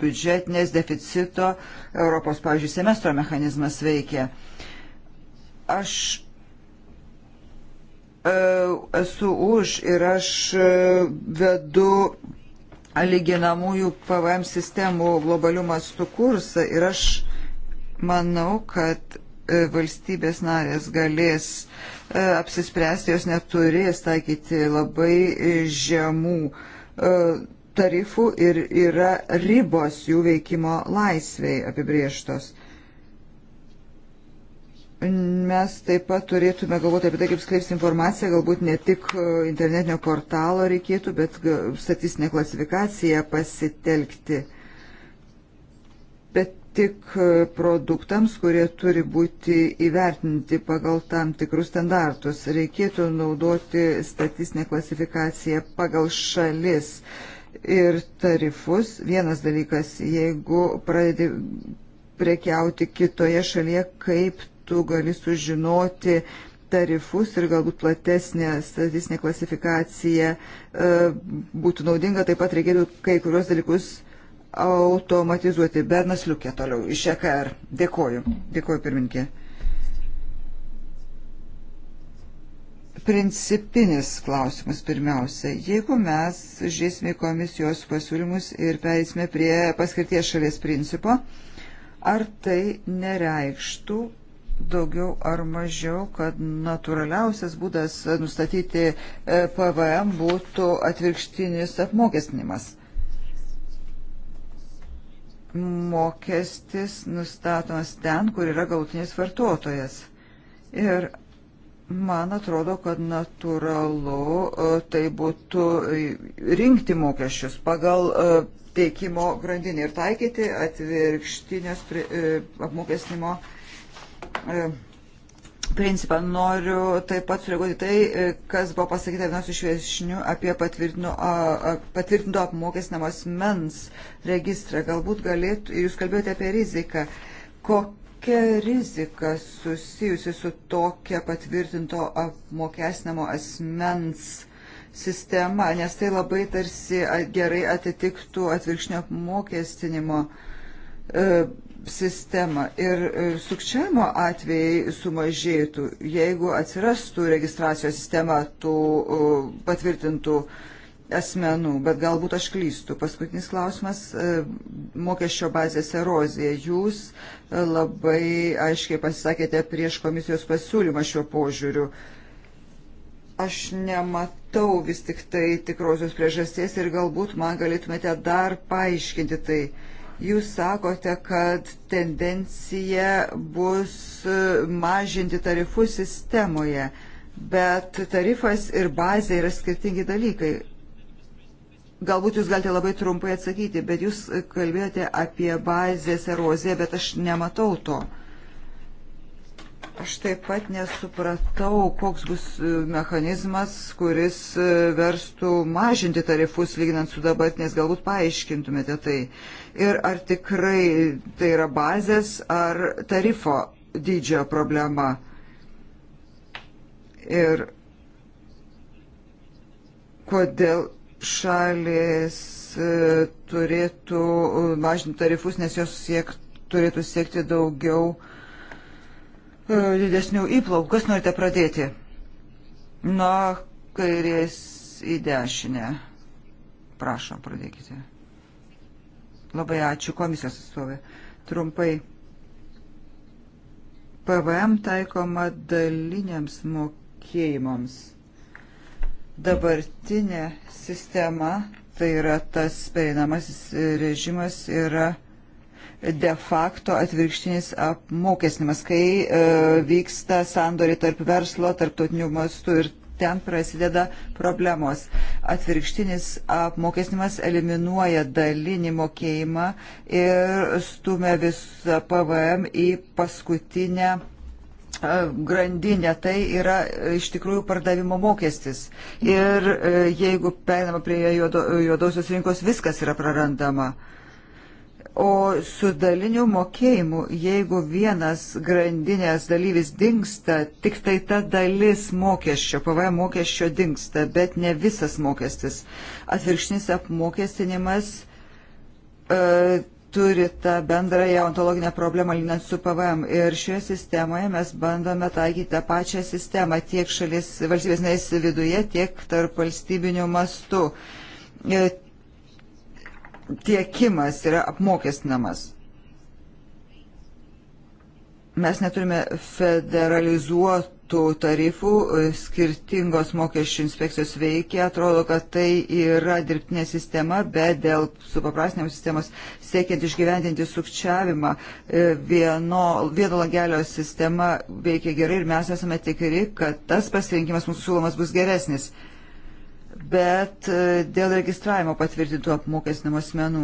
biudžetinės deficito Europos, pavyzdžiui, semestro mechanizmas veikia. Aš e, esu už ir aš e, vedu lyginamųjų PVM sistemų globalių mastų kursą ir aš manau, kad e, valstybės narės galės uh, E, apsispręsti, jos neturės taikyti labai žemų e, tarifų ir yra ribos jų veikimo laisviai apibrieštos. Mes taip pat turėtume galvoti apie tai, kaip skleisti informaciją, galbūt ne tik e, internetinio portalo reikėtų, bet statistinę klasifikaciją pasitelkti. Bet tik produktams, kurie turi būti įvertinti pagal tam tikrus standartus. Reikėtų naudoti statistinę klasifikaciją pagal šalis ir tarifus. Vienas dalykas, jeigu pradedi prekiauti kitoje šalyje, kaip tu gali sužinoti tarifus ir galbūt platesnė statistinė klasifikacija e, būtų naudinga. Taip pat reikėtų kai kurios dalykus automatizuoti. Bernas Liukė toliau iš EKR. Dėkoju. Dėkoju, pirminkė. Principinis klausimas pirmiausia. Jeigu mes žiūrėsime komisijos pasiūlymus ir perėsime prie paskirties šalies principo, ar tai nereikštų daugiau ar mažiau, kad natūraliausias būdas nustatyti e, PVM būtų atvirkštinis apmokestinimas? mokestis nustatomas ten, kur yra galutinis vartotojas. Ir man atrodo, kad natūralu e, tai būtų rinkti mokesčius pagal e, teikimo grandinį ir taikyti atvirkštinės e, apmokestinimo principą. Noriu taip pat sureaguoti tai, e, kas buvo pasakyta vienos iš viešinių apie patvirtinto apmokestinamos mens registrą. Galbūt galėtų, jūs kalbėjote apie riziką. Kokia rizika susijusi su tokia patvirtinto apmokestinamo asmens sistema, nes tai labai tarsi gerai atitiktų atvirkšnio apmokestinimo uh, sistemą ir e, sukčiavimo atvejai sumažėtų, jeigu atsirastų registracijos sistema tų e, patvirtintų asmenų, bet galbūt aš klystu. Paskutinis klausimas e, - mokesčio bazės erozija. Jūs labai aiškiai pasisakėte prieš komisijos pasiūlymą šiuo požiūriu. Aš nematau vis tik tai tikrosios priežasties ir galbūt man galėtumėte dar paaiškinti tai. Uh, Jūs sakote, kad tendencija bus e, mažinti tarifus sistemoje, bet tarifas ir bazė yra skirtingi dalykai. Galbūt jūs galite labai trumpai atsakyti, bet jūs kalbėjote apie bazės eroziją, bet aš nematau to. Uh, Aš taip pat nesupratau, koks bus e, mechanizmas, kuris e, verstų mažinti tarifus lyginant su dabartinės, galbūt paaiškintumėte tai. Ir ar tikrai tai yra bazės ar tarifo dydžio problema. Ir kodėl šalis e, turėtų mažinti tarifus, nes jos siek, turėtų siekti daugiau uh, E, didesnių įplaukų. Kas norite pradėti? Nuo kairės į dešinę. Prašom, pradėkite. Labai ačiū komisijos atstovė. Trumpai. PVM taikoma daliniams mokėjimams. Dabartinė sistema, tai yra tas pereinamasis režimas, yra de facto atvirkštinis apmokestinimas, kai e, vyksta sandoriai tarp verslo, tarptautinių mastų ir ten prasideda problemos. Atvirkštinis apmokestinimas eliminuoja dalinį mokėjimą ir stumia visą PVM į paskutinę e, grandinė, tai yra e, iš tikrųjų pardavimo mokestis. Ir e, jeigu perinama prie juodo, juodosios rinkos, viskas yra prarandama. Uh, O su daliniu mokėjimu, jeigu vienas grandinės dalyvis dinksta, tik tai ta dalis mokesčio, PVM mokesčio dinksta, bet ne visas mokestis. Atvirkštinis apmokestinimas e, turi tą bendrąją ontologinę problemą linant su PVM. Ir šioje sistemoje mes bandome taikyti tą pačią sistemą tiek šalis valstybės narės viduje, tiek tarp valstybinių mastų. E, tiekimas yra apmokestinamas. Mes neturime federalizuotų tarifų, skirtingos mokesčių inspekcijos veikia, atrodo, kad tai yra dirbtinė sistema, bet dėl supaprastinimo sistemos siekiant išgyventinti sukčiavimą, e, vieno, vieno langelio sistema veikia gerai ir mes esame tikri, kad tas pasirinkimas mūsų siūlomas bus geresnis bet e, dėl registravimo patvirtintų apmokestinimo asmenų.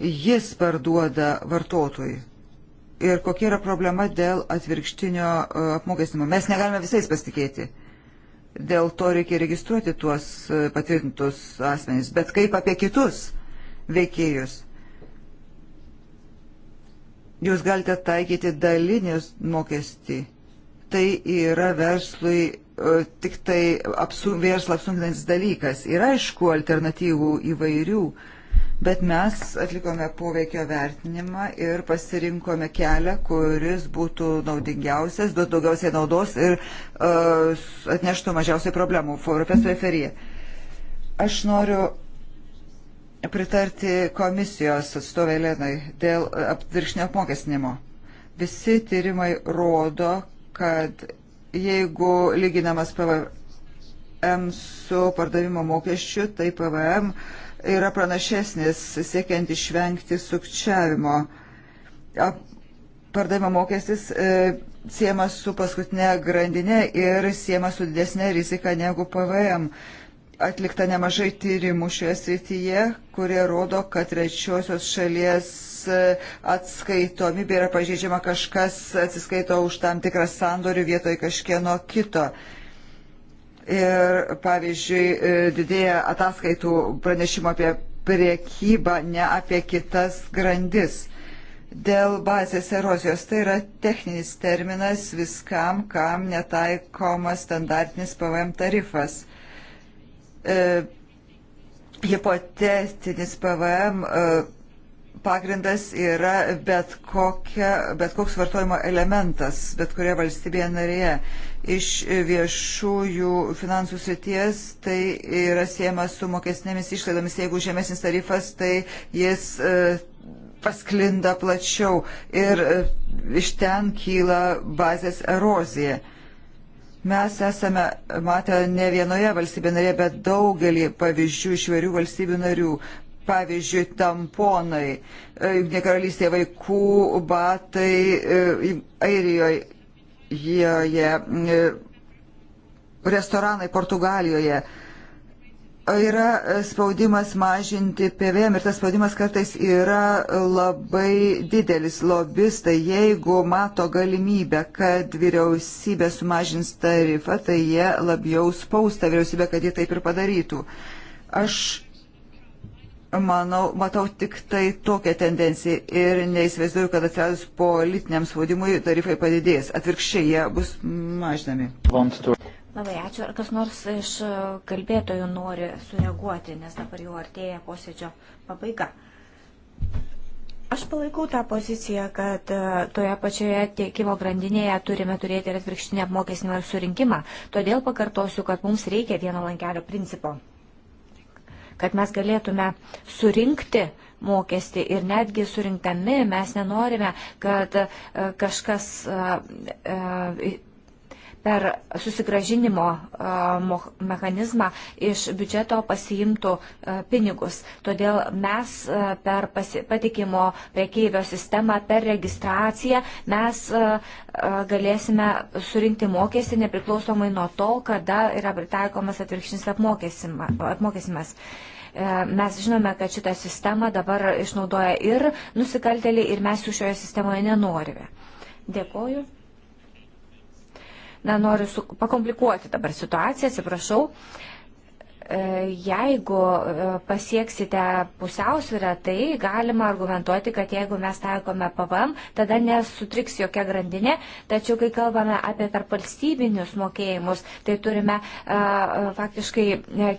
Jis parduoda vartotojui. Ir kokia yra problema dėl atvirkštinio e, apmokestinimo? Mes negalime visais pasitikėti. Dėl to reikia registruoti tuos e, patvirtintus asmenys. Bet kaip apie kitus veikėjus? Jūs galite taikyti dalinius mokestį. Tai yra verslui E, tik tai apsu, verslą apsunkinantis dalykas. Ir aišku, alternatyvų įvairių, bet mes atlikome poveikio vertinimą ir pasirinkome kelią, kuris būtų naudingiausias, duotų daugiausiai naudos ir uh, atneštų mažiausiai problemų. Profesorė Ferija, aš noriu pritarti komisijos atstovė Lenai dėl e, apvirkšnio apmokestinimo. Visi tyrimai rodo, kad Jeigu lyginamas PVM su pardavimo mokesčiu, tai PVM yra pranašesnis siekiant išvengti sukčiavimo. Pardavimo mokestis e, siemas su paskutinė grandinė ir siemas su didesnė rizika negu PVM atlikta nemažai tyrimų šioje srityje, kurie rodo, kad trečiosios šalies e, atskaitomybė yra pažeidžiama kažkas atsiskaito už tam tikrą sandorių vietoj kažkieno kito. Ir pavyzdžiui, e, didėja ataskaitų pranešimo apie priekybą, ne apie kitas grandis. Dėl bazės erozijos tai yra techninis terminas viskam, kam netaikomas standartinis PVM tarifas e, hipotetinis PVM e, pagrindas yra bet, kokia, bet koks vartojimo elementas, bet kurioje valstybėje narėje. Iš viešųjų finansų srities tai yra siejama su mokesnėmis išlaidomis. Jeigu žemesnis tarifas, tai jis e, pasklinda plačiau ir e, iš ten kyla bazės erozija. E, Mes esame matę ne vienoje valstybė narėje, bet daugelį pavyzdžių iš vairių valstybių narių. Pavyzdžiui, tamponai, e, Junktinė karalystė vaikų, batai, e, Airijoje, e, restoranai Portugalijoje yra e, spaudimas mažinti PVM ir tas spaudimas kartais yra labai didelis. Lobistai, jeigu mato galimybę, kad vyriausybė sumažins tarifą, tai jie labiau spausta vyriausybę, kad jie taip ir padarytų. Aš manau, matau tik tai tokią tendenciją ir neįsivaizduoju, kad atsiradus politiniam spaudimui tarifai padidės. Atvirkščiai jie bus mažinami. Vamstur. Labai ačiū. Ar kas nors iš e, kalbėtojų nori sureaguoti, nes dabar jau artėja posėdžio pabaiga. Aš palaikau tą poziciją, kad e, toje pačioje tiekimo grandinėje turime turėti ir atvirkštinį apmokestinimą ir surinkimą. Todėl pakartosiu, kad mums reikia vieno lankelio principo, kad mes galėtume surinkti mokestį ir netgi surinktami mes nenorime, kad e, kažkas per susigražinimo mechanizmą iš biudžeto pasiimtų pinigus. Todėl mes per patikimo priekeivio sistemą, per registraciją mes galėsime surinkti mokestį nepriklausomai nuo to, kada yra pritaikomas atvirkštinis apmokestimas e, mes žinome, kad šitą sistemą dabar išnaudoja ir nusikaltėliai, ir mes jų šioje sistemoje nenorime. Dėkoju. Na, noriu su, pakomplikuoti dabar situaciją, atsiprašau. E, jeigu e, pasieksite pusiausvyrą, tai galima argumentuoti, kad jeigu mes taikome PVM, tada nesutriks jokia grandinė, tačiau kai kalbame apie tarpvalstybinius mokėjimus, tai turime uh, faktiškai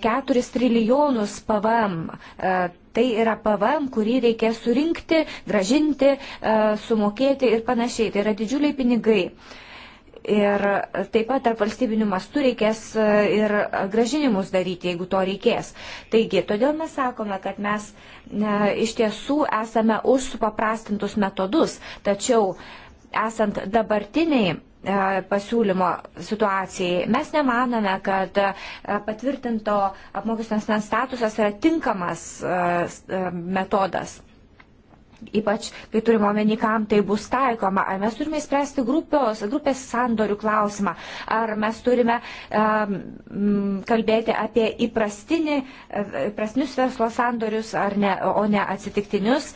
4 trilijonus PVM. Uh, tai yra PVM, kurį reikės surinkti, gražinti, sumokėti ir panašiai. Tai yra didžiuliai pinigai. Ir taip pat tarp valstybinių mastų reikės e, ir gražinimus daryti, jeigu to reikės. Taigi, todėl mes sakome, kad mes ne, iš tiesų esame už supaprastintus metodus, tačiau esant dabartiniai e, pasiūlymo situacijai. Mes nemanome, kad e, patvirtinto apmokestinės statusas yra tinkamas metodas ypač kai turime omeny, kam tai bus taikoma. Ar mes turime spręsti grupios, grupės sandorių klausimą, ar mes turime um, kalbėti apie įprastinį, e, įprastinius verslo sandorius, ne, o ne atsitiktinius.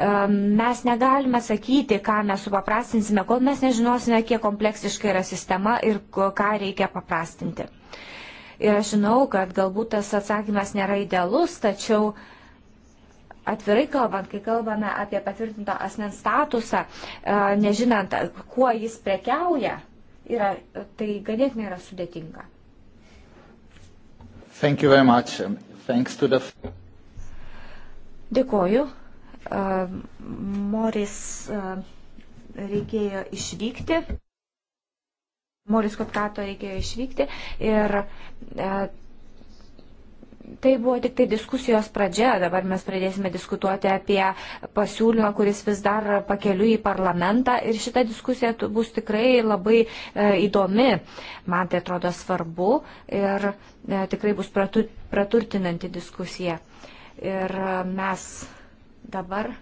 Um, mes negalime sakyti, ką mes supaprastinsime, kol mes nežinosime, kiek kompleksiškai yra sistema ir ką reikia paprastinti. Ir aš žinau, kad galbūt tas atsakymas nėra idealus, tačiau uh, atvirai kalbant, kai kalbame apie patvirtinto asmens statusą, e, nežinant, kuo jis prekiauja, yra, tai ganėtinai yra sudėtinga. Um, the... Dėkoju. E, Moris e, reikėjo išvykti. Moris Kopkato reikėjo išvykti ir tai buvo tik tai diskusijos pradžia, dabar mes pradėsime diskutuoti apie pasiūlymą, kuris vis dar pakeliu į parlamentą ir šita diskusija bus tikrai labai e, įdomi, man tai atrodo svarbu ir e, tikrai bus praturtinanti diskusija. Ir e, mes dabar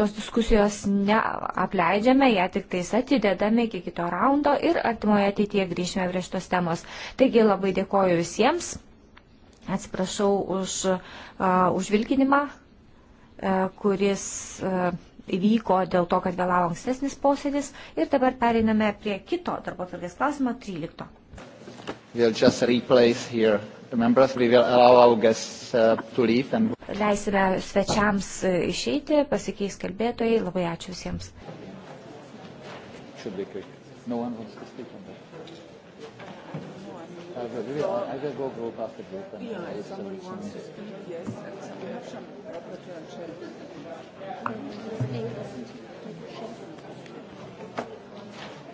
tos diskusijos neapleidžiame, ją tik tais atidedame iki kito raundo ir artimoje ateityje grįžime prie šitos temos. Taigi labai dėkoju visiems. Atsiprašau už užvilkinimą, kuris įvyko dėl to, kad vėlavo ankstesnis posėdis. Ir dabar pereiname prie kito darbo tvarkės klausimo 13. We'll just replace here members, we will allow our guests uh, to leave. And... Leisime svečiams e, išeiti, pasikeis kalbėtojai. Labai ačiū visiems. Should be quick. No one wants to speak on So I will do it. I will go group after group. And yeah, if somebody wants to speak, yes. And some, we have some rapporteur and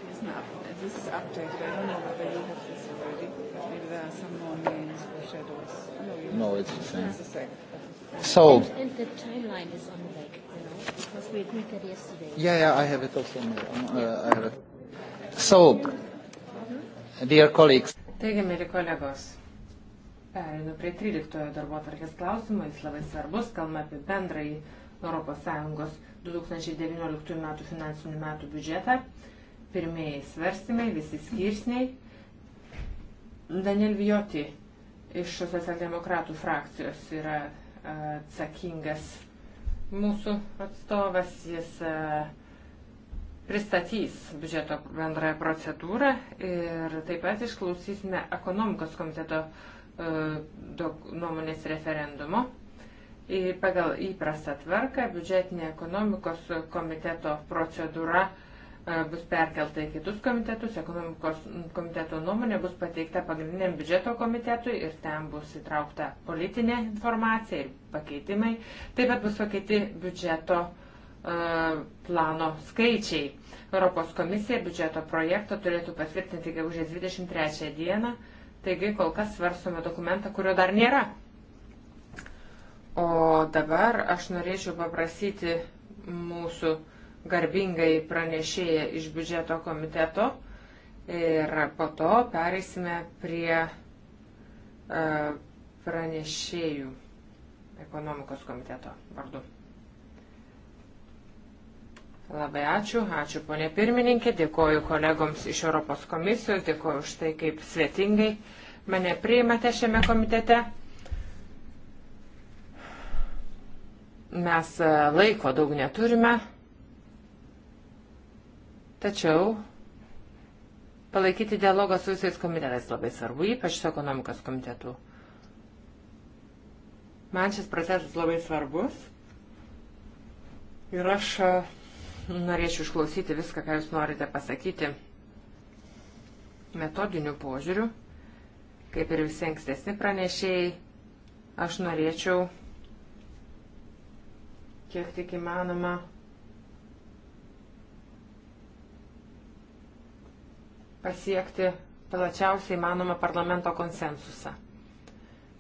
Listen up. This is updated. I don't know whether you have this already. Maybe there are some more names for shadows. No, you no it's the same. It's the same. Sold. And, and the timeline is on the back, you know, because we agreed that yesterday. Yeah, yeah, I have it also. On, uh, I have it. So, dear colleagues. Taigi, mėly kolegos, perinu prie 13 darbo atvarkės klausimo, jis labai svarbus, kalbame apie bendrąjį ES 2019 m. finansinių metų biudžetą. Pirmieji svarstymai, visi skirsniai. Daniel Vijoti iš socialdemokratų frakcijos yra atsakingas mūsų atstovas. Jis uh, pristatys biudžeto bendrąją procedūrą ir taip pat išklausysime ekonomikos komiteto e, nuomonės referendumo. Ir pagal įprastą tvarką biudžetinė ekonomikos komiteto procedūra e, bus perkelta į kitus komitetus, ekonomikos komiteto nuomonė bus pateikta pagrindiniam biudžeto komitetui ir ten bus įtraukta politinė informacija ir pakeitimai. Taip pat bus pakeiti biudžeto uh, E, plano skaičiai. Europos komisija biudžeto projektą turėtų patvirtinti gegužės 23 dieną, taigi kol kas svarstome dokumentą, kurio dar nėra. O dabar aš norėčiau paprasyti mūsų garbingai pranešėją iš biudžeto komiteto ir po to pereisime prie e, pranešėjų ekonomikos komiteto vardu. Labai ačiū, ačiū ponė pirmininkė, dėkoju kolegoms iš Europos komisijos, dėkoju už tai, kaip svetingai mane priimate šiame komitete. Mes e, laiko daug neturime, tačiau palaikyti dialogą su visais komitetais labai svarbu, ypač su ekonomikos komitetu. Man šis procesas labai svarbus ir aš Norėčiau išklausyti viską, ką Jūs norite pasakyti metodiniu požiūriu. Kaip ir visi ankstesni pranešėjai, aš norėčiau, kiek tik įmanoma, pasiekti plačiausiai įmanoma parlamento konsensusą.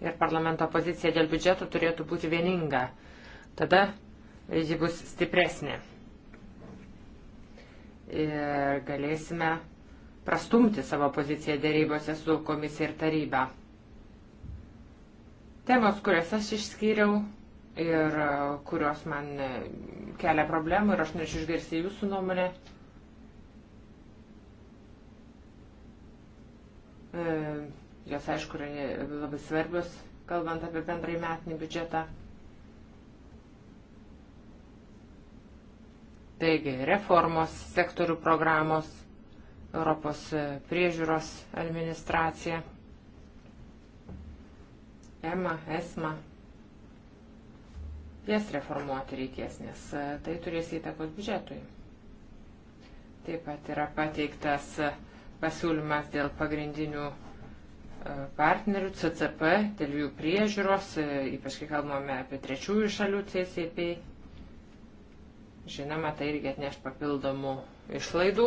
Ir parlamento pozicija dėl biudžeto turėtų būti vieninga. Tada ji bus stipresnė ir galėsime prastumti savo poziciją dėrybose su komisija ir taryba. Temos, kurias aš išskyriau ir e, kurios man e, kelia problemų ir aš norėčiau išgirsti jūsų nuomonę. E, jos, aišku, yra labai svarbios, kalbant apie bendrai metinį biudžetą. Taigi reformos sektorių programos, Europos priežiūros administracija, EMA, ESMA. Jas reformuoti reikės, nes e, tai turės įtakos biudžetui. Taip pat yra pateiktas e, pasiūlymas dėl pagrindinių e, partnerių CCP, dėl jų priežiūros, ypač kai kalbame apie trečiųjų šalių CCP Žinoma, tai irgi atneš papildomų išlaidų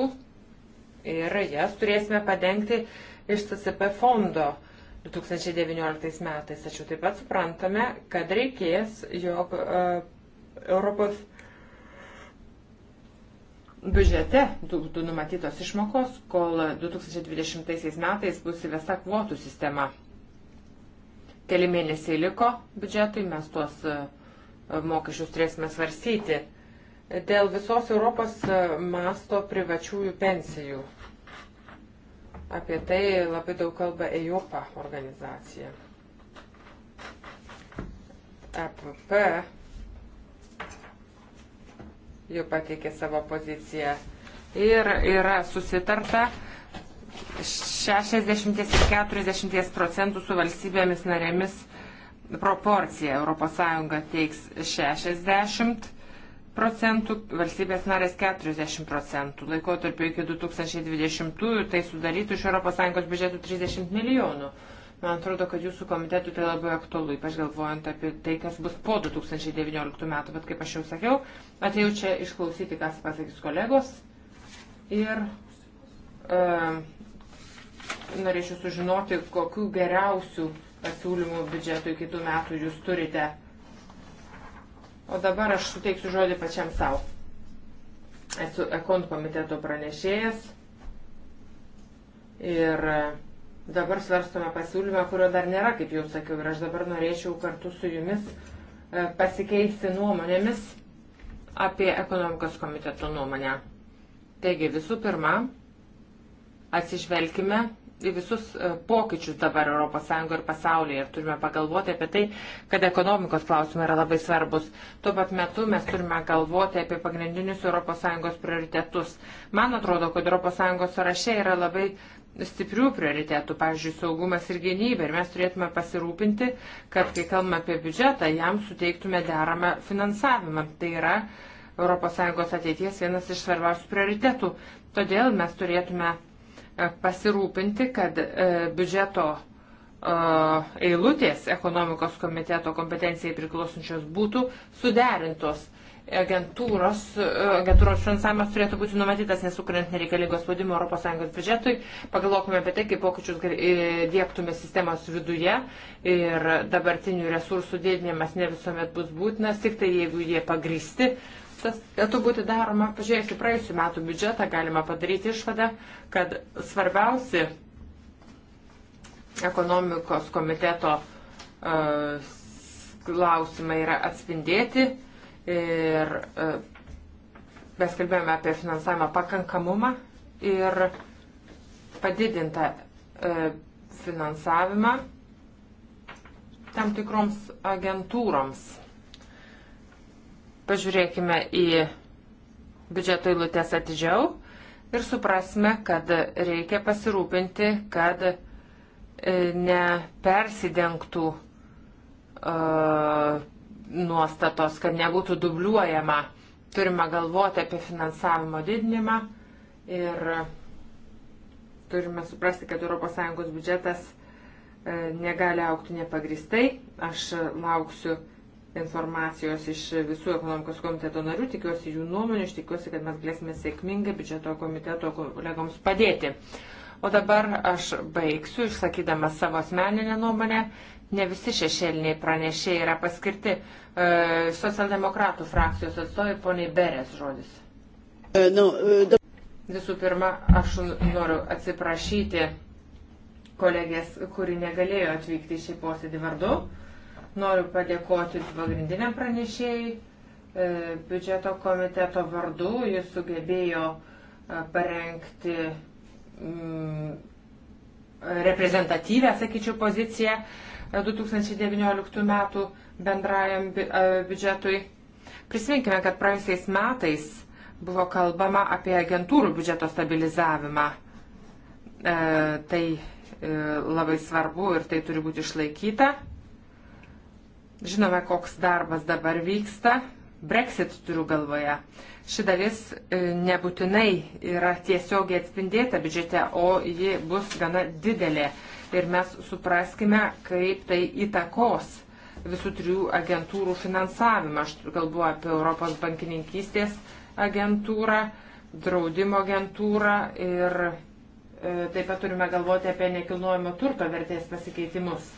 ir jas turėsime padengti iš CCP fondo 2019 metais. Tačiau taip pat suprantame, kad reikės, jog uh, Europos biudžete du, du numatytos išmokos, kol 2020 metais bus įvesta kvotų sistema. Keli mėnesiai liko biudžetui, mes tuos e, mokesčius turėsime svarstyti dėl visos Europos e, masto privačiųjų pensijų. Apie tai labai daug kalba EIOPA organizacija. EPP jau pateikė savo poziciją ir yra susitarta 60 ir 40 procentų su valstybėmis narėmis proporcija. ES teiks 60 procentų, valstybės narės 40 procentų. Laikotarpiu iki 2020-ųjų tai sudarytų iš ES biudžetų 30 milijonų. Man atrodo, kad jūsų komitetui tai labai aktualu, ypač galvojant apie tai, kas bus po 2019 metų. Bet kaip aš jau sakiau, atėjau čia išklausyti, kas pasakys kolegos. Ir e, norėčiau sužinoti, kokiu geriausiu pasiūlymu biudžetui kitų metų jūs turite O dabar aš suteiksiu žodį pačiam savo. Esu ekon komiteto pranešėjas ir e, dabar svarstome pasiūlymą, kurio dar nėra, kaip jau sakiau, ir aš dabar norėčiau kartu su jumis e, pasikeisti nuomonėmis apie ekonomikos komiteto nuomonę. Taigi visų pirma, atsižvelkime į visus e, pokyčius dabar ES ir pasaulyje ir turime pagalvoti apie tai, kad ekonomikos klausimai yra labai svarbus. Tuo pat metu mes turime galvoti apie pagrindinius ES prioritetus. Man atrodo, kad ES sąraše yra labai stiprių prioritetų, pavyzdžiui, saugumas ir gynyba. Ir mes turėtume pasirūpinti, kad kai kalbame apie biudžetą, jam suteiktume deramą finansavimą. Tai yra ES ateities vienas iš svarbiausių prioritetų. Todėl mes turėtume E, pasirūpinti, kad e, biudžeto e, eilutės ekonomikos komiteto kompetencijai priklausančios būtų suderintos. Agentūros, agentūros finansavimas turėtų būti numatytas, nesukuriant nereikalingo spaudimo ES biudžetui. Pagalvokime apie tai, kaip pokyčius dėktume sistemos viduje ir dabartinių resursų dėdinimas ne visuomet bus būtinas, tik tai jeigu jie pagristi, tas galėtų būti daroma, pažiūrėjus į praėjusių metų biudžetą, galima padaryti išvadą, kad svarbiausi ekonomikos komiteto uh, klausimai yra atspindėti ir uh, mes kalbėjome apie finansavimo pakankamumą ir padidintą uh, finansavimą tam tikroms agentūroms Pažiūrėkime į biudžeto įlūtės atidžiau ir suprasme, kad reikia pasirūpinti, kad e, nepersidengtų uh, nuostatos, kad nebūtų dubliuojama. Turime galvoti apie finansavimo didinimą ir turime suprasti, kad ES biudžetas e, negali aukti nepagristai. Aš lauksiu uh, informacijos iš visų ekonomikos komiteto narių, tikiuosi jų nuomonių, aš tikiuosi, kad mes galėsime sėkmingai biudžeto komiteto kolegoms padėti. O dabar aš baigsiu, išsakydama savo asmeninę nuomonę. Ne visi šešėliniai pranešėjai yra paskirti. E, socialdemokratų frakcijos atstovai, poniai Berės žodis. E, no, e, Visų pirma, aš noriu atsiprašyti kolegės, kuri negalėjo atvykti į šį posėdį vardu. E, Noriu padėkoti pagrindiniam pranešėjai, e, biudžeto komiteto vardu. Jis sugebėjo e, parengti mm, reprezentatyvę, sakyčiau, poziciją 2019 e, metų bendrajam biudžetui. Prisiminkime, kad praėjusiais metais buvo kalbama apie agentūrų biudžeto stabilizavimą. E, tai e, labai svarbu ir tai turi būti išlaikyta. Žinome, koks darbas dabar vyksta. Brexit turiu galvoje. Ši dalis e, nebūtinai yra tiesiogiai atspindėta biudžete, o ji bus gana didelė. Ir mes supraskime, kaip tai įtakos visų trijų agentūrų finansavimą. Aš kalbu apie Europos bankininkystės agentūrą, draudimo agentūrą ir e, taip pat turime galvoti apie nekilnojamo turto vertės pasikeitimus.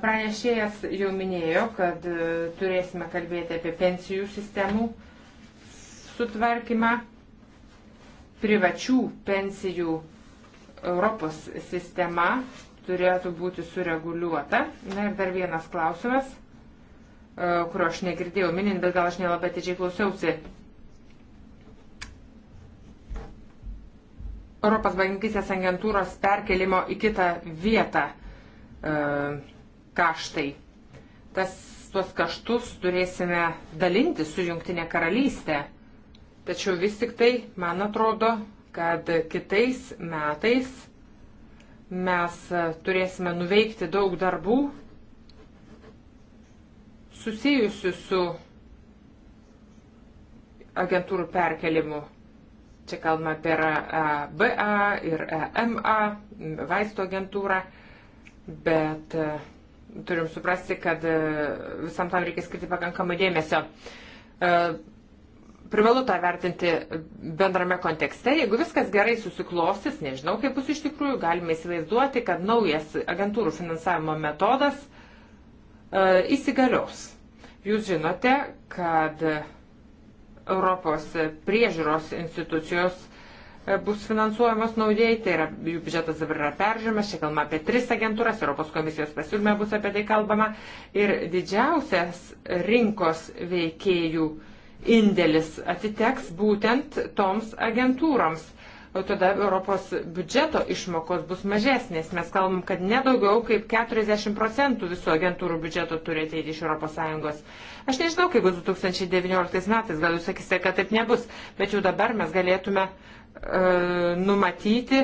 Pranešėjas jau minėjo, kad e, turėsime kalbėti apie pensijų sistemų sutvarkymą, privačių pensijų Europos sistema turėtų būti sureguliuota. Na ir dar vienas klausimas, e, kurio aš negirdėjau minint, bet gal aš nelabai atidžiai klausiausi. Europos bankysės agentūros perkelimo į kitą vietą. Uh, kaštai. Tas, tuos kaštus turėsime dalinti su Junktinė karalystė. Tačiau vis tik tai, man atrodo, kad kitais metais mes e, turėsime nuveikti daug darbų susijusių su agentūrų perkelimu. Čia kalbame apie BA ir EMA, vaisto agentūrą, bet e, Turim suprasti, kad e, visam tam reikia skirti pakankamai dėmesio. E, privalu tą vertinti bendrame kontekste. Jeigu viskas gerai susiklostys, nežinau, kaip bus iš tikrųjų, galime įsivaizduoti, kad naujas agentūrų finansavimo metodas e, įsigalios. Jūs žinote, kad Europos priežiūros institucijos E, bus finansuojamos naujai, tai yra, jų biudžetas dabar yra peržiūrimas, čia kalbama apie tris agentūras, Europos komisijos pasiūlyme bus apie tai kalbama ir didžiausias rinkos veikėjų indėlis atiteks būtent toms agentūroms. O tada Europos biudžeto išmokos bus mažesnės. Mes kalbam, kad nedaugiau kaip 40 procentų visų agentūrų biudžeto turi ateiti iš ES. Aš nežinau, kaip bus 2019 metais, gal jūs sakysite, kad taip nebus, bet jau dabar mes galėtume uh, numatyti,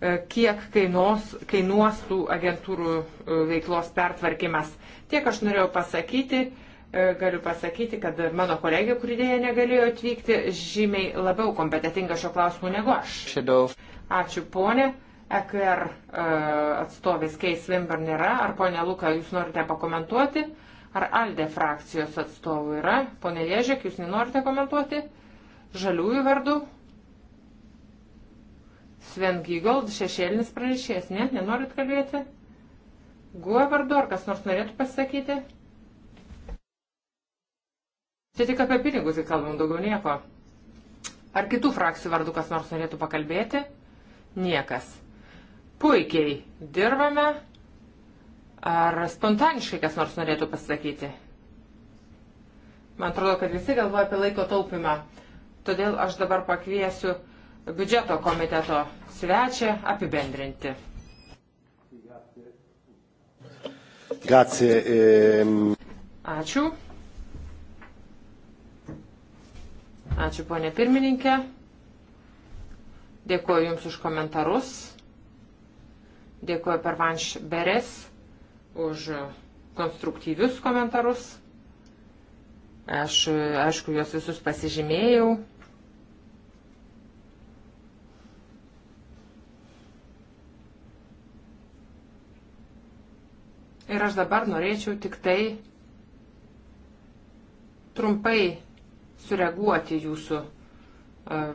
e, kiek kainos, kainuos tų agentūrų e, veiklos pertvarkymas. Tiek aš norėjau pasakyti, e, galiu pasakyti, kad mano kolegė, kuri dėja negalėjo atvykti, žymiai labiau kompetitinga šio klausimu negu aš. Ačiū ponė. EKR atstovės Keis Wimber nėra. Ar ponė Luka, jūs norite pakomentuoti? Ar Alde frakcijos atstovų yra? Pone Ježek, jūs nenorite komentuoti? Žaliųjų vardu? Sven Gygold, šešėlinis pranešėjas, ne, nenorit kalbėti? Guo vardu, ar kas nors norėtų pasakyti? Čia tik apie pinigus kalbam, daugiau nieko. Ar kitų frakcijų vardu kas nors norėtų pakalbėti? Niekas. Puikiai dirbame. Ar spontaniškai kas nors norėtų pasakyti? Man atrodo, kad visi galvoja apie laiko taupimą. Todėl aš dabar pakviesiu biudžeto komiteto svečią apibendrinti. Grazie. Ehm. Ačiū. Ačiū, ponė pirmininkė. Dėkuoju Jums už komentarus. Dėkuoju per Vanš Beres už konstruktyvius komentarus. Aš, aišku, juos visus pasižymėjau. Ir aš dabar norėčiau tik tai trumpai sureaguoti jūsų e,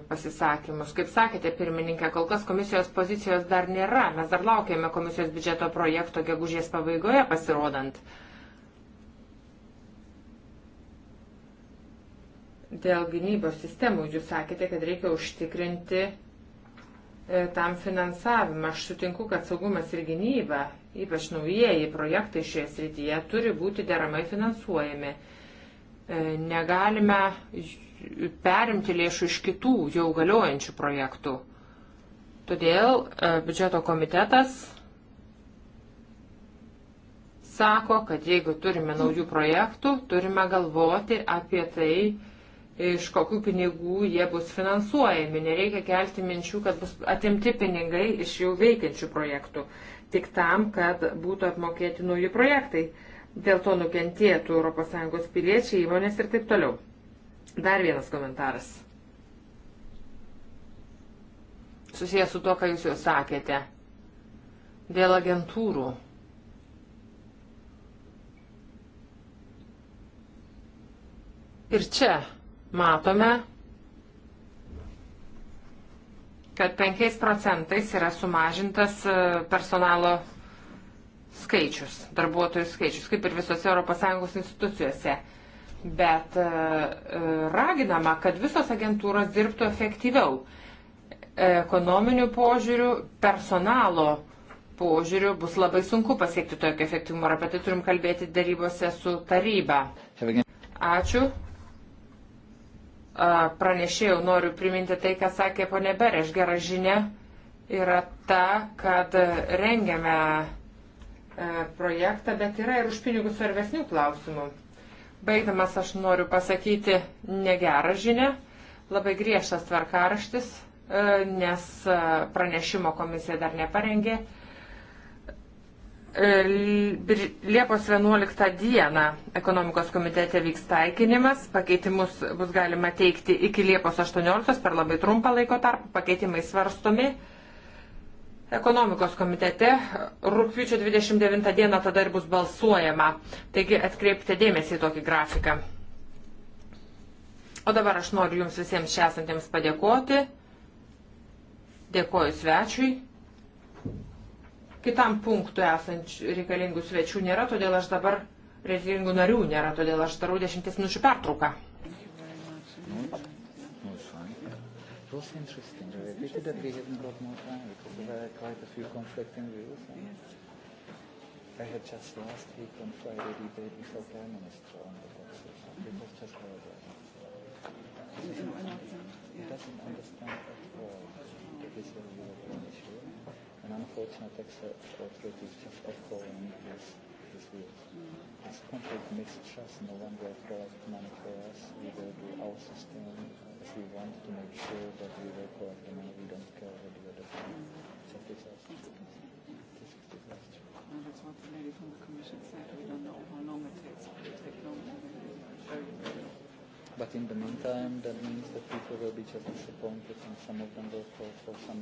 pasisakymus. Kaip sakėte, pirmininkė, kol kas komisijos pozicijos dar nėra. Mes dar laukėme komisijos biudžeto projekto gegužės pabaigoje pasirodant. Dėl gynybos sistemų jūs sakėte, kad reikia užtikrinti E, tam finansavimą. Aš sutinku, kad saugumas ir gynyba, ypač naujieji projektai šioje srityje, turi būti deramai finansuojami. E, negalime perimti lėšų iš kitų jau galiojančių projektų. Todėl e, biudžeto komitetas sako, kad jeigu turime naujų projektų, turime galvoti apie tai, iš kokių pinigų jie bus finansuojami. Nereikia kelti minčių, kad bus atimti pinigai iš jau veikiančių projektų, tik tam, kad būtų apmokėti nauji projektai. Dėl to nukentėtų ES piliečiai, įmonės ir taip toliau. Dar vienas komentaras. Susijęs su to, ką jūs jau sakėte. Dėl agentūrų. Ir čia matome, kad 5 procentais yra sumažintas e, personalo skaičius, darbuotojų skaičius, kaip ir visose ES institucijose. Bet e, e, raginama, kad visos agentūros dirbtų efektyviau. Ekonominių požiūrių, personalo požiūrių bus labai sunku pasiekti tokio efektyvumo ir apie tai turim kalbėti darybose su taryba. Ačiū pranešėjau noriu priminti tai, ką sakė ponė Bereš. Gera žinia yra ta, kad rengiame e, projektą, bet yra ir už pinigus svarbesnių klausimų. Baigdamas aš noriu pasakyti negerą žinę, labai griežtas tvarkaraštis, e, nes e, pranešimo komisija dar neparengė. E, Liepos 11 dieną ekonomikos komitete vyks taikinimas, pakeitimus bus galima teikti iki Liepos 18 per labai trumpą laiko tarpą, pakeitimai svarstomi. Ekonomikos komitete rūpiučio 29 dieną tada ir bus balsuojama, taigi atkreipkite dėmesį į tokį grafiką. O dabar aš noriu Jums visiems šią esantiems padėkoti. Dėkoju svečiui. Kitam punktui esančių reikalingų svečių nėra, todėl aš dabar reikalingų narių nėra, todėl aš darau dešimties minučių pertrauką. It was interesting. We pity that we haven't got more time because there were quite a few conflicting views. Yes. I had just last week on Friday debate with our Prime Minister on the taxes. It was just horrible. He doesn't understand at all that this will an unfortunate excerpt of the decisions of Poland this, this week. Mm. This conflict makes chess no longer a product money for us. We will do our system if we want to make sure that we will collect the money. We don't care what the other mm. It's a disaster. It's a disaster. And that's what the lady from the Commission said. We don't know how long it takes. It will take longer than very, very long. But in the meantime, that means that people will be just disappointed and some of them will fall for some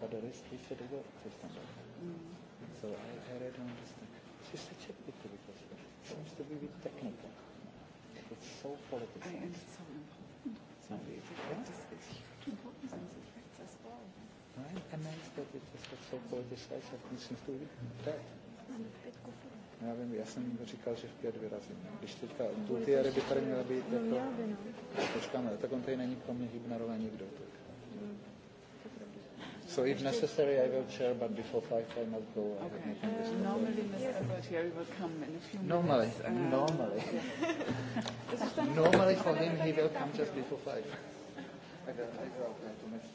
But the rest, he said, go, system. Mm. So I, I read on this thing. She's such a pity because it seems to be a bit technical. It's so political. I, and it's so important. So the effect is, it's huge importance and the effects as well. I'm amazed that it has got so politicized and seems to be that. Já vím, já jsem říkal, že v pět vyrazím. Když teďka tu ty ryby tady měla být, jako, počkáme, tak on tady není kromě Hybnerova nikdo. Tak. So if necessary, I will chair, but before five I must go. I okay. Uh, normally, Mr. Gualtieri will come in a few normally, minutes. Uh, normally, normally. normally for him, he will come just before five. I will, I will try to miss.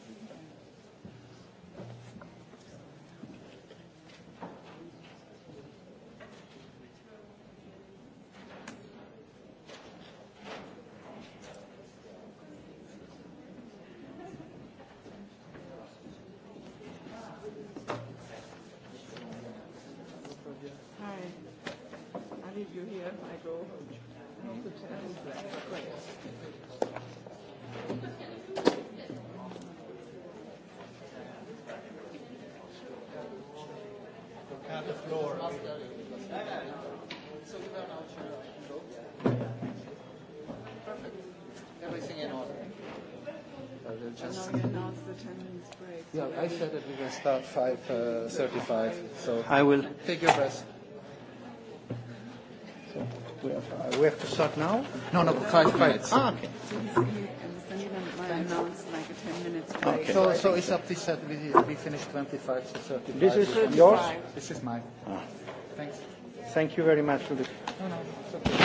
we'll just. And now announce the 10 minutes break. So yeah, I said that we will start 5:35 uh, so. I will. Take your rest. So we have, uh, we have to start now? No, no, five minutes. Ah, okay. Announce like a 10 minutes break. Okay. So, so it's up to set. We, we finish 25 to 35. This is yours? This is mine. Ah. Thanks. Thank you very much. No, no, it's okay.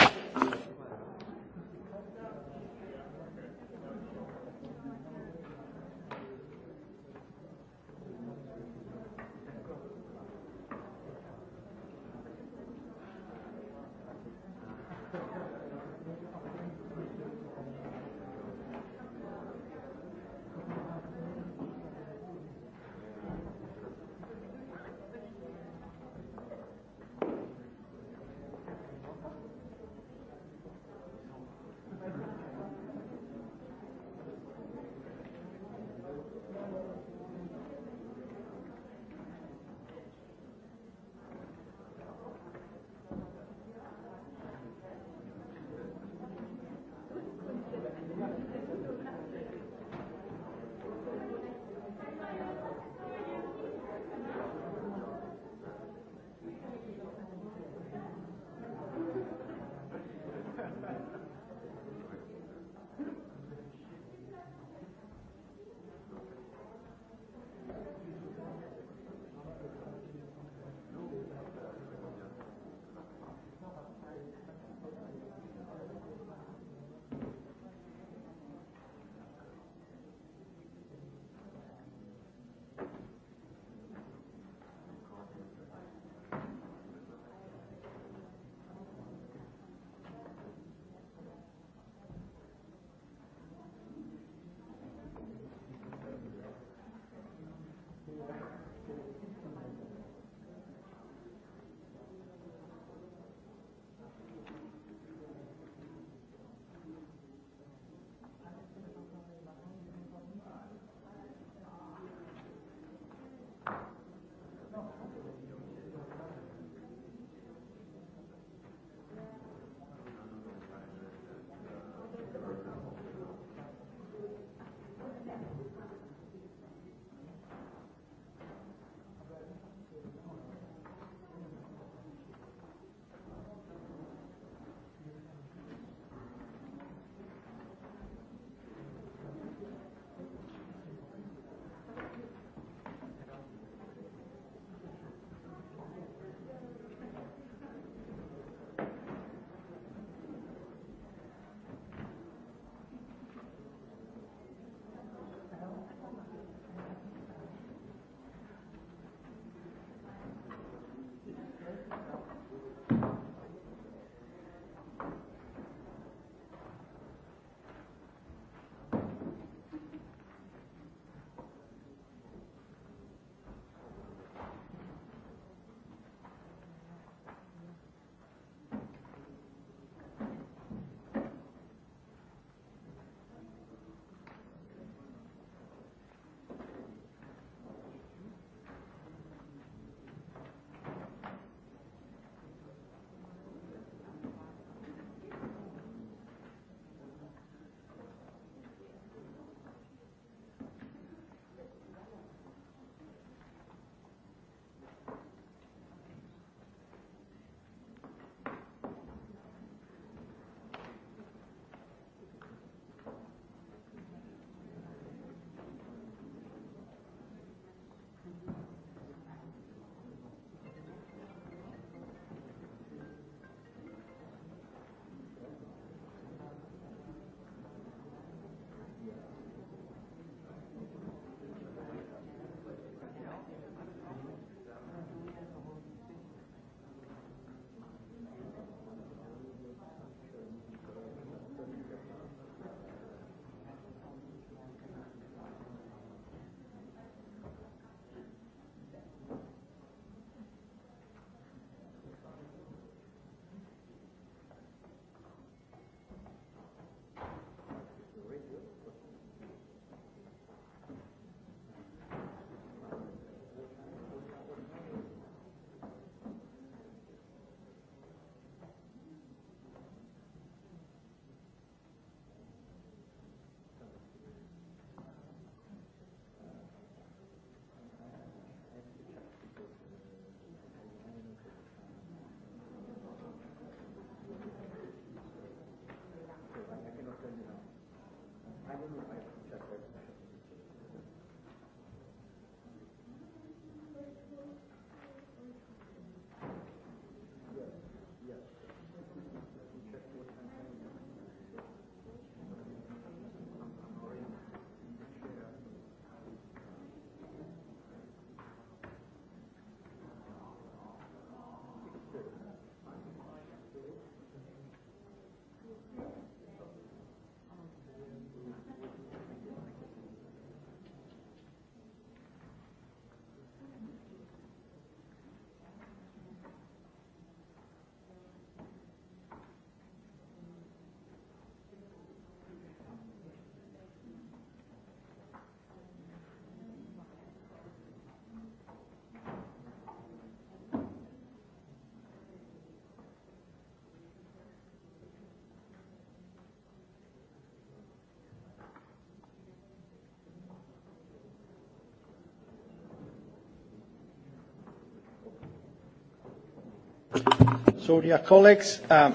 So, dear colleagues, um,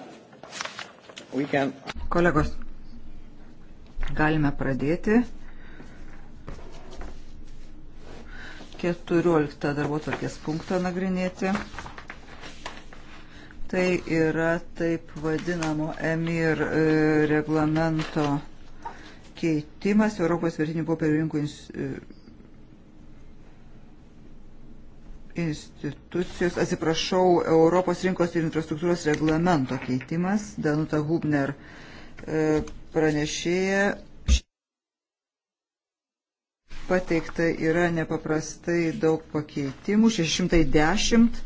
we can... Kolegos, galime pradėti. 14 darbo tokies punktą nagrinėti. Tai yra taip vadinamo EMIR e, reglamento keitimas Europos vertinių popierių rinkų e, institucijos, atsiprašau, Europos rinkos ir infrastruktūros reglamento keitimas. Danuta Hubner e, pranešėja pateikta yra nepaprastai daug pakeitimų, 610.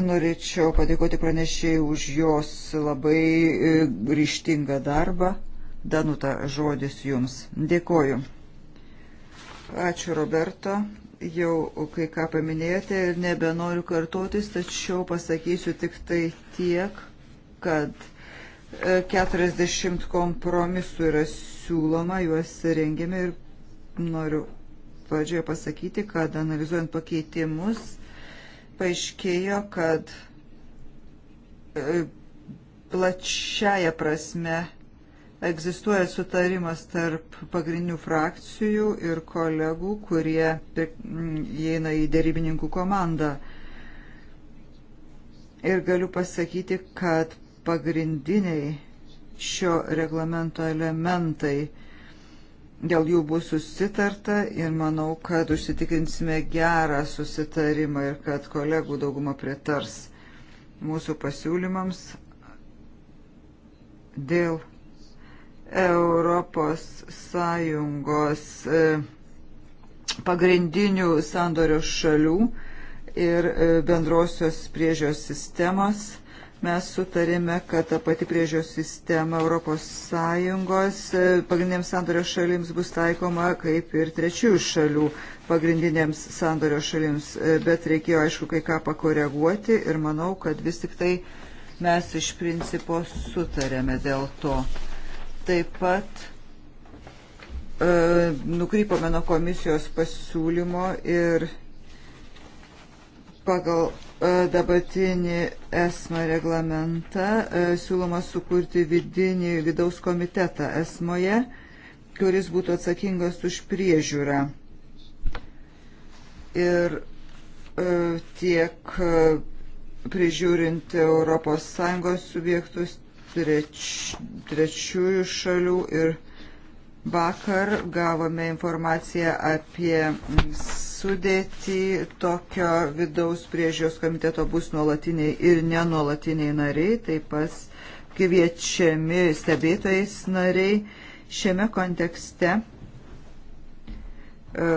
Norėčiau padėkoti pranešėjai už jos labai e, ryštingą darbą. Danuta, žodis jums. Dėkoju. Ačiū, Roberto jau kai ką paminėjote ir nebenoriu kartotis, tačiau pasakysiu tik tai tiek, kad 40 e, kompromisų yra siūloma, juos rengiame ir noriu pradžioje pasakyti, kad analizuojant pakeitimus, paaiškėjo, kad e, plačiaja prasme Egzistuoja sutarimas tarp pagrindinių frakcijų ir kolegų, kurie mm, įeina į dėrybininkų komandą. Ir galiu pasakyti, kad pagrindiniai šio reglamento elementai dėl jų bus susitarta ir manau, kad užsitikrinsime gerą susitarimą ir kad kolegų dauguma pritars mūsų pasiūlymams dėl Europos Sąjungos e, pagrindinių sandorio šalių ir e, bendrosios priežios sistemos. Mes sutarėme, kad ta pati priežios sistema Europos Sąjungos e, pagrindiniams sandorio šalims bus taikoma kaip ir trečiųjų šalių pagrindiniams sandorio šalims, bet reikėjo aišku kai ką pakoreguoti ir manau, kad vis tik tai mes iš principo sutarėme dėl to. Taip pat e, nukrypome nuo komisijos pasiūlymo ir pagal e, dabartinį ESMA reglamentą e, siūloma sukurti vidinį vidaus komitetą ESMOje, kuris būtų atsakingas už priežiūrą. Ir e, tiek prižiūrint ES subjektus, treč, trečiųjų šalių ir vakar gavome informaciją apie sudėtį tokio vidaus priežiūros komiteto bus nuolatiniai ir nenuolatiniai nariai, taip pat kviečiami stebėtojais nariai šiame kontekste. E,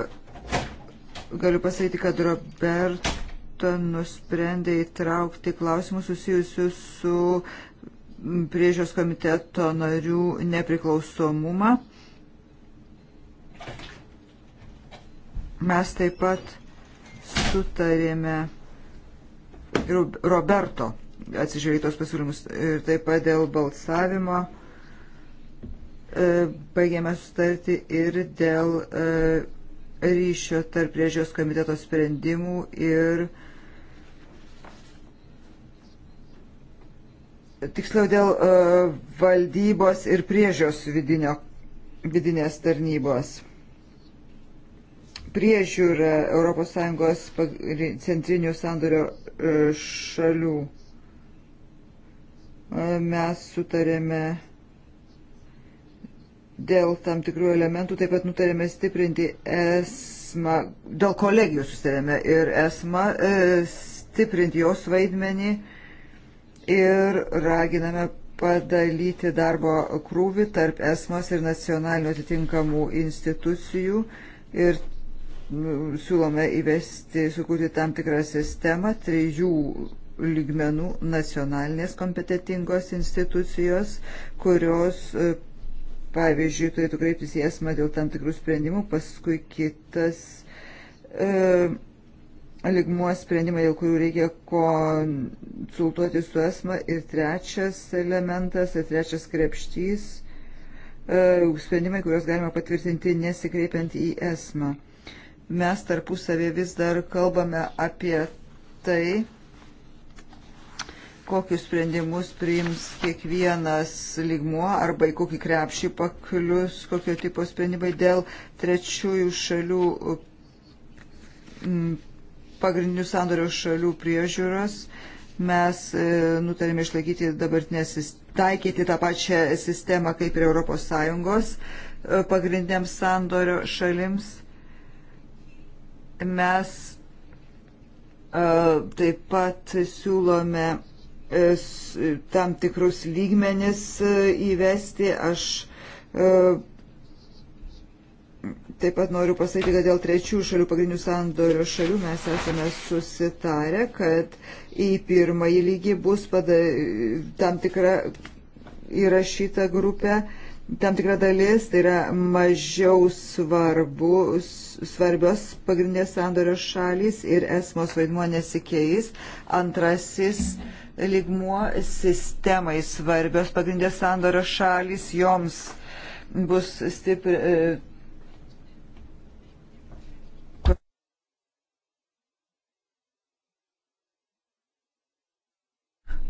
galiu pasakyti, kad Roberta nusprendė įtraukti klausimus susijusius su priežios komiteto narių nepriklausomumą. Mes taip pat sutarėme Roberto atsižiūrėtos pasiūlymus ir taip pat dėl balsavimo e, baigėme sutarti ir dėl e, ryšio tarp priežios komiteto sprendimų ir uh, tiksliau dėl e, valdybos ir priežios vidinio, vidinės tarnybos. Priežiūra ES centrinių sandorio e, šalių. E, mes sutarėme dėl tam tikrų elementų, taip pat nutarėme stiprinti esmą, dėl kolegijų susitarėme ir esmą stiprinti jos vaidmenį ir raginame padalyti darbo krūvį tarp esmos ir nacionalinių atitinkamų institucijų ir siūlome įvesti, sukurti tam tikrą sistemą trijų lygmenų nacionalinės kompetitingos institucijos, kurios e, pavyzdžiui, turėtų kreiptis į esmą dėl tam tikrų sprendimų, paskui kitas e, ligmuo sprendimai, dėl kurių reikia konsultuoti su esma. Ir trečias elementas, ir trečias krepštys, e, sprendimai, kuriuos galima patvirtinti nesikreipiant į esmą. Mes tarpusavė vis dar kalbame apie tai, kokius sprendimus priims kiekvienas lygmuo arba į kokį krepšį paklius, kokio tipo sprendimai dėl trečiųjų šalių pagrindinių sandorio šalių priežiūros mes e, nutarėme išlaikyti dabartinę, taikyti tą pačią sistemą kaip ir ES e, pagrindiniams sandorio šalims. Mes e, taip pat siūlome tam tikrus lygmenis įvesti. Aš Taip pat noriu pasakyti, kad dėl trečių šalių pagrindinių sandorio šalių mes esame susitarę, kad į pirmąjį lygį bus pada, tam tikra įrašyta grupė, tam tikra dalis, tai yra mažiau svarbu, svarbios pagrindinės sandorio šalys ir esmos vaidmuo nesikeis. Antrasis lygmuo sistemai svarbios pagrindinės sandorio šalys joms bus stipri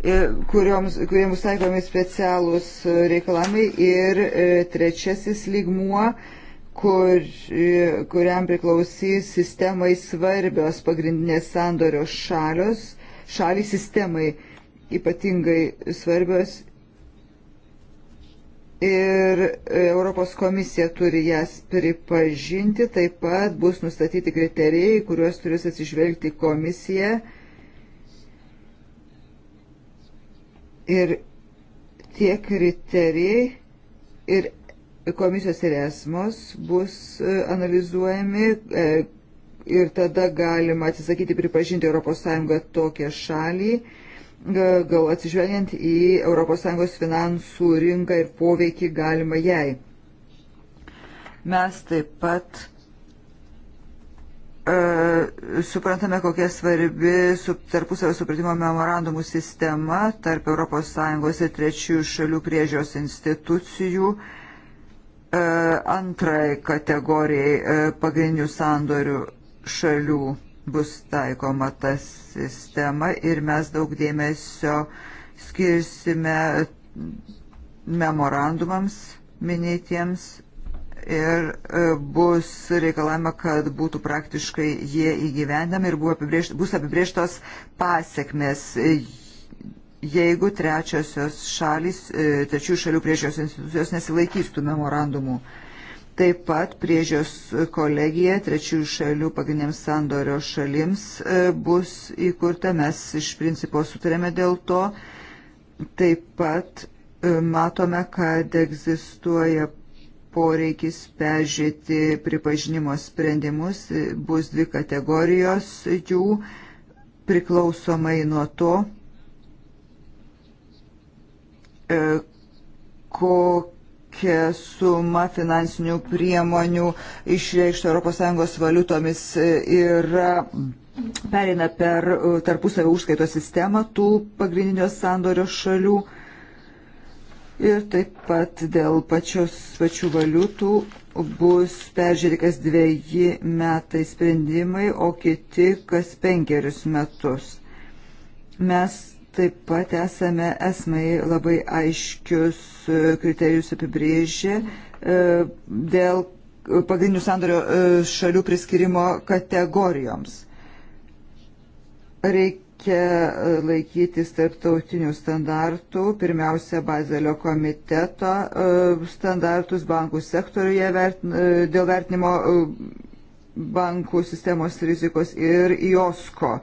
E, kurioms, kuriems taikomi specialūs e, reikalavimai ir e, trečiasis lygmuo, kur, kuriam priklausys sistemai svarbios pagrindinės sandorio šalios, šaliai sistemai ypatingai svarbios ir Europos komisija turi jas pripažinti, taip pat bus nustatyti kriterijai, kuriuos turės atsižvelgti komisija Ir tie kriterijai ir komisijos ir esmos bus e, analizuojami e, ir tada galima atsisakyti pripažinti ES tokią šalį, e, gal atsižvelgiant į ES finansų rinką ir poveikį galima jai. Mes taip pat E, suprantame, kokia svarbi su, tarpusavio supratimo memorandumų sistema tarp ES ir trečiųjų šalių priežios institucijų e, antrai kategorijai e, pagrindinių sandorių šalių bus taikoma ta sistema ir mes daug dėmesio skirsime memorandumams minėtiems ir e, bus reikalama, kad būtų praktiškai jie įgyvendami ir apibrėžt, bus apibrieštos pasiekmes, e, jeigu trečiosios šalis, e, trečių šalių priežios institucijos nesilaikys tų memorandumų. Taip pat priežios kolegija trečiųjų šalių pagrindiniams sandorio šalims bus įkurta, mes iš principo sutarėme dėl to. Taip pat matome, kad egzistuoja poreikis peržiūrėti pripažinimo sprendimus, bus dvi kategorijos jų priklausomai nuo to, e, kokią sumą finansinių priemonių išreikšta ES valiutomis e, yra pereina per e, tarpusavio užskaitos sistemą tų pagrindinio sandorio šalių ir taip pat dėl pačios, pačių valiutų bus peržiūrėti kas dviejį metai sprendimai, o kiti kas penkerius metus. Mes taip pat esame esmai labai aiškius e, kriterijus apibrėžę e, dėl pagrindinių sandorio e, šalių priskirimo kategorijoms. Reik reikia e, laikytis tarptautinių standartų, pirmiausia, Bazelio komiteto e, standartus bankų sektoriuje vertin, e, dėl vertinimo bankų sistemos rizikos ir IOSCO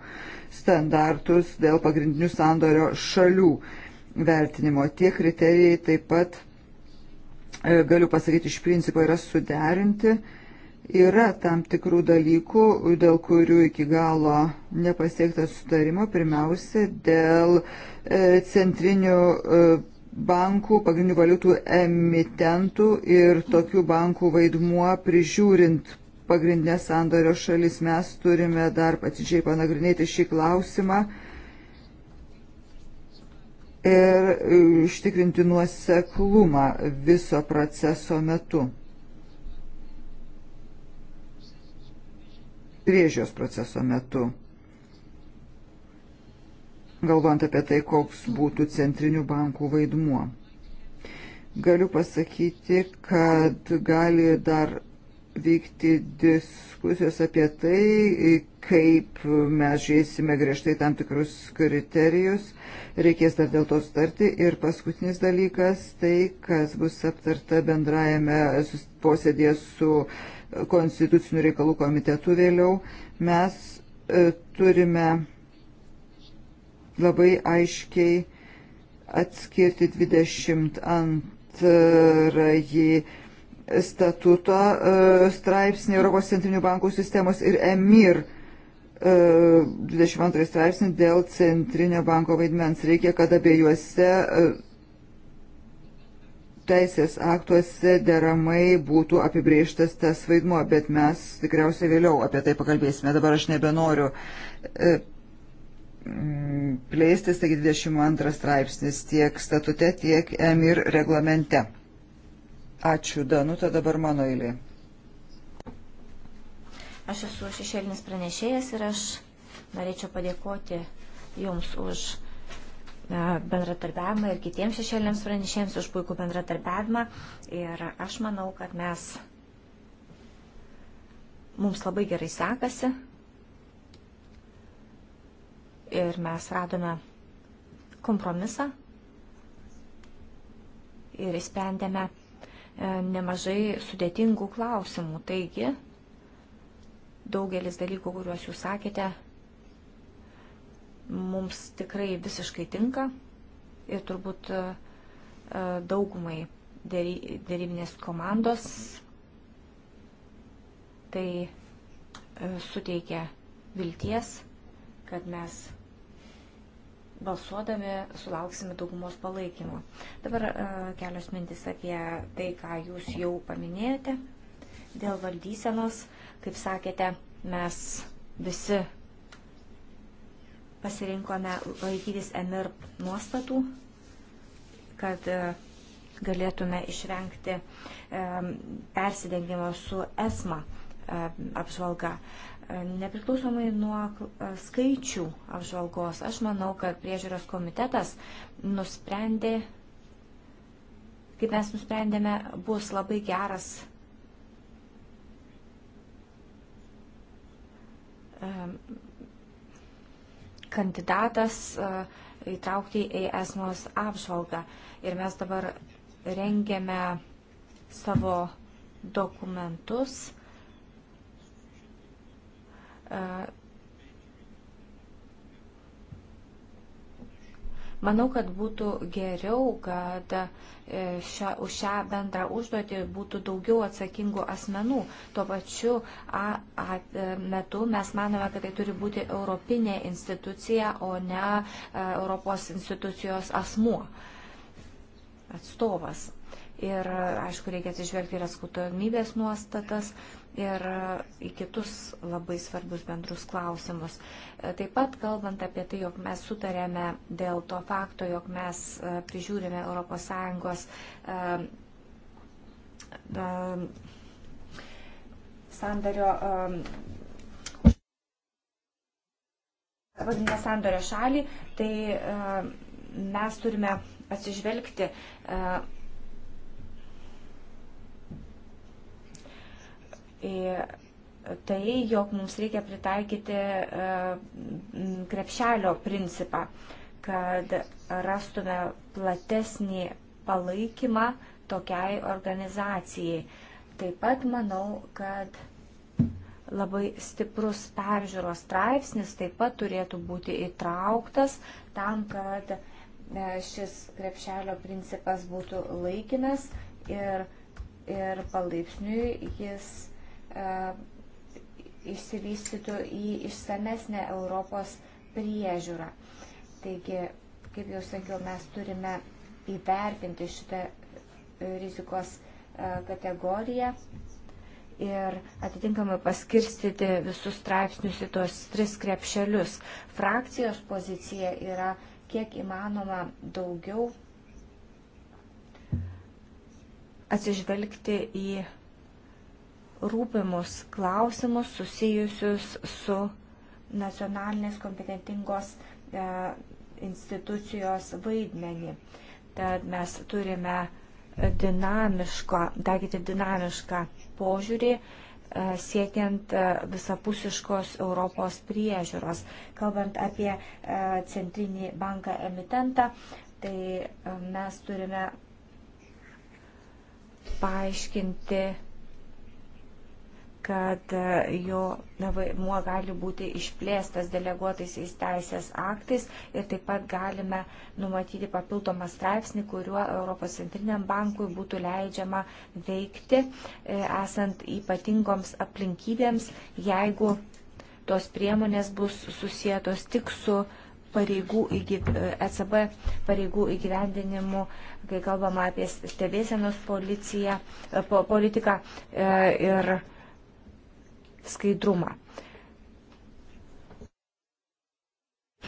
standartus dėl pagrindinių sandorio šalių vertinimo. Tie kriterijai taip pat, galiu pasakyti, iš principo yra suderinti Yra tam tikrų dalykų, dėl kurių iki galo nepasiekta sutarimo, pirmiausia, dėl e, centrinių e, bankų, pagrindinių valiutų emitentų ir tokių bankų vaidmuo prižiūrint pagrindinės sandorio šalis. Mes turime dar atidžiai panagrinėti šį klausimą ir ištikrinti e, nuoseklumą viso proceso metu. priežios proceso metu. Galvojant apie tai, koks būtų centrinių bankų vaidmuo. Galiu pasakyti, kad gali dar vykti diskusijos apie tai, kaip mes žiūrėsime griežtai tam tikrus kriterijus. Reikės dar dėl to starti. Ir paskutinis dalykas, tai kas bus aptarta bendrajame posėdėje su uh, konstitucinių reikalų komitetu vėliau, mes e, turime labai aiškiai atskirti 22 statuto e, straipsnį Europos centrinių bankų sistemos ir EMIR 22 e, straipsnį dėl centrinio banko vaidmens. Reikia, kad abiejuose teisės aktuose deramai būtų apibrieštas tas vaidmuo, bet mes tikriausiai vėliau apie tai pakalbėsime. Dabar aš nebenoriu e, plėstis, taigi 22 straipsnis tiek statute, tiek EMIR reglamente. Ačiū, Danuta, dabar mano eilė. Aš esu šešėlinis pranešėjas ir aš norėčiau padėkoti Jums už E, bendratarbiavimą ir kitiems šešėliams pranešėjams už puikų bendratarbiavimą. Ir aš manau, kad mes mums labai gerai sekasi. Ir mes radome kompromisą ir įsprendėme e, nemažai sudėtingų klausimų. Taigi, daugelis dalykų, kuriuos jūs sakėte, mums tikrai visiškai tinka ir turbūt e, e, daugumai dėrybinės komandos tai e, suteikia vilties, kad mes balsuodami sulauksime daugumos palaikymo. Dabar kelios mintis apie tai, ką jūs jau paminėjote dėl valdysenos. Kaip sakėte, mes visi pasirinkome laikytis emir nuostatų, kad e, galėtume išvengti e, persidengimo su esma e, apžvalga. Nepriklausomai nuo skaičių apžvalgos, aš manau, kad priežiūros komitetas nusprendė, kaip mes nusprendėme, bus labai geras kandidatas e, įtraukti į esmos apžvalgą. Ir mes dabar rengiame savo dokumentus e, Manau, kad būtų geriau, kad e, šia, už šią bendrą užduotį būtų daugiau atsakingų asmenų. Tuo pačiu a, a, e, metu mes manome, kad tai turi būti europinė institucija, o ne a, e, Europos institucijos asmuo, atstovas. Ir, aišku, reikia atsižvelgti ir atskaitomybės nuostatas. A, ir e, į kitus labai svarbus bendrus klausimus. E, taip pat kalbant apie tai, jog mes sutarėme dėl to fakto, jog mes e, prižiūrime ES sandario vadinę sandorio šalį, tai mes turime atsižvelgti į tai, jog mums reikia pritaikyti e, krepšelio principą, kad rastume platesnį palaikymą tokiai organizacijai. Taip pat manau, kad labai stiprus peržiūros straipsnis taip pat turėtų būti įtrauktas tam, kad e, šis krepšelio principas būtų laikinas ir, ir palaipsniui jis E, išsivystytų į išsamesnę Europos priežiūrą. Taigi, kaip jau sakiau, mes turime įvertinti šitą rizikos e, kategoriją ir atitinkamai paskirstyti visus straipsnius į tuos tris krepšelius. Frakcijos pozicija yra kiek įmanoma daugiau atsižvelgti į rūpimus klausimus susijusius su nacionalinės kompetentingos e, institucijos vaidmenį. Tad mes turime dinamiško, taikyti dinamišką požiūrį e, siekiant e, visapusiškos Europos priežiūros. Kalbant apie e, centrinį banką emitentą, tai e, mes turime paaiškinti kad e, jo vaidmuo gali būti išplėstas deleguotaisiais teisės aktais ir taip pat galime numatyti papildomą straipsnį, kuriuo Europos centriniam bankui būtų leidžiama veikti, e, esant ypatingoms aplinkybėms, jeigu tos priemonės bus susijėtos tik su pareigų įgyv... ECB e pareigų įgyvendinimu, kai kalbama apie stebėsenos policiją, po, politiką e, ir skaidrumą.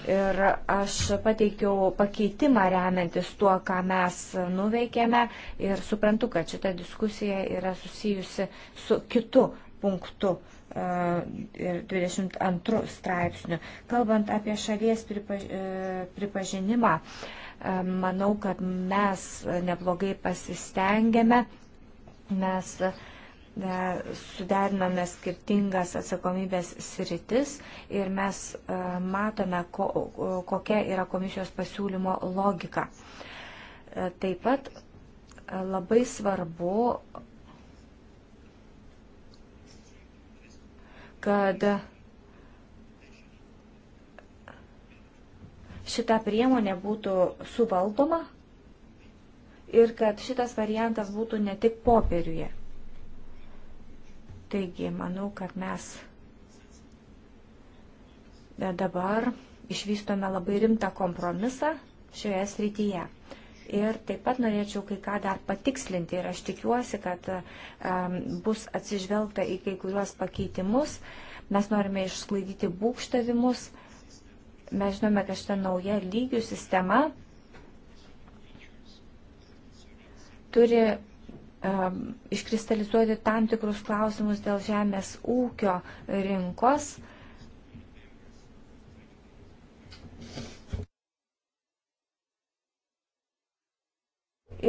Ir aš pateikiau pakeitimą remiantis tuo, ką mes nuveikėme ir suprantu, kad šita diskusija yra susijusi su kitu punktu e, ir 22 straipsniu. Kalbant apie šalies e, pripažinimą, e, manau, kad mes neblogai pasistengėme, mes uh, suderinome skirtingas atsakomybės sritis ir mes e, matome, ko, kokia yra komisijos pasiūlymo logika. E, taip pat e, labai svarbu, kad šita priemonė būtų suvaldoma ir kad šitas variantas būtų ne tik popieriuje. Taigi, manau, kad mes dabar išvystome labai rimtą kompromisą šioje srityje. Ir taip pat norėčiau kai ką dar patikslinti ir aš tikiuosi, kad um, bus atsižvelgta į kai kuriuos pakeitimus. Mes norime išsklaidyti būkštavimus. Mes žinome, kad šita nauja lygių sistema turi Um, iškristalizuoti tam tikrus klausimus dėl žemės ūkio rinkos.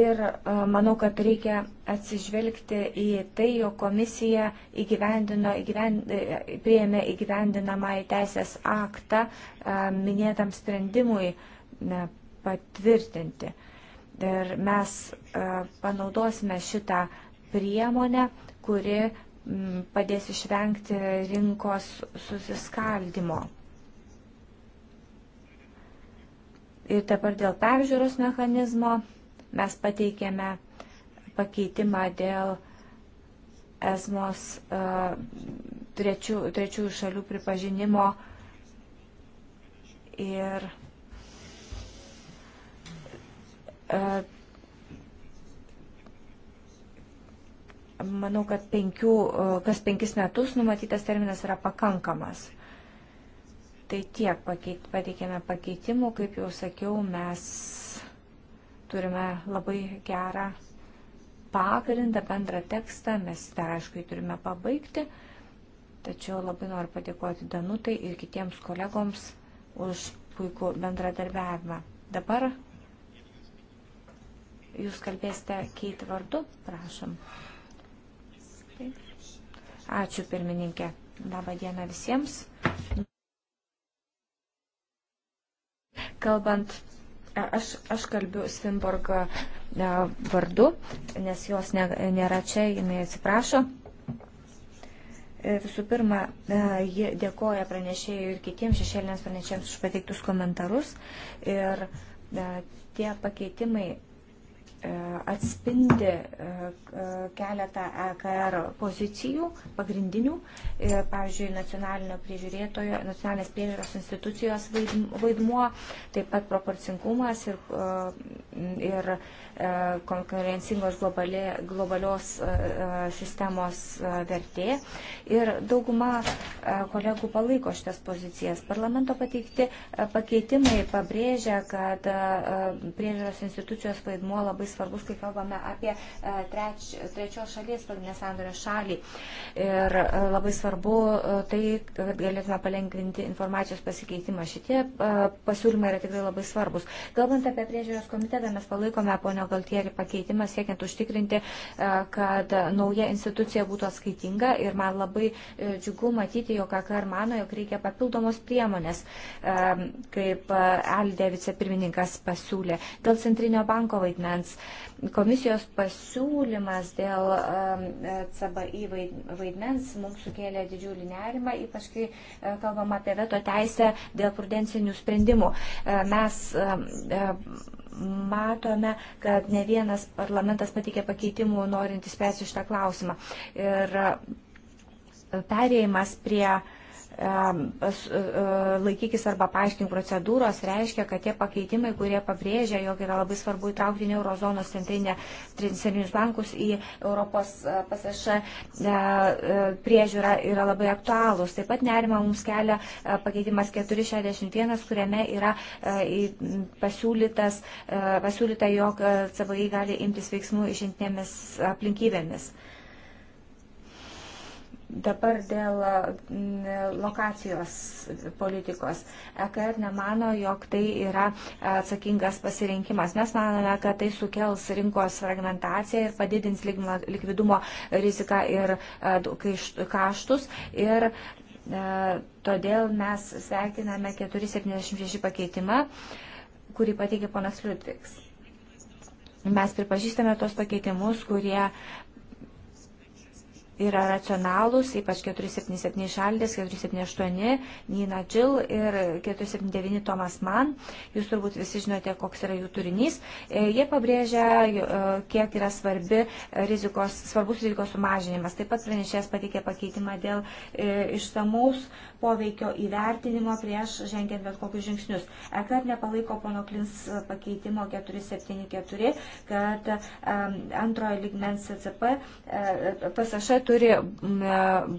Ir uh, manau, kad reikia atsižvelgti į tai, jo komisija įgyvendino, įgyvend, e, priėmė įgyvendinamą į teisės aktą uh, minėtam sprendimui patvirtinti. Ir mes e, panaudosime šitą priemonę, kuri padės išvengti rinkos susiskaldimo. Ir dabar dėl peržiūros mechanizmo mes pateikėme pakeitimą dėl esmos uh, trečių, trečiųjų šalių pripažinimo ir uh, E, manau, kad penkių, e, kas penkis metus numatytas terminas yra pakankamas. Tai tiek pakeit, pateikėme pakeitimų, kaip jau sakiau, mes turime labai gerą pagrindą, bendrą tekstą, mes dar aišku jį turime pabaigti, tačiau labai noriu padėkoti Danutai ir kitiems kolegoms už puikų bendradarbiavimą. Dabar Jūs kalbėsite keiti vardu, prašom. Ačiū pirmininkė. Labą dieną visiems. Kalbant, aš, aš kalbiu Svinborgo vardu, nes jos nėra čia, jinai atsiprašo. E, visų pirma, ji dėkoja pranešėjai ir kitiems šešėlinės pranešėjams už pateiktus komentarus. Ir tie pakeitimai, E, atspindi e, e, keletą EKR pozicijų, pagrindinių, pavyzdžiui, nacionalinio priežiūrėtojo, nacionalinės priežiūros institucijos vaidmuo, taip pat proporcingumas ir, ir konkurencingos globali, globalios sistemos vertė. Ir dauguma kolegų palaiko šitas pozicijas. Parlamento pateikti pakeitimai pabrėžia, kad priežiūros institucijos vaidmuo labai svarbus, kai kalbame apie e, treč, trečios šalies pagrindinės sandorio šalį. Ir e, labai svarbu e, tai, kad galėtume palengvinti informacijos pasikeitimą. Šitie pasiūlymai yra tikrai labai svarbus. Kalbant apie priežiūros komitetą, mes palaikome ponio Galtierį pakeitimą, siekiant užtikrinti, kad nauja institucija būtų atskaitinga ir man labai džiugu matyti, jog AKR mano, jog reikia papildomos priemonės, kaip Aldė vicepirmininkas pasiūlė. Dėl centrinio banko vaidmens Komisijos pasiūlymas dėl CBI vaidmens mums sukėlė didžiulį nerimą, ypač kai e, kalbam apie veto teisę dėl prudencinių sprendimų. E, mes e, matome, kad ne vienas parlamentas patikė pakeitimų norint įspręsti šitą klausimą. Ir perėjimas prie uh, E, e, laikykis arba paaiškink procedūros reiškia, kad tie pakeitimai, kurie pabrėžia, jog yra labai svarbu įtraukti ne eurozonos centrinę, centrinius bankus į Europos e, PSŠ priežiūrą, yra labai aktualūs. Taip pat nerima mums kelia pakeitimas 461, kuriame yra pasiūlytas, pasiūlyta, jog CVI gali imtis veiksmų išimtinėmis aplinkybėmis. Dabar dėl mm, lokacijos politikos. EKR nemano, jog tai yra atsakingas pasirinkimas. Mes manome, kad tai sukels rinkos fragmentaciją ir padidins likvidumo riziką ir e, kaštus. Ir e, todėl mes sveikiname 476 pakeitimą, kurį pateikė ponas Liudviks. Mes pripažįstame tos pakeitimus, kurie yra racionalūs, ypač 477 Šaldės, 478 Nina Džil ir 479 Tomas Mann. Jūs turbūt visi žinote, koks yra jų turinys. E, jie pabrėžia, e, kiek yra svarbi rizikos, svarbus rizikos sumažinimas. Taip pat pranešėjas pateikė pakeitimą dėl e, išsamaus poveikio įvertinimo prieš žengiant bet kokius žingsnius. EKR nepalaiko pono Klins pakeitimo 474, kad antrojo ligmens CCP e, PSŠ turi e,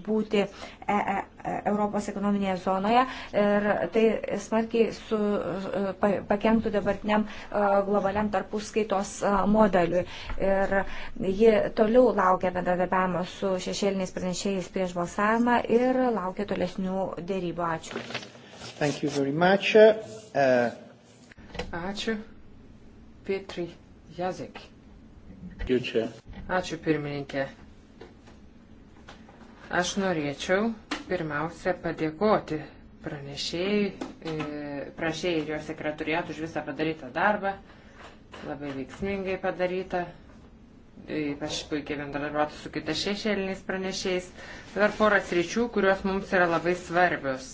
būti EE. E, Europos ekonominėje zonoje ir tai smarkiai su, pakenktų dabartiniam globaliam tarpuskaitos modeliui. Ir ji toliau laukia bendradarbiavimo su šešėliniais pranešėjais prieš balsavimą ir laukia tolesnių dėrybų. Ačiū. Uh... Ačiū. Petri Jazek. Ačiū pirmininkė. Aš norėčiau pirmiausia padėkoti e, pranešėjai, prašėjai ir jo sekretoriatų už visą padarytą darbą. Labai veiksmingai padaryta. E, ypač puikiai bendradarbiauti su kitais šešėliniais pranešėjais. Dabar poras ryčių, kurios mums yra labai svarbios.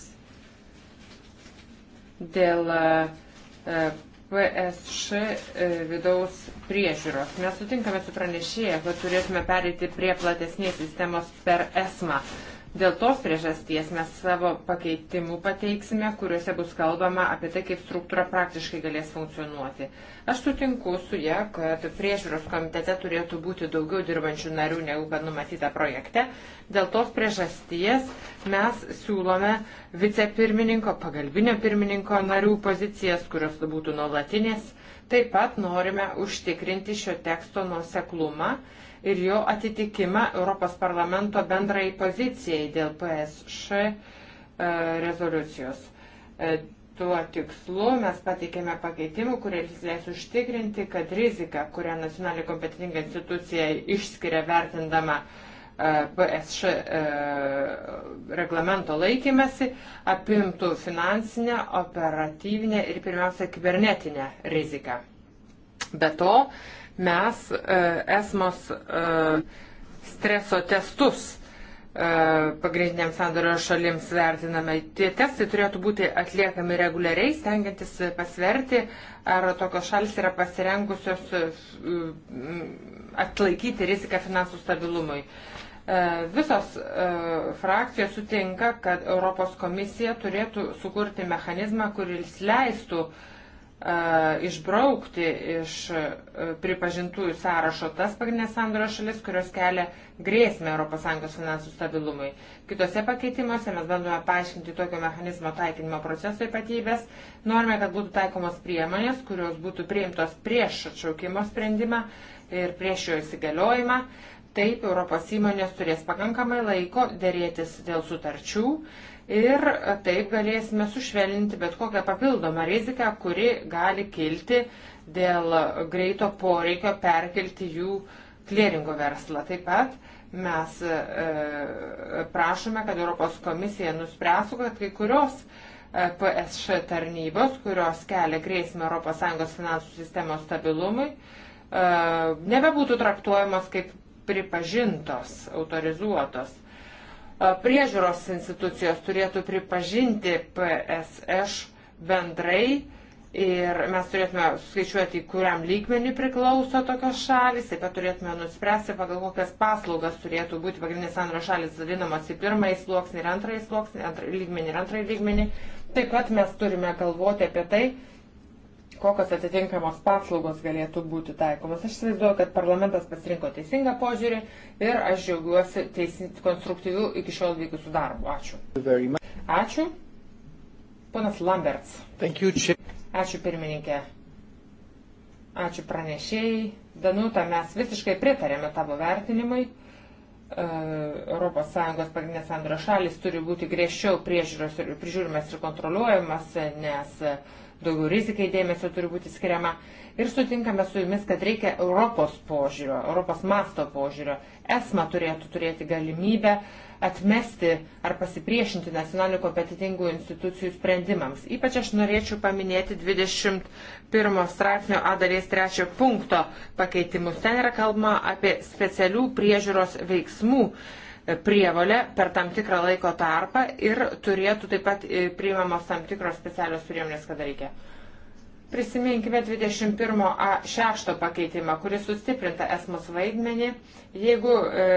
Dėl e, PSŠ vidaus priežiūros. Mes sutinkame su pranešėja, kad turėtume pereiti prie platesnės sistemos per ESMA. Dėl tos priežasties mes savo pakeitimų pateiksime, kuriuose bus kalbama apie tai, kaip struktūra praktiškai galės funkcionuoti. Aš sutinku su ją, kad priežiūros komitete turėtų būti daugiau dirbančių narių negu kad numatyta projekte. Dėl tos priežasties mes siūlome vicepirmininko, pagalbinio pirmininko narių pozicijas, kurios būtų nuolatinės. Taip pat norime užtikrinti šio teksto nuoseklumą ir jo atitikimą Europos parlamento bendrai pozicijai dėl PSŠ e, rezoliucijos. E, tuo tikslu mes pateikėme pakeitimų, kurie leis užtikrinti, kad rizika, kurią nacionalinė kompetitinga institucija išskiria vertindama e, PSŠ reglamento laikymasi apimtų finansinę, operatyvinę ir pirmiausia kibernetinę riziką. Be to, Mes e, esmos e, streso testus e, pagrindiniam sandorio šalims vertiname. Tie testai turėtų būti atliekami reguliariai, stengiantis pasverti, ar tokios šalis yra pasirengusios atlaikyti riziką finansų stabilumui. Visos frakcijos sutinka, kad Europos komisija turėtų sukurti mechanizmą, kuris leistų uh, išbraukti iš pripažintųjų sąrašo tas pagrindinės sandorio šalis, kurios kelia grėsmę ES finansų stabilumui. Kitose pakeitimuose mes bandome paaiškinti tokio mechanizmo taikinimo proceso ypatybės. Norime, kad būtų taikomos priemonės, kurios būtų priimtos prieš atšaukimo sprendimą ir prieš jo įsigaliojimą. Taip, Europos įmonės turės pakankamai laiko dėrėtis dėl sutarčių ir taip galėsime sušvelninti bet kokią papildomą riziką, kuri gali kilti dėl greito poreikio perkelti jų klėringo verslą. Taip pat mes e, prašome, kad Europos komisija nuspręsų, kad kai kurios e, PSŠ tarnybos, kurios kelia grėsmę ES finansų sistemos stabilumui, e, nebebūtų traktuojamos kaip pripažintos, autorizuotos priežiūros institucijos turėtų pripažinti PSŠ bendrai ir mes turėtume skaičiuoti, kuriam lygmenį priklauso tokios šalis, taip pat turėtume nuspręsti, pagal kokias paslaugas turėtų būti pagrindinės antro šalis vadinamos į pirmąjį sluoksnį ir antrąjį sluoksnį, antrą, lygmenį ir antrąjį lygmenį. Taip pat mes turime galvoti apie tai, kokios atitinkamos paslaugos galėtų būti taikomas. Aš įsivaizduoju, kad parlamentas pasirinko teisingą požiūrį ir aš džiaugiuosi teisinti konstruktyvių iki šiol vykusių darbų. Ačiū. Ačiū. Ponas Lamberts. Ačiū pirmininkė. Ačiū pranešėjai. Danuta, mes visiškai pritarėme tavo vertinimui. ES pagrindinės sandro šalis turi būti griežčiau priežiūros ir prižiūrimas ir kontroliuojamas, nes uh, daugiau rizikai dėmesio turi būti skiriama. Ir sutinkame su jumis, kad reikia Europos požiūrio, Europos masto požiūrio. ESMA turėtų turėti galimybę atmesti ar pasipriešinti nacionalinių kompetitingų institucijų sprendimams. Ypač aš norėčiau paminėti 21 straipsnio A dalies 3 punkto pakeitimus. Ten yra kalbama apie specialių priežiūros veiksmų prievolę per tam tikrą laiko tarpą ir turėtų taip pat e, priimamos tam tikros specialios priemonės, kada reikia. Prisiminkime 21a6 pakeitimą, kuris sustiprinta esmus vaidmenį, jeigu e,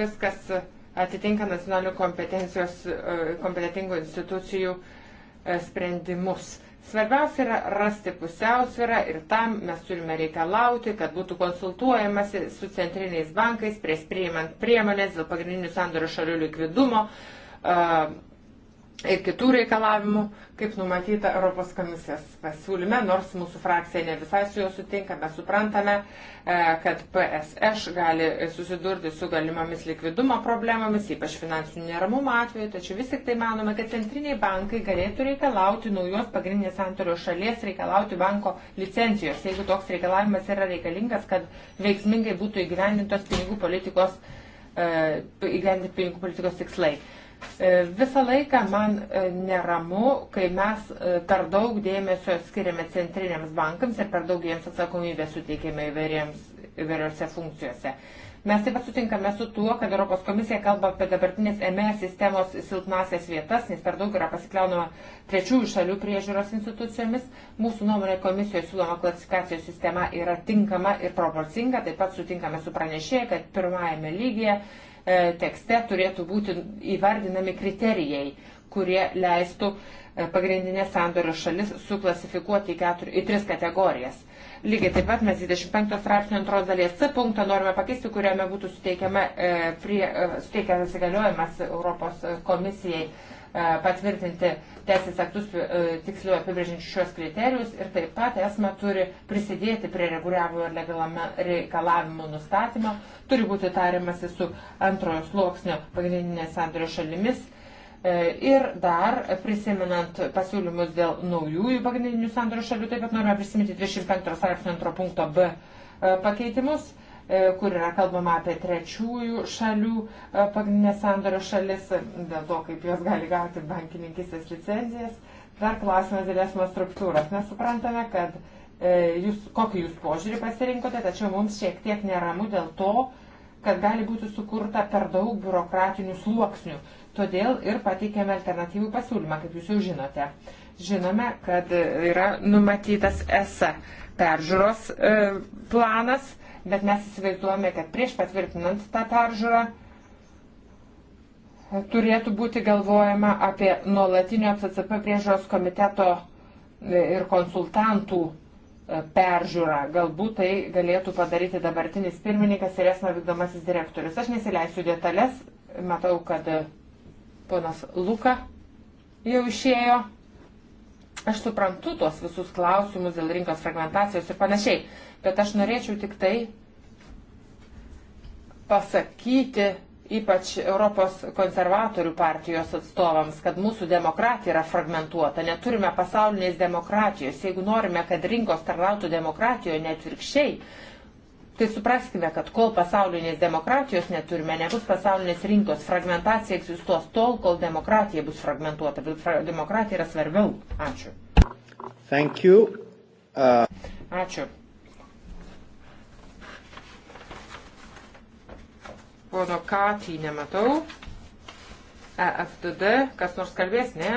viskas atitinka nacionalinių kompetencijos, e, kompetitingų institucijų e, sprendimus. Svarbiausia yra rasti pusiausvyrą ir tam mes turime reikalauti, kad būtų konsultuojamasi su centriniais bankais prieš priimant priemonės dėl pagrindinių sandorio šalių likvidumo, ir kitų reikalavimų, kaip numatyta Europos komisijos pasiūlyme, nors mūsų frakcija ne visai su juo sutinka, mes suprantame, e, kad PSŠ gali susidurti su galimomis likvidumo problemomis, ypač finansinių neramumo atveju, tačiau vis tik tai manome, kad centriniai bankai galėtų reikalauti naujos pagrindinės santorio šalies, reikalauti banko licencijos, jeigu toks reikalavimas yra reikalingas, kad veiksmingai būtų įgyvendintos pinigų politikos, e, įgyvendinti pinigų politikos tikslai. Uh, E, visą laiką man e, neramu, kai mes e, per daug dėmesio skiriame centriniams bankams ir per daug jiems atsakomybę suteikėme įvairiose funkcijose. Mes taip pat sutinkame su tuo, kad Europos komisija kalba apie dabartinės ME sistemos silpnasias vietas, nes per daug yra pasikliaunama trečiųjų šalių priežiūros institucijomis. Mūsų nuomonė komisijoje siūloma klasifikacijos sistema yra tinkama ir proporcinga. Taip pat sutinkame su pranešėja, kad pirmajame lygyje E, tekste turėtų būti įvardinami kriterijai, kurie leistų e, pagrindinės sandorio šalis suklasifikuoti į, keturi, į tris kategorijas. Lygiai taip pat mes 25 straipsnio antros dalies C punktą norime pakeisti, kuriame būtų e, suteikiamas įgaliojimas Europos komisijai patvirtinti teisės aktus tiksliau apibrėžinčius šios kriterijus ir taip pat esma turi prisidėti prie reguliavimo ir reikalavimų nustatymo, turi būti tariamasi su antrojo sluoksnio pagrindinės sandorio šalimis. E, ir dar prisimenant pasiūlymus dėl naujųjų pagrindinių sandorio šalių, taip pat norime prisiminti 25 straipsnio 2 punkto B e, pakeitimus E, kur yra kalbama apie trečiųjų šalių e, pagrindinės sandorio šalis, dėl to, kaip jos gali gauti bankininkistės licenzijas. Dar klausimas dėl esmos struktūros. Mes suprantame, kad e, jūs, kokį jūs požiūrį pasirinkote, tačiau mums šiek tiek neramu dėl to, kad gali būti sukurta per daug biurokratinių sluoksnių. Todėl ir pateikėme alternatyvų pasiūlymą, kaip jūs jau žinote. Žinome, kad yra numatytas ESA peržiūros planas bet mes įsivaizduojame, kad prieš patvirtinant tą peržiūrą e, turėtų būti galvojama apie nuolatinio FCCP priežiūros komiteto e, ir konsultantų e, peržiūrą. Galbūt tai galėtų padaryti dabartinis pirmininkas ir esmo vykdomasis direktorius. Aš nesileisiu detalės, matau, kad ponas Luka jau išėjo. Aš suprantu tuos visus klausimus dėl rinkos fragmentacijos ir panašiai, bet aš norėčiau tik tai pasakyti ypač Europos konservatorių partijos atstovams, kad mūsų demokratija yra fragmentuota, neturime pasaulinės demokratijos. Jeigu norime, kad rinkos tarnautų demokratijoje, netvirkščiai, Tai supraskime, kad kol pasaulinės demokratijos neturime, nebus pasaulinės rinkos, fragmentacija egzistuos tol, kol demokratija bus fragmentuota. Bet demokratija yra svarbiau. Ačiū. Thank you. Uh... Ačiū. Pono Katį nematau. EFTD, kas nors kalbės, ne?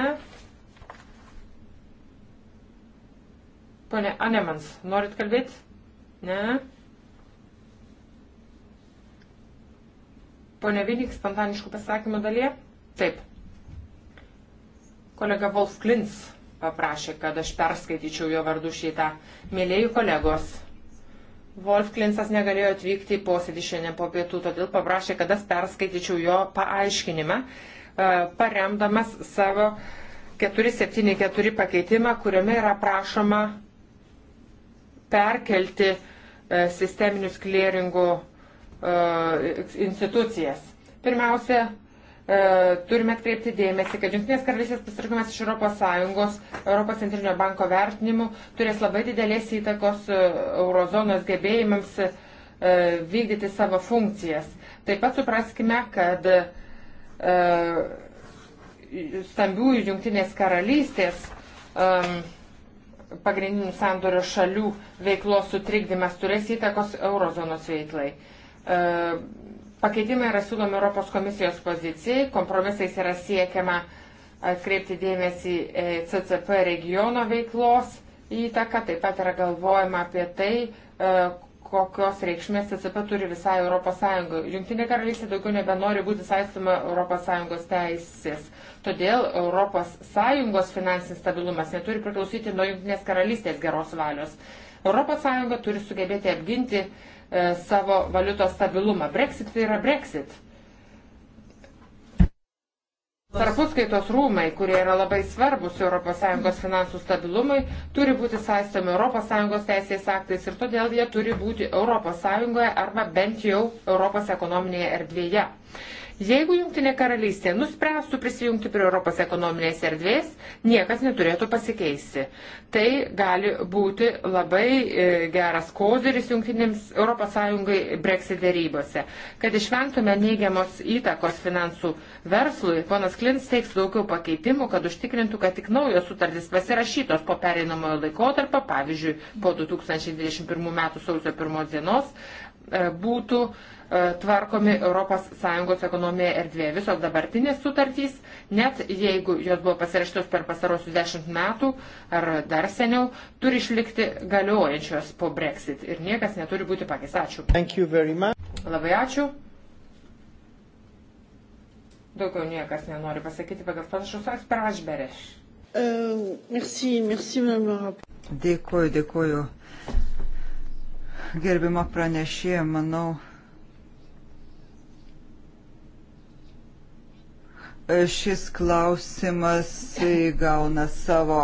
Pone Anemans, norit kalbėti? Ne? Pone Vilyk, spontaniškų pasakymų dalyje? Taip. Kolega Wolf Klins paprašė, kad aš perskaityčiau jo vardu šitą. Mėlėjų kolegos, Wolf Klinsas negalėjo atvykti į posėdį šiandien po pietų, todėl paprašė, kad aš perskaityčiau jo paaiškinimą, e, paremdamas savo 474 pakeitimą, kuriame yra prašoma perkelti e, sisteminius klėringų E, institucijas. Pirmiausia, e, turime atkreipti dėmesį, kad Junktinės karalystės pasirinkimas iš ES, Europos centrinio banko vertinimų turės labai didelės įtakos e, eurozonos gebėjimams vykdyti savo funkcijas. Taip pat supraskime, kad stambiųjų Junktinės karalystės pagrindinių sandorio šalių veiklos sutrikdymas turės įtakos eurozonos veiklai. E, pakeitimai yra siūlomi Europos komisijos pozicijai, kompromisais yra siekiama atkreipti dėmesį CCP regiono veiklos įtaką, taip pat yra galvojama apie tai, e, kokios reikšmės CCP turi visai ES. Junktinė karalystė daugiau nebenori būti saistoma ES teisės. Todėl ES finansinis stabilumas neturi priklausyti nuo Junktinės karalystės geros valios. ES turi sugebėti apginti uh, E, savo valiutos stabilumą. Brexit tai yra Brexit. Tarpuskaitos rūmai, kurie yra labai svarbus ES finansų stabilumui, turi būti saistomi ES teisės aktais ir todėl jie turi būti ES arba bent jau ES ekonominėje erdvėje. Jeigu Junktinė karalystė nuspręstų prisijungti prie Europos ekonominės erdvės, niekas neturėtų pasikeisti. Tai gali būti labai e, geras koziris Junktinėms ES Brexit dėrybose. Kad išvengtume neigiamos įtakos finansų verslui, ponas Klins teiks daugiau pakeitimų, kad užtikrintų, kad tik naujos sutartys pasirašytos po pereinamojo laikotarpio, pavyzdžiui, po 2021 m. sausio 1 dienos, e, būtų E, tvarkomi ES ekonominėje erdvėje. Visos dabartinės sutartys, net jeigu jos buvo pasirašytos per pasarosius dešimt metų ar dar seniau, turi išlikti galiojančios po Brexit ir niekas neturi būti pakis. Ačiū. Labai ačiū. Daugiau niekas nenori pasakyti pagal panašus eksperaš bereš. E, dėkuoju, dėkuoju. Gerbimo pranešėja, manau, šis klausimas įgauna savo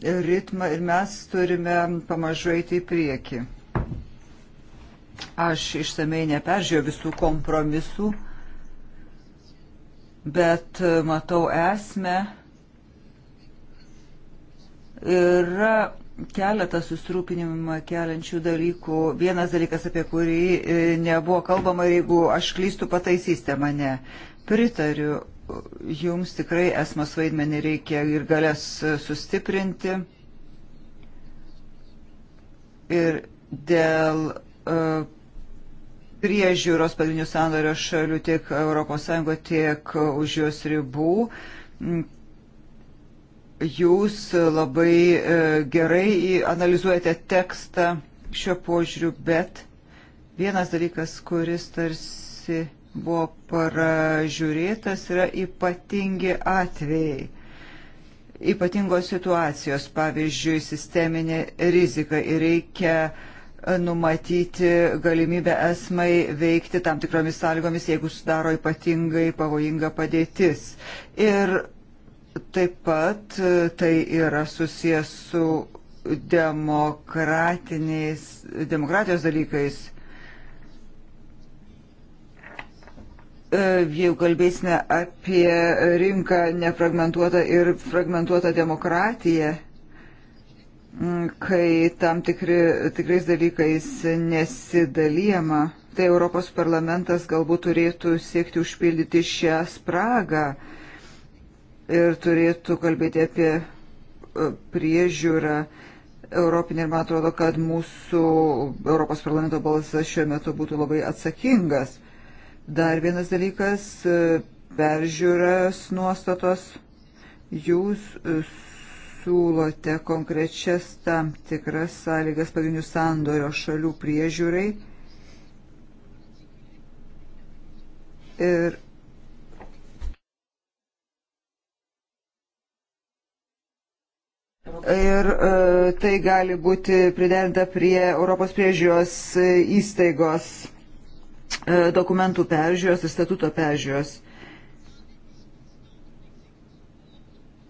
ritmą ir mes turime pamažu eiti į priekį. Aš išsamei neperžiūrėjau visų kompromisų, bet matau esmę. Yra keletą susirūpinimą keliančių dalykų. Vienas dalykas, apie kurį e, nebuvo kalbama, jeigu aš klystu, pataisysite mane. Pritariu, jums tikrai esmos vaidmenį reikia ir galės sustiprinti. Ir dėl uh, priežiūros pagrindinių sandorio šalių tiek ES, tiek už jos ribų jūs labai e, gerai analizuojate tekstą šio požiūriu, bet vienas dalykas, kuris tarsi buvo pražiūrėtas, yra ypatingi atvejai, ypatingos situacijos, pavyzdžiui, sisteminė rizika ir reikia e, numatyti galimybę esmai veikti tam tikromis sąlygomis, jeigu sudaro ypatingai pavojinga padėtis. Ir taip pat e, tai yra susijęs su demokratiniais, demokratijos dalykais E, jeigu kalbėsime apie rinką nefragmentuotą ir fragmentuotą demokratiją, kai tam tikri, tikrais dalykais nesidalyjama, tai Europos parlamentas galbūt turėtų siekti užpildyti šią spragą ir turėtų kalbėti apie e, priežiūrą Europinė ir man atrodo, kad mūsų Europos parlamento balsas šiuo metu būtų labai atsakingas. Dar vienas dalykas e, - peržiūras nuostatos. Jūs e, siūlote konkrečias tam tikras sąlygas pagrindinių sandorio šalių priežiūrai. Ir Ir e, tai gali būti priderinta prie Europos priežiūros e, įstaigos E, dokumentų peržiūros ir statuto peržiūros.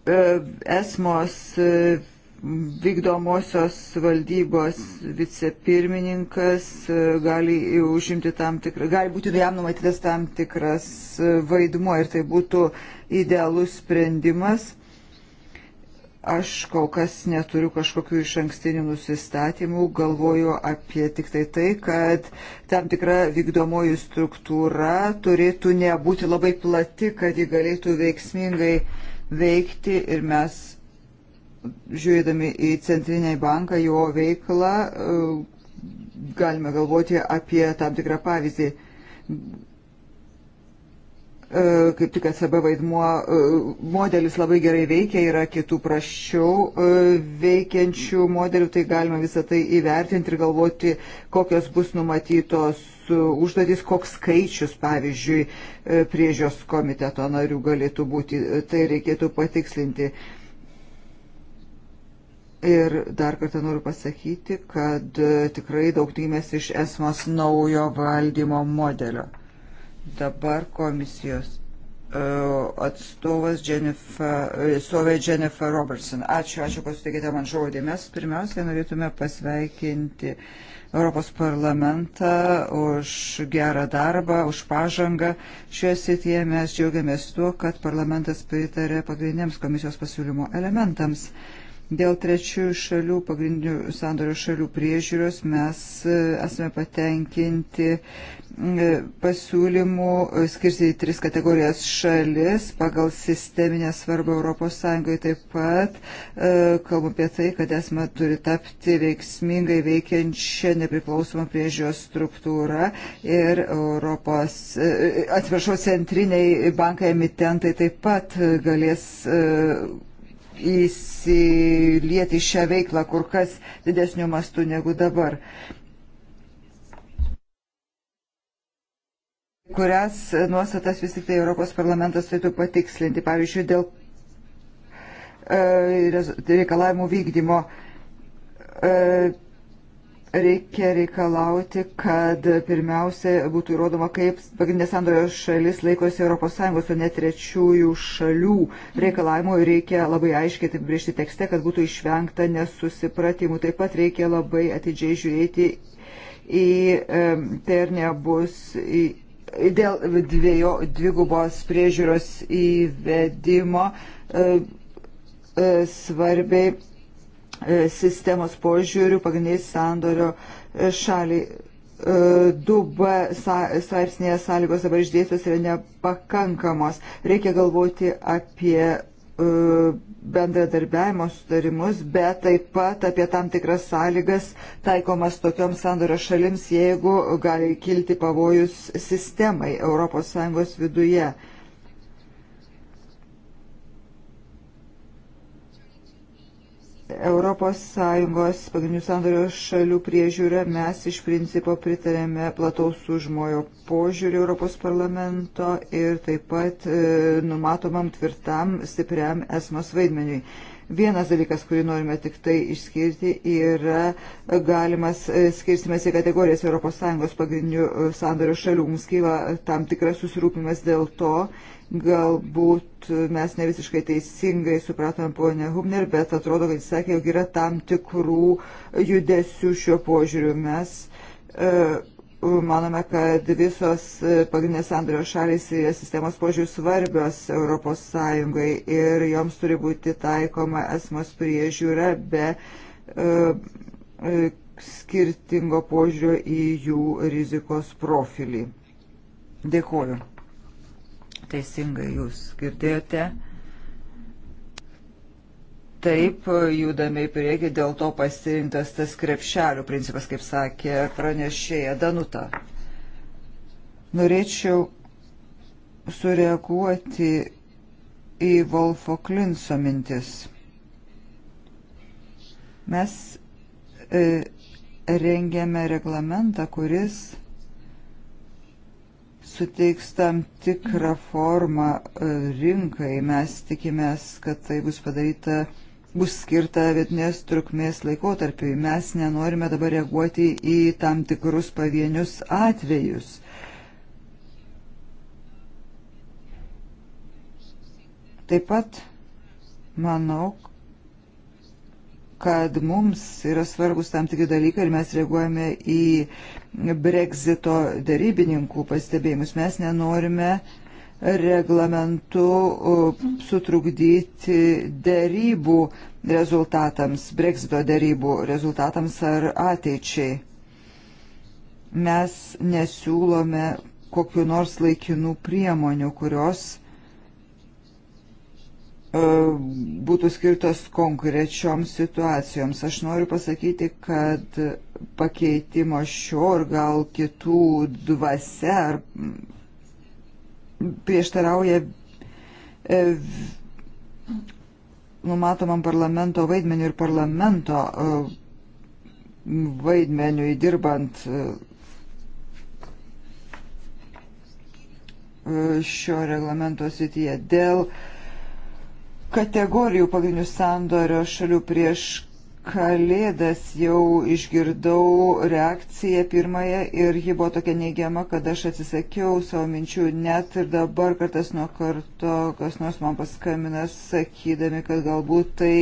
E, esmos e, vykdomosios valdybos vicepirmininkas gali užimti tam tikrą, gali būti jam numatytas tam tikras vaidmuo ir tai būtų idealus sprendimas Aš kol kas neturiu kažkokių iš ankstinių nusistatymų, galvoju apie tik tai tai, kad tam tikra vykdomoji struktūra turėtų nebūti labai plati, kad ji galėtų veiksmingai veikti ir mes, žiūrėdami į centrinę banką, jo veiklą, galime galvoti apie tam tikrą pavyzdį E, kaip tik ECB vaidmuo, e, modelis labai gerai veikia, yra kitų prašiau e, veikiančių modelių, tai galima visą tai įvertinti ir galvoti, kokios bus numatytos užduotis, koks skaičius, pavyzdžiui, priežios komiteto narių galėtų būti, tai reikėtų patikslinti. Ir dar kartą noriu pasakyti, kad tikrai daug tikimės iš esmos naujo valdymo modelio. Dabar komisijos e, atstovas e, Sovė Jennifer Robertson. Ačiū, ačiū, kad suteikėte man žodį. Mes pirmiausiai norėtume pasveikinti Europos parlamentą už gerą darbą, už pažangą. Šioje srityje mes džiaugiamės tuo, kad parlamentas pritarė pagrindiniams komisijos pasiūlymo elementams. Uh, Dėl trečiųjų šalių, pagrindinių sandorių šalių priežiūros mes e, esame patenkinti e, pasiūlymų e, skirti į tris kategorijas šalis pagal sisteminę svarbą ES. Taip pat kalbu apie tai, kad esame turi tapti veiksmingai veikiančią nepriklausomą priežiūros struktūrą ir Europos, atsiprašau, centriniai bankai emitentai taip pat galės įsilieti šią veiklą kur kas didesnių mastų negu dabar. kurias nuostatas vis tik tai Europos parlamentas turėtų patikslinti, pavyzdžiui, dėl e, reikalavimų vykdymo. E, reikia reikalauti, kad pirmiausia būtų įrodoma, kaip pagrindinė sandorio šalis laikosi ES, o ne trečiųjų šalių reikalavimų. Reikia labai aiškiai apibriežti tekste, kad būtų išvengta nesusipratimų. Taip pat reikia labai atidžiai žiūrėti į tai ar nebus. Į, Dėl dviejo, dvigubos priežiūros įvedimo e, svarbiai E, sistemos požiūrių pagrindiniais sandorio e, šaliai. 2b e, straipsnėje sąlygos dabar išdėstos yra nepakankamos. Reikia galvoti apie bendradarbiavimo sutarimus, bet taip pat apie tam tikras sąlygas taikomas tokioms sandorio šalims, jeigu gali kilti pavojus sistemai ES viduje. ES pagrindinių sandorio šalių priežiūra mes iš principo pritarėme plataus užmojo požiūrį Europos parlamento ir taip pat e, numatomam tvirtam stipriam esmos vaidmeniui. Vienas dalykas, kurį norime tik tai išskirti, yra galimas e, skirstimas į kategorijas ES pagrindinių e, sandorio šalių. Mums kyla tam tikras susirūpimas dėl to Galbūt mes ne visiškai teisingai supratom ponę Hubner, bet atrodo, kad jis sakė, jog yra tam tikrų judesių šiuo požiūriu. Mes e, manome, kad visos pagrindinės sandorio šalys yra sistemos požiūrių svarbios ES ir joms turi būti taikoma esmos priežiūra be e, e skirtingo požiūrio į jų rizikos profilį. Dėkuoju. Teisingai jūs girdėjote. Taip, judame į priekį, dėl to pasirinktas tas krepšelių principas, kaip sakė pranešėja Danuta. Norėčiau sureaguoti į Volfo Klinso mintis. Mes e, rengiame reglamentą, kuris suteiks tam tikrą formą e, rinkai. Mes tikimės, kad tai bus padaryta, bus skirta vietinės trukmės laikotarpiui. Mes nenorime dabar reaguoti į tam tikrus pavienius atvejus. Taip pat manau, kad mums yra svarbus tam tikri dalykai ir mes reaguojame į Brexito darybininkų pastebėjimus. Mes nenorime reglamentu sutrukdyti darybų rezultatams, Brexito darybų rezultatams ar ateičiai. Mes nesiūlome kokiu nors laikinų priemonių, kurios E, būtų skirtos konkrečioms situacijoms. Aš noriu pasakyti, kad pakeitimo šio ar gal kitų dvasia ar prieštarauja e, numatomam parlamento vaidmeniu ir parlamento e, vaidmeniu įdirbant šio reglamento sityje dėl uh, kategorijų pagrindinių sandorio šalių prieš kalėdas jau išgirdau reakciją pirmąją ir ji buvo tokia neigiama, kad aš atsisakiau savo minčių net ir dabar kartas nuo karto kas nors man paskambina sakydami, kad galbūt tai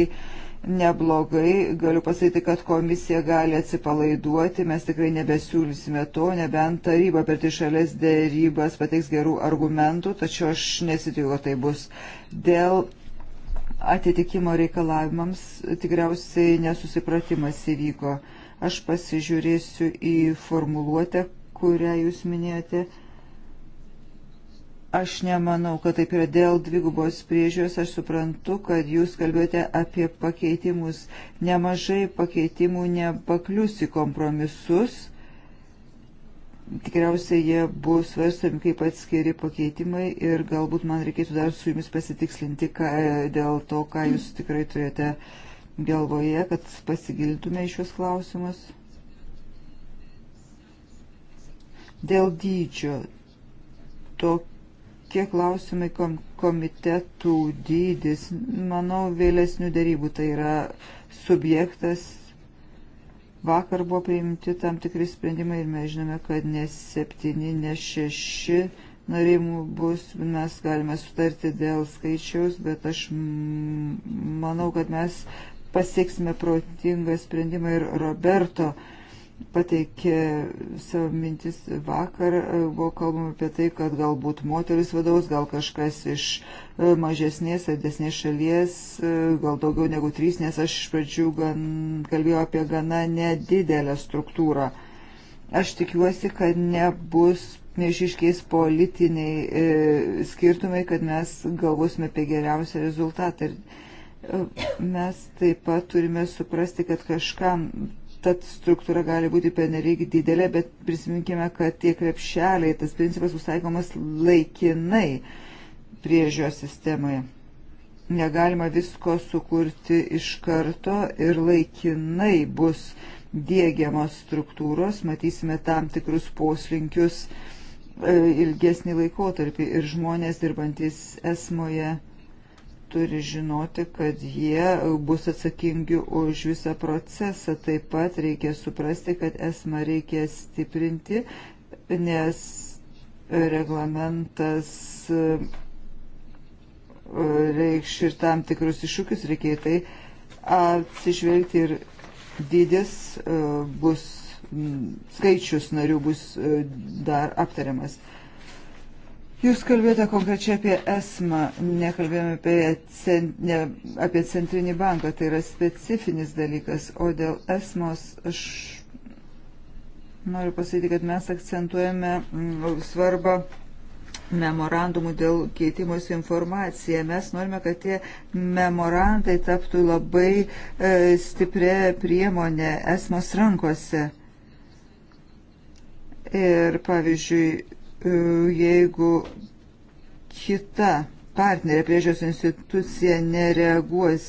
neblogai. Galiu pasakyti, kad komisija gali atsipalaiduoti, mes tikrai nebesiūlysime to, nebent taryba per trišalės dėrybas pateiks gerų argumentų, tačiau aš nesitikiu, kad tai bus. Dėl atitikimo reikalavimams tikriausiai nesusipratimas įvyko. Aš pasižiūrėsiu į formuluotę, kurią jūs minėjote. Aš nemanau, kad taip yra dėl dvigubos priežiūros. Aš suprantu, kad jūs kalbėjote apie pakeitimus. Nemažai pakeitimų nepaklius į kompromisus tikriausiai jie bus svarstami kaip atskiri pakeitimai ir galbūt man reikėtų dar su jumis pasitikslinti ką, dėl to, ką jūs tikrai turėjote galvoje, kad pasigiltume į šios klausimus. Dėl dydžio. Tokie klausimai kom komitetų dydis, manau, vėlesnių darybų tai yra subjektas Vakar buvo priimti tam tikri sprendimai ir mes žinome, kad ne septyni, ne šeši nariai bus, mes galime sutarti dėl skaičiaus, bet aš manau, kad mes pasieksime protingą sprendimą ir Roberto uh, pateikė savo mintis vakar, e, buvo kalbama apie tai, kad galbūt moteris vadovaus, gal kažkas iš e, mažesnės ar desnės šalies, e, gal daugiau negu trys, nes aš iš pradžių gan, kalbėjau apie gana nedidelę struktūrą. Aš tikiuosi, kad nebus nešiškiais politiniai e, skirtumai, kad mes galvosime apie geriausią rezultatą. Ir, mes taip pat turime suprasti, kad kažkam tad struktūra gali būti pernelyg didelė, bet prisiminkime, kad tie krepšeliai, tas principas bus taikomas laikinai priežios sistemoje. Negalima visko sukurti iš karto ir laikinai bus dėgiamos struktūros, matysime tam tikrus poslinkius e, ilgesnį laikotarpį ir žmonės dirbantis esmoje turi žinoti, kad jie bus atsakingi už visą procesą. Taip pat reikia suprasti, kad esmą reikia stiprinti, nes reglamentas e, reikš ir tam tikrus iššūkius, reikia į tai atsižvelgti ir dydis e, bus, skaičius narių bus e, dar aptariamas. Jūs kalbėjote konkrečiai apie esmą, nekalbėjome apie, cen, ne, apie centrinį banką, tai yra specifinis dalykas, o dėl esmos aš noriu pasakyti, kad mes akcentuojame mm, svarbą memorandumų dėl keitimos informacija. Mes norime, kad tie memorandai taptų labai e, stiprią priemonę esmos rankose. Ir pavyzdžiui, E, jeigu kita partnerė priežios institucija nereaguos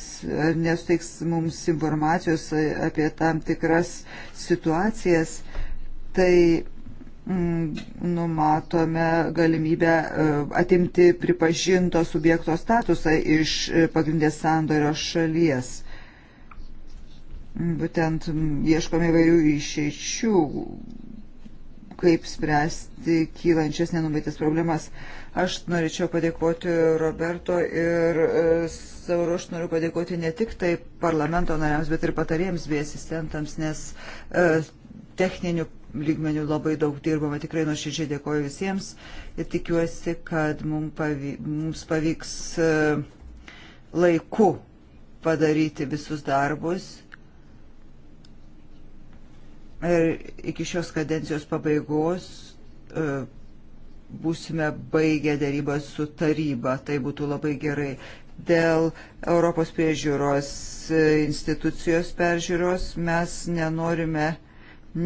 ar nesuteiks mums informacijos apie tam tikras situacijas, tai mm, numatome galimybę e, atimti pripažinto subjekto statusą iš e, pagrindės sandorio šalies. Būtent mm, ieškome įvairių išeičių, kaip spręsti kylančias nenumatytas problemas. Aš norėčiau padėkoti Roberto ir e, savo ruoštų noriu padėkoti ne tik tai parlamento nariams, bet ir patarėjams bei asistentams, nes e, techninių lygmenių labai daug dirbama. Tikrai nuoširdžiai dėkoju visiems ir tikiuosi, kad mums pavyks e, laiku padaryti visus darbus E, iki šios kadencijos pabaigos e, būsime baigę darybą su taryba. Tai būtų labai gerai. Dėl Europos priežiūros institucijos peržiūros mes nenorime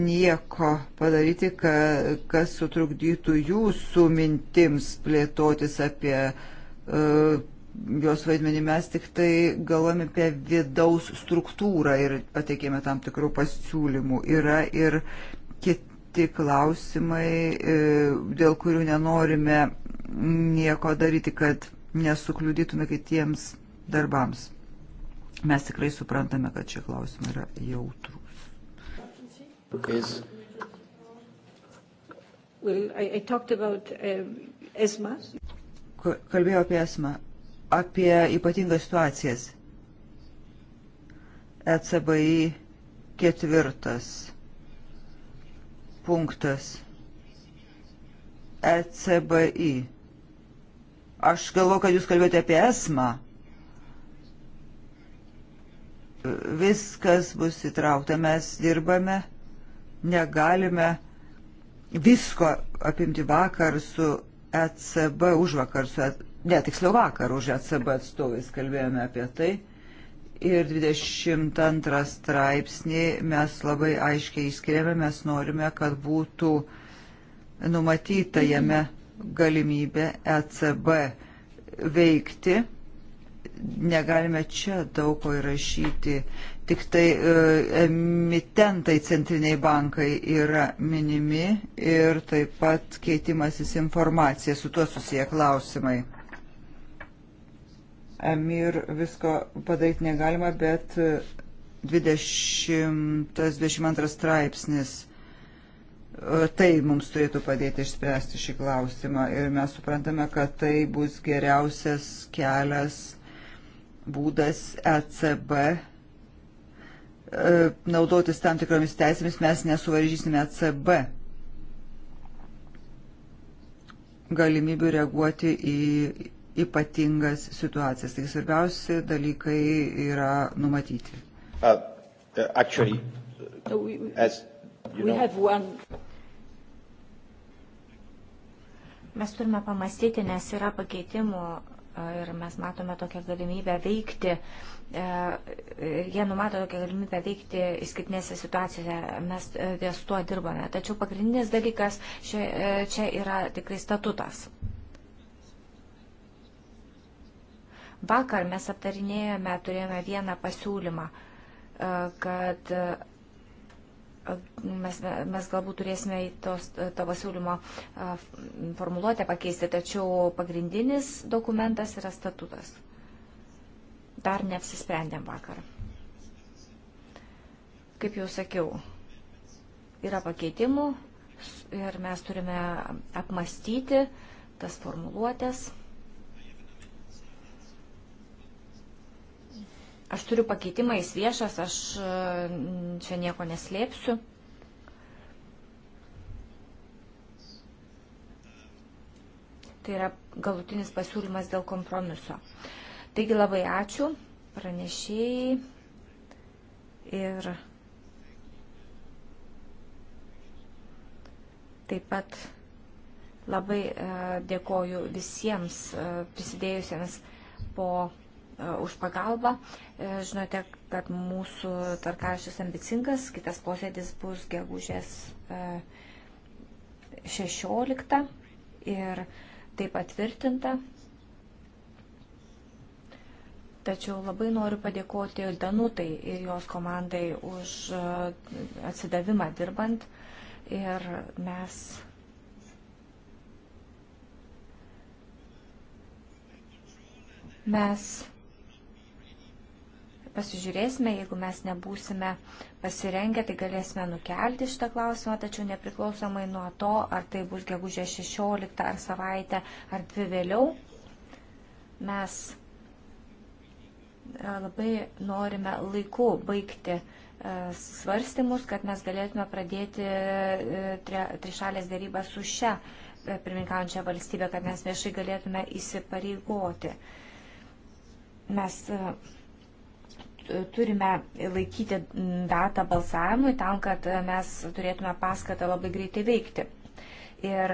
nieko padaryti, kas sutrukdytų jūsų mintims plėtotis apie e, jos vaidmenį mes tik tai galvojame apie vidaus struktūrą ir pateikėme tam tikrų pasiūlymų. Yra ir kiti klausimai, e, dėl kurių nenorime nieko daryti, kad nesukliudytume kitiems darbams. Mes tikrai suprantame, kad šie klausimai yra jautrus. Yes. Well, I, I talked about um, ESMA. Kalbėjau apie esmą apie ypatingas situacijas. ECBI ketvirtas punktas. ECBI. Aš galvoju, kad jūs kalbėjote apie esmą viskas bus įtraukta, mes dirbame, negalime visko apimti vakar su ECB, už vakar su e ne, tiksliau vakar už ECB atstovais kalbėjome apie tai. Ir 22 straipsnį mes labai aiškiai įskiriame, mes norime, kad būtų numatyta jame galimybė ECB veikti. Negalime čia daug ko įrašyti. Tik tai e, emitentai centriniai bankai yra minimi ir taip pat keitimasis informacija su tuo susiję klausimai. Emir visko padaryti negalima, bet 20-22 e, straipsnis. E, tai mums turėtų padėti išspręsti šį klausimą ir mes suprantame, kad tai bus geriausias kelias būdas ECB e, naudotis tam tikromis teisėmis, mes nesuvaržysime ECB galimybių reaguoti į ypatingas situacijas. Tai svarbiausi dalykai yra numatyti. Uh, uh actually, as, you know, Mes turime pamastyti, nes yra pakeitimų uh, ir mes matome tokią galimybę veikti, uh, jie numato tokią galimybę veikti išskirtinėse situacijose, mes ties tuo dirbame. Tačiau pagrindinis dalykas čia, čia yra tikrai statutas. Vakar mes aptarinėjome, turėjome vieną pasiūlymą, e, kad e, mes, mes galbūt turėsime tos, to pasiūlymo e, formuluotę pakeisti, tačiau pagrindinis dokumentas yra statutas. Dar neapsisprendėm vakar. Kaip jau sakiau, yra pakeitimų ir mes turime apmastyti tas formuluotės. Aš turiu pakeitimą, jis viešas, aš mm, čia nieko neslėpsiu. Tai yra galutinis pasiūlymas dėl kompromiso. Taigi labai ačiū pranešėjai ir taip pat labai e, dėkoju visiems e, prisidėjusiems po E, už pagalbą. E, žinote, kad mūsų tvarkaraštis ambicingas, kitas posėdis bus gegužės 16 e, ir tai patvirtinta. Tačiau labai noriu padėkoti Danutai ir jos komandai už atsidavimą dirbant. Ir mes mes pasižiūrėsime, jeigu mes nebūsime pasirengę, tai galėsime nukelti šitą klausimą, tačiau nepriklausomai nuo to, ar tai bus gegužė 16 ar savaitę ar dvi vėliau, mes e, labai norime laiku baigti e, svarstymus, kad mes galėtume pradėti e, trišalės dėrybą su šia pirmininkaujančia valstybė, kad mes viešai galėtume įsipareigoti. Mes turime laikyti datą balsavimui tam, kad mes turėtume paskatą labai greitai veikti. Ir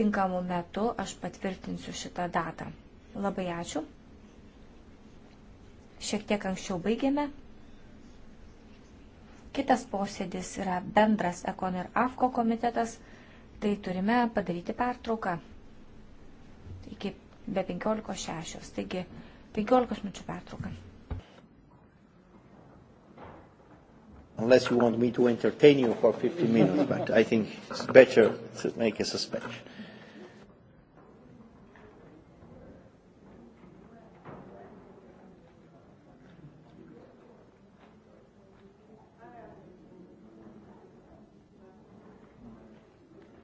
tinkamu metu aš patvirtinsiu šitą datą. Labai ačiū. Šiek tiek anksčiau baigėme. Kitas posėdis yra bendras Ekon ir AFKO komitetas. Tai turime padaryti pertrauką iki be 15.6. Taigi 15 minučių pertrauką. unless you want me to entertain you for 15 minutes, but I think it's better to make a suspension.